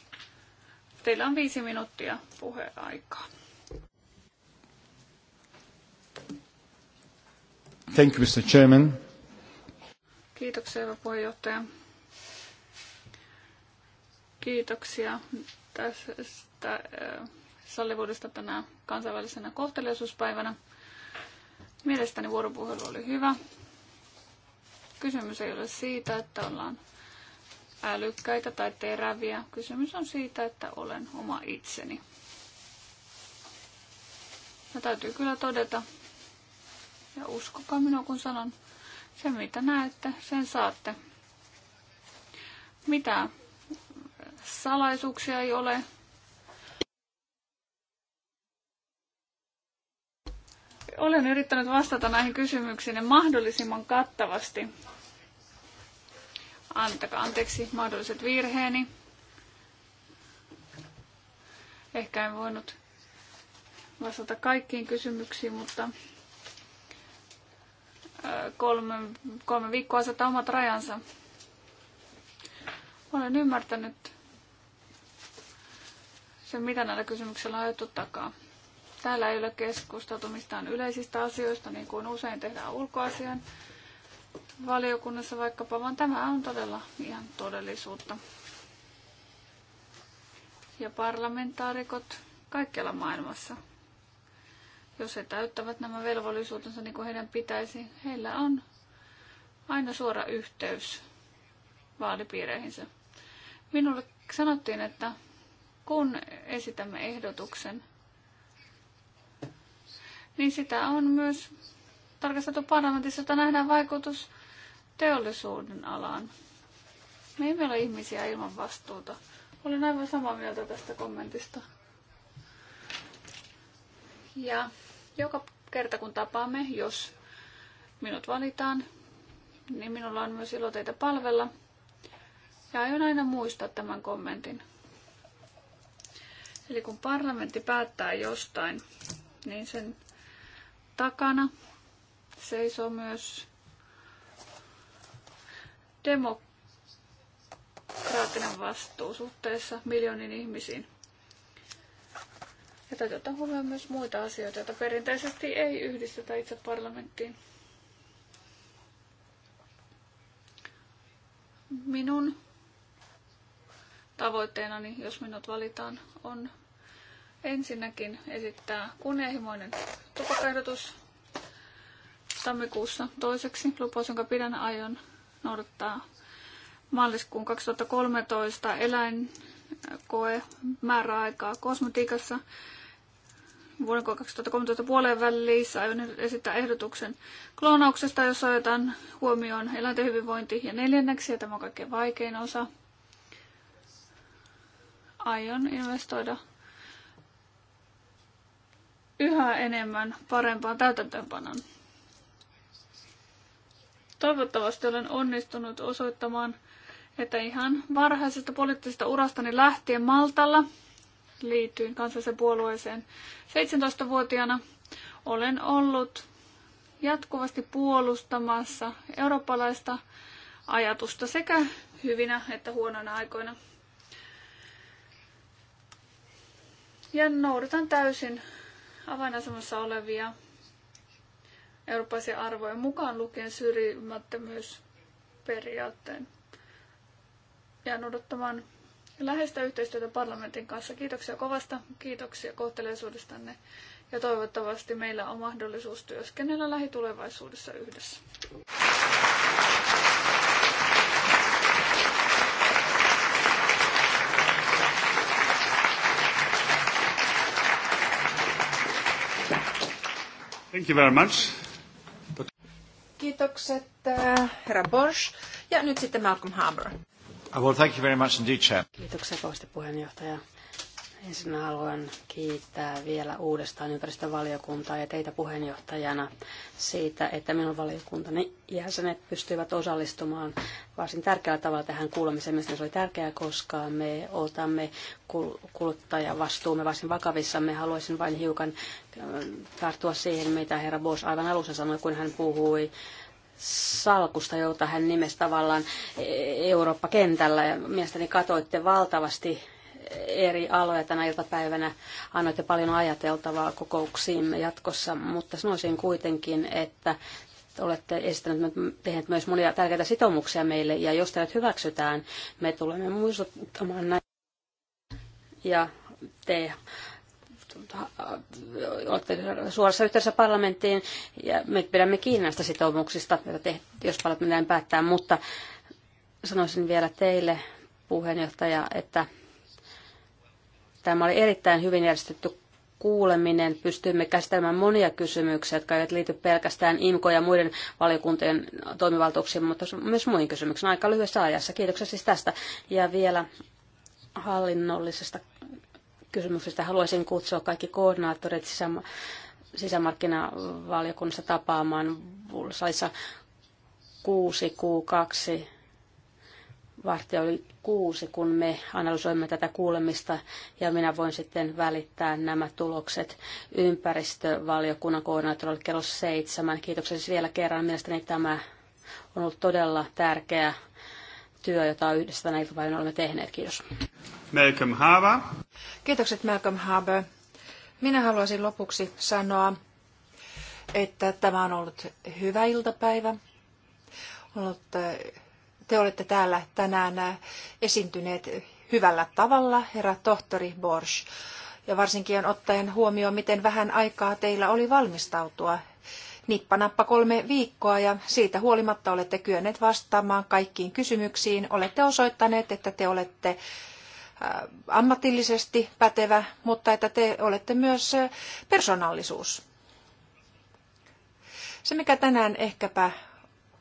Teillä on viisi minuuttia puheaikaa. Thank you, Mr. Chairman. Kiitoksia, hyvä puheenjohtaja. Kiitoksia tästä äh, sallivuudesta tänä kansainvälisenä kohteliaisuuspäivänä. Mielestäni vuoropuhelu oli hyvä. Kysymys ei ole siitä, että ollaan älykkäitä tai teräviä. Kysymys on siitä, että olen oma itseni. Ja täytyy kyllä todeta, ja uskokaa minua kun sanon, se mitä näette, sen saatte. Mitä salaisuuksia ei ole, Olen yrittänyt vastata näihin kysymyksiin mahdollisimman kattavasti. Antakaa anteeksi mahdolliset virheeni. Ehkä en voinut vastata kaikkiin kysymyksiin, mutta kolme, kolme viikkoa asettaa omat rajansa. Olen ymmärtänyt sen, mitä näillä kysymyksillä on ajettu takaa. Täällä ei ole keskusteltu mistään yleisistä asioista, niin kuin usein tehdään ulkoasian valiokunnassa vaikkapa, vaan tämä on todella ihan todellisuutta. Ja parlamentaarikot kaikkialla maailmassa, jos he täyttävät nämä velvollisuutensa niin kuin heidän pitäisi, heillä on aina suora yhteys vaalipiireihinsä. Minulle sanottiin, että kun esitämme ehdotuksen, niin sitä on myös tarkasteltu parlamentissa, jota nähdään vaikutus teollisuuden alaan. Me emme ole ihmisiä ilman vastuuta. Olen aivan samaa mieltä tästä kommentista. Ja joka kerta kun tapaamme, jos minut valitaan, niin minulla on myös ilo teitä palvella. Ja aion aina muistaa tämän kommentin. Eli kun parlamentti päättää jostain, niin sen takana seisoo myös demokraattinen vastuu suhteessa miljoonin ihmisiin. Ja täytyy ottaa huomioon myös muita asioita, joita perinteisesti ei yhdistetä itse parlamenttiin. Minun tavoitteenani, niin jos minut valitaan, on ensinnäkin esittää kunnianhimoinen tupakkaehdotus tammikuussa. Toiseksi lupaus, jonka pidän aion noudattaa maaliskuun 2013 eläinkoe määräaikaa kosmetiikassa vuoden 2013 puoleen välissä aion esittää ehdotuksen kloonauksesta, jossa ajetaan huomioon eläinten hyvinvointi ja neljänneksi, ja tämä on kaikkein vaikein osa. Aion investoida yhä enemmän parempaan täytäntöönpanon. Toivottavasti olen onnistunut osoittamaan, että ihan varhaisesta poliittisesta urastani lähtien Maltalla liityin kansalliseen puolueeseen 17-vuotiaana. Olen ollut jatkuvasti puolustamassa eurooppalaista ajatusta sekä hyvinä että huonoina aikoina. Ja noudatan täysin avainasemassa olevia eurooppalaisia arvoja mukaan lukien syrjimättömyysperiaatteen. ja odottamaan läheistä yhteistyötä parlamentin kanssa. Kiitoksia kovasta, kiitoksia kohteliaisuudestanne ja toivottavasti meillä on mahdollisuus työskennellä lähitulevaisuudessa yhdessä. Thank you very much. Kiitokset, äh, herra Borsch. Ja nyt sitten Malcolm Harbour. Well, thank you very much indeed, Chair. Kiitoksia kovasti puheenjohtaja. Ensin haluan kiittää vielä uudestaan ympäristövaliokuntaa ja teitä puheenjohtajana siitä, että minun valiokuntani jäsenet pystyivät osallistumaan varsin tärkeällä tavalla tähän kuulemiseen. Mielestäni se oli tärkeää, koska me otamme kuluttajavastuumme varsin vakavissamme. Haluaisin vain hiukan äh, tarttua siihen, mitä herra Bos aivan alussa sanoi, kun hän puhui salkusta, jota hän nimesi tavallaan Eurooppa-kentällä. Ja mielestäni katoitte valtavasti eri aloja tänä iltapäivänä. Annoitte paljon ajateltavaa kokouksiimme jatkossa, mutta sanoisin kuitenkin, että olette esittäneet, tehneet myös monia tärkeitä sitoumuksia meille, ja jos teidät hyväksytään, me tulemme muistuttamaan näitä. Ja te olette suorassa yhteydessä parlamenttiin, ja me pidämme kiinni näistä sitoumuksista, joita te, jos paljon näin päättää, mutta sanoisin vielä teille, puheenjohtaja, että Tämä oli erittäin hyvin järjestetty kuuleminen. Pystyimme käsittelemään monia kysymyksiä, jotka eivät liity pelkästään IMKO ja muiden valiokuntien toimivaltuuksiin, mutta myös muihin kysymyksiin aika lyhyessä ajassa. Kiitoksia siis tästä. Ja vielä hallinnollisesta kysymyksestä haluaisin kutsua kaikki koordinaattorit sisäma- sisämarkkinavaliokunnassa tapaamaan salissa 6 Q2 vartija kuusi, kun me analysoimme tätä kuulemista, ja minä voin sitten välittää nämä tulokset ympäristövaliokunnan koordinaattorille kello seitsemän. Kiitoksia siis vielä kerran. Mielestäni tämä on ollut todella tärkeä työ, jota yhdessä tänä iltapäivänä olemme tehneet. Kiitos. Malcolm Haber. Kiitokset Malcolm Haber. Minä haluaisin lopuksi sanoa, että tämä on ollut hyvä iltapäivä. On ollut eh, te olette täällä tänään äh, esiintyneet hyvällä tavalla, herra tohtori Borsch. Ja varsinkin ottaen huomioon, miten vähän aikaa teillä oli valmistautua. Nippanappa kolme viikkoa ja siitä huolimatta olette kyenneet vastaamaan kaikkiin kysymyksiin. Olette osoittaneet, että te olette äh, ammatillisesti pätevä, mutta että te olette myös äh, persoonallisuus. Se, mikä tänään ehkäpä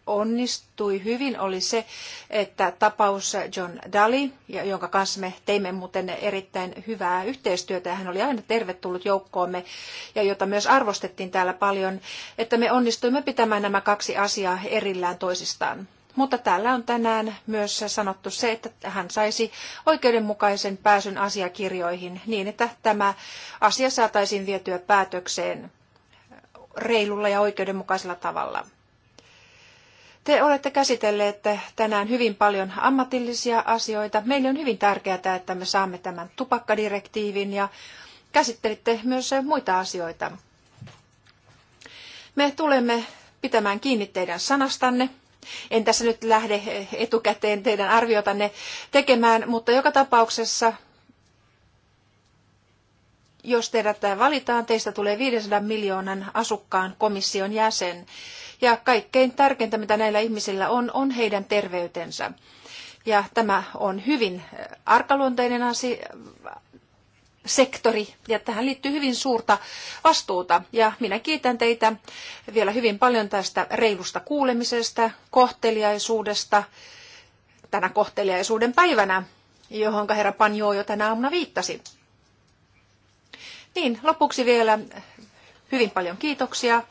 onnistui hyvin, oli se, että tapaus John Daly, jonka kanssa me teimme muuten erittäin hyvää yhteistyötä, ja hän oli aina tervetullut joukkoomme, ja jota myös arvostettiin täällä paljon, että me onnistuimme pitämään nämä kaksi asiaa erillään toisistaan. Mutta täällä on tänään myös sanottu se, että hän saisi oikeudenmukaisen pääsyn asiakirjoihin niin, että tämä asia saataisiin vietyä päätökseen reilulla ja oikeudenmukaisella tavalla. Te olette käsitelleet tänään hyvin paljon ammatillisia asioita. Meille on hyvin tärkeää, että me saamme tämän tupakkadirektiivin ja käsittelitte myös muita asioita. Me tulemme pitämään kiinni teidän sanastanne. En tässä nyt lähde etukäteen teidän arviotanne tekemään, mutta joka tapauksessa, jos teidät valitaan, teistä tulee 500 miljoonan asukkaan komission jäsen. Ja kaikkein tärkeintä, mitä näillä ihmisillä on, on heidän terveytensä. Ja tämä on hyvin äh, arkaluonteinen asia, sektori ja tähän liittyy hyvin suurta vastuuta. Ja minä kiitän teitä vielä hyvin paljon tästä reilusta kuulemisesta, kohteliaisuudesta tänä kohteliaisuuden päivänä, johon herra Panjo jo tänä aamuna viittasi. Niin, lopuksi vielä äh, hyvin paljon kiitoksia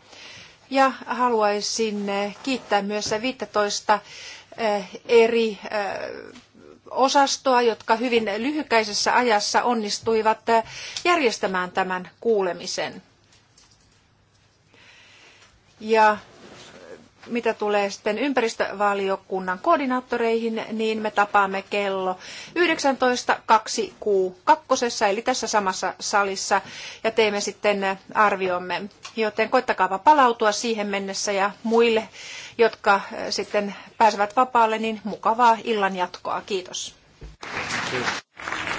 ja haluaisin eh, kiittää myös 15 eh, eri eh, osastoa, jotka hyvin lyhykäisessä ajassa onnistuivat järjestämään tämän kuulemisen. Ja mitä tulee sitten ympäristövaliokunnan koordinaattoreihin, niin me tapaamme kello 19.2Q2, eli tässä samassa salissa, ja teemme sitten arviomme. Joten koittakaapa palautua siihen mennessä ja muille, jotka äh, sitten pääsevät vapaalle, niin mukavaa illan jatkoa. Kiitos. Kiitos.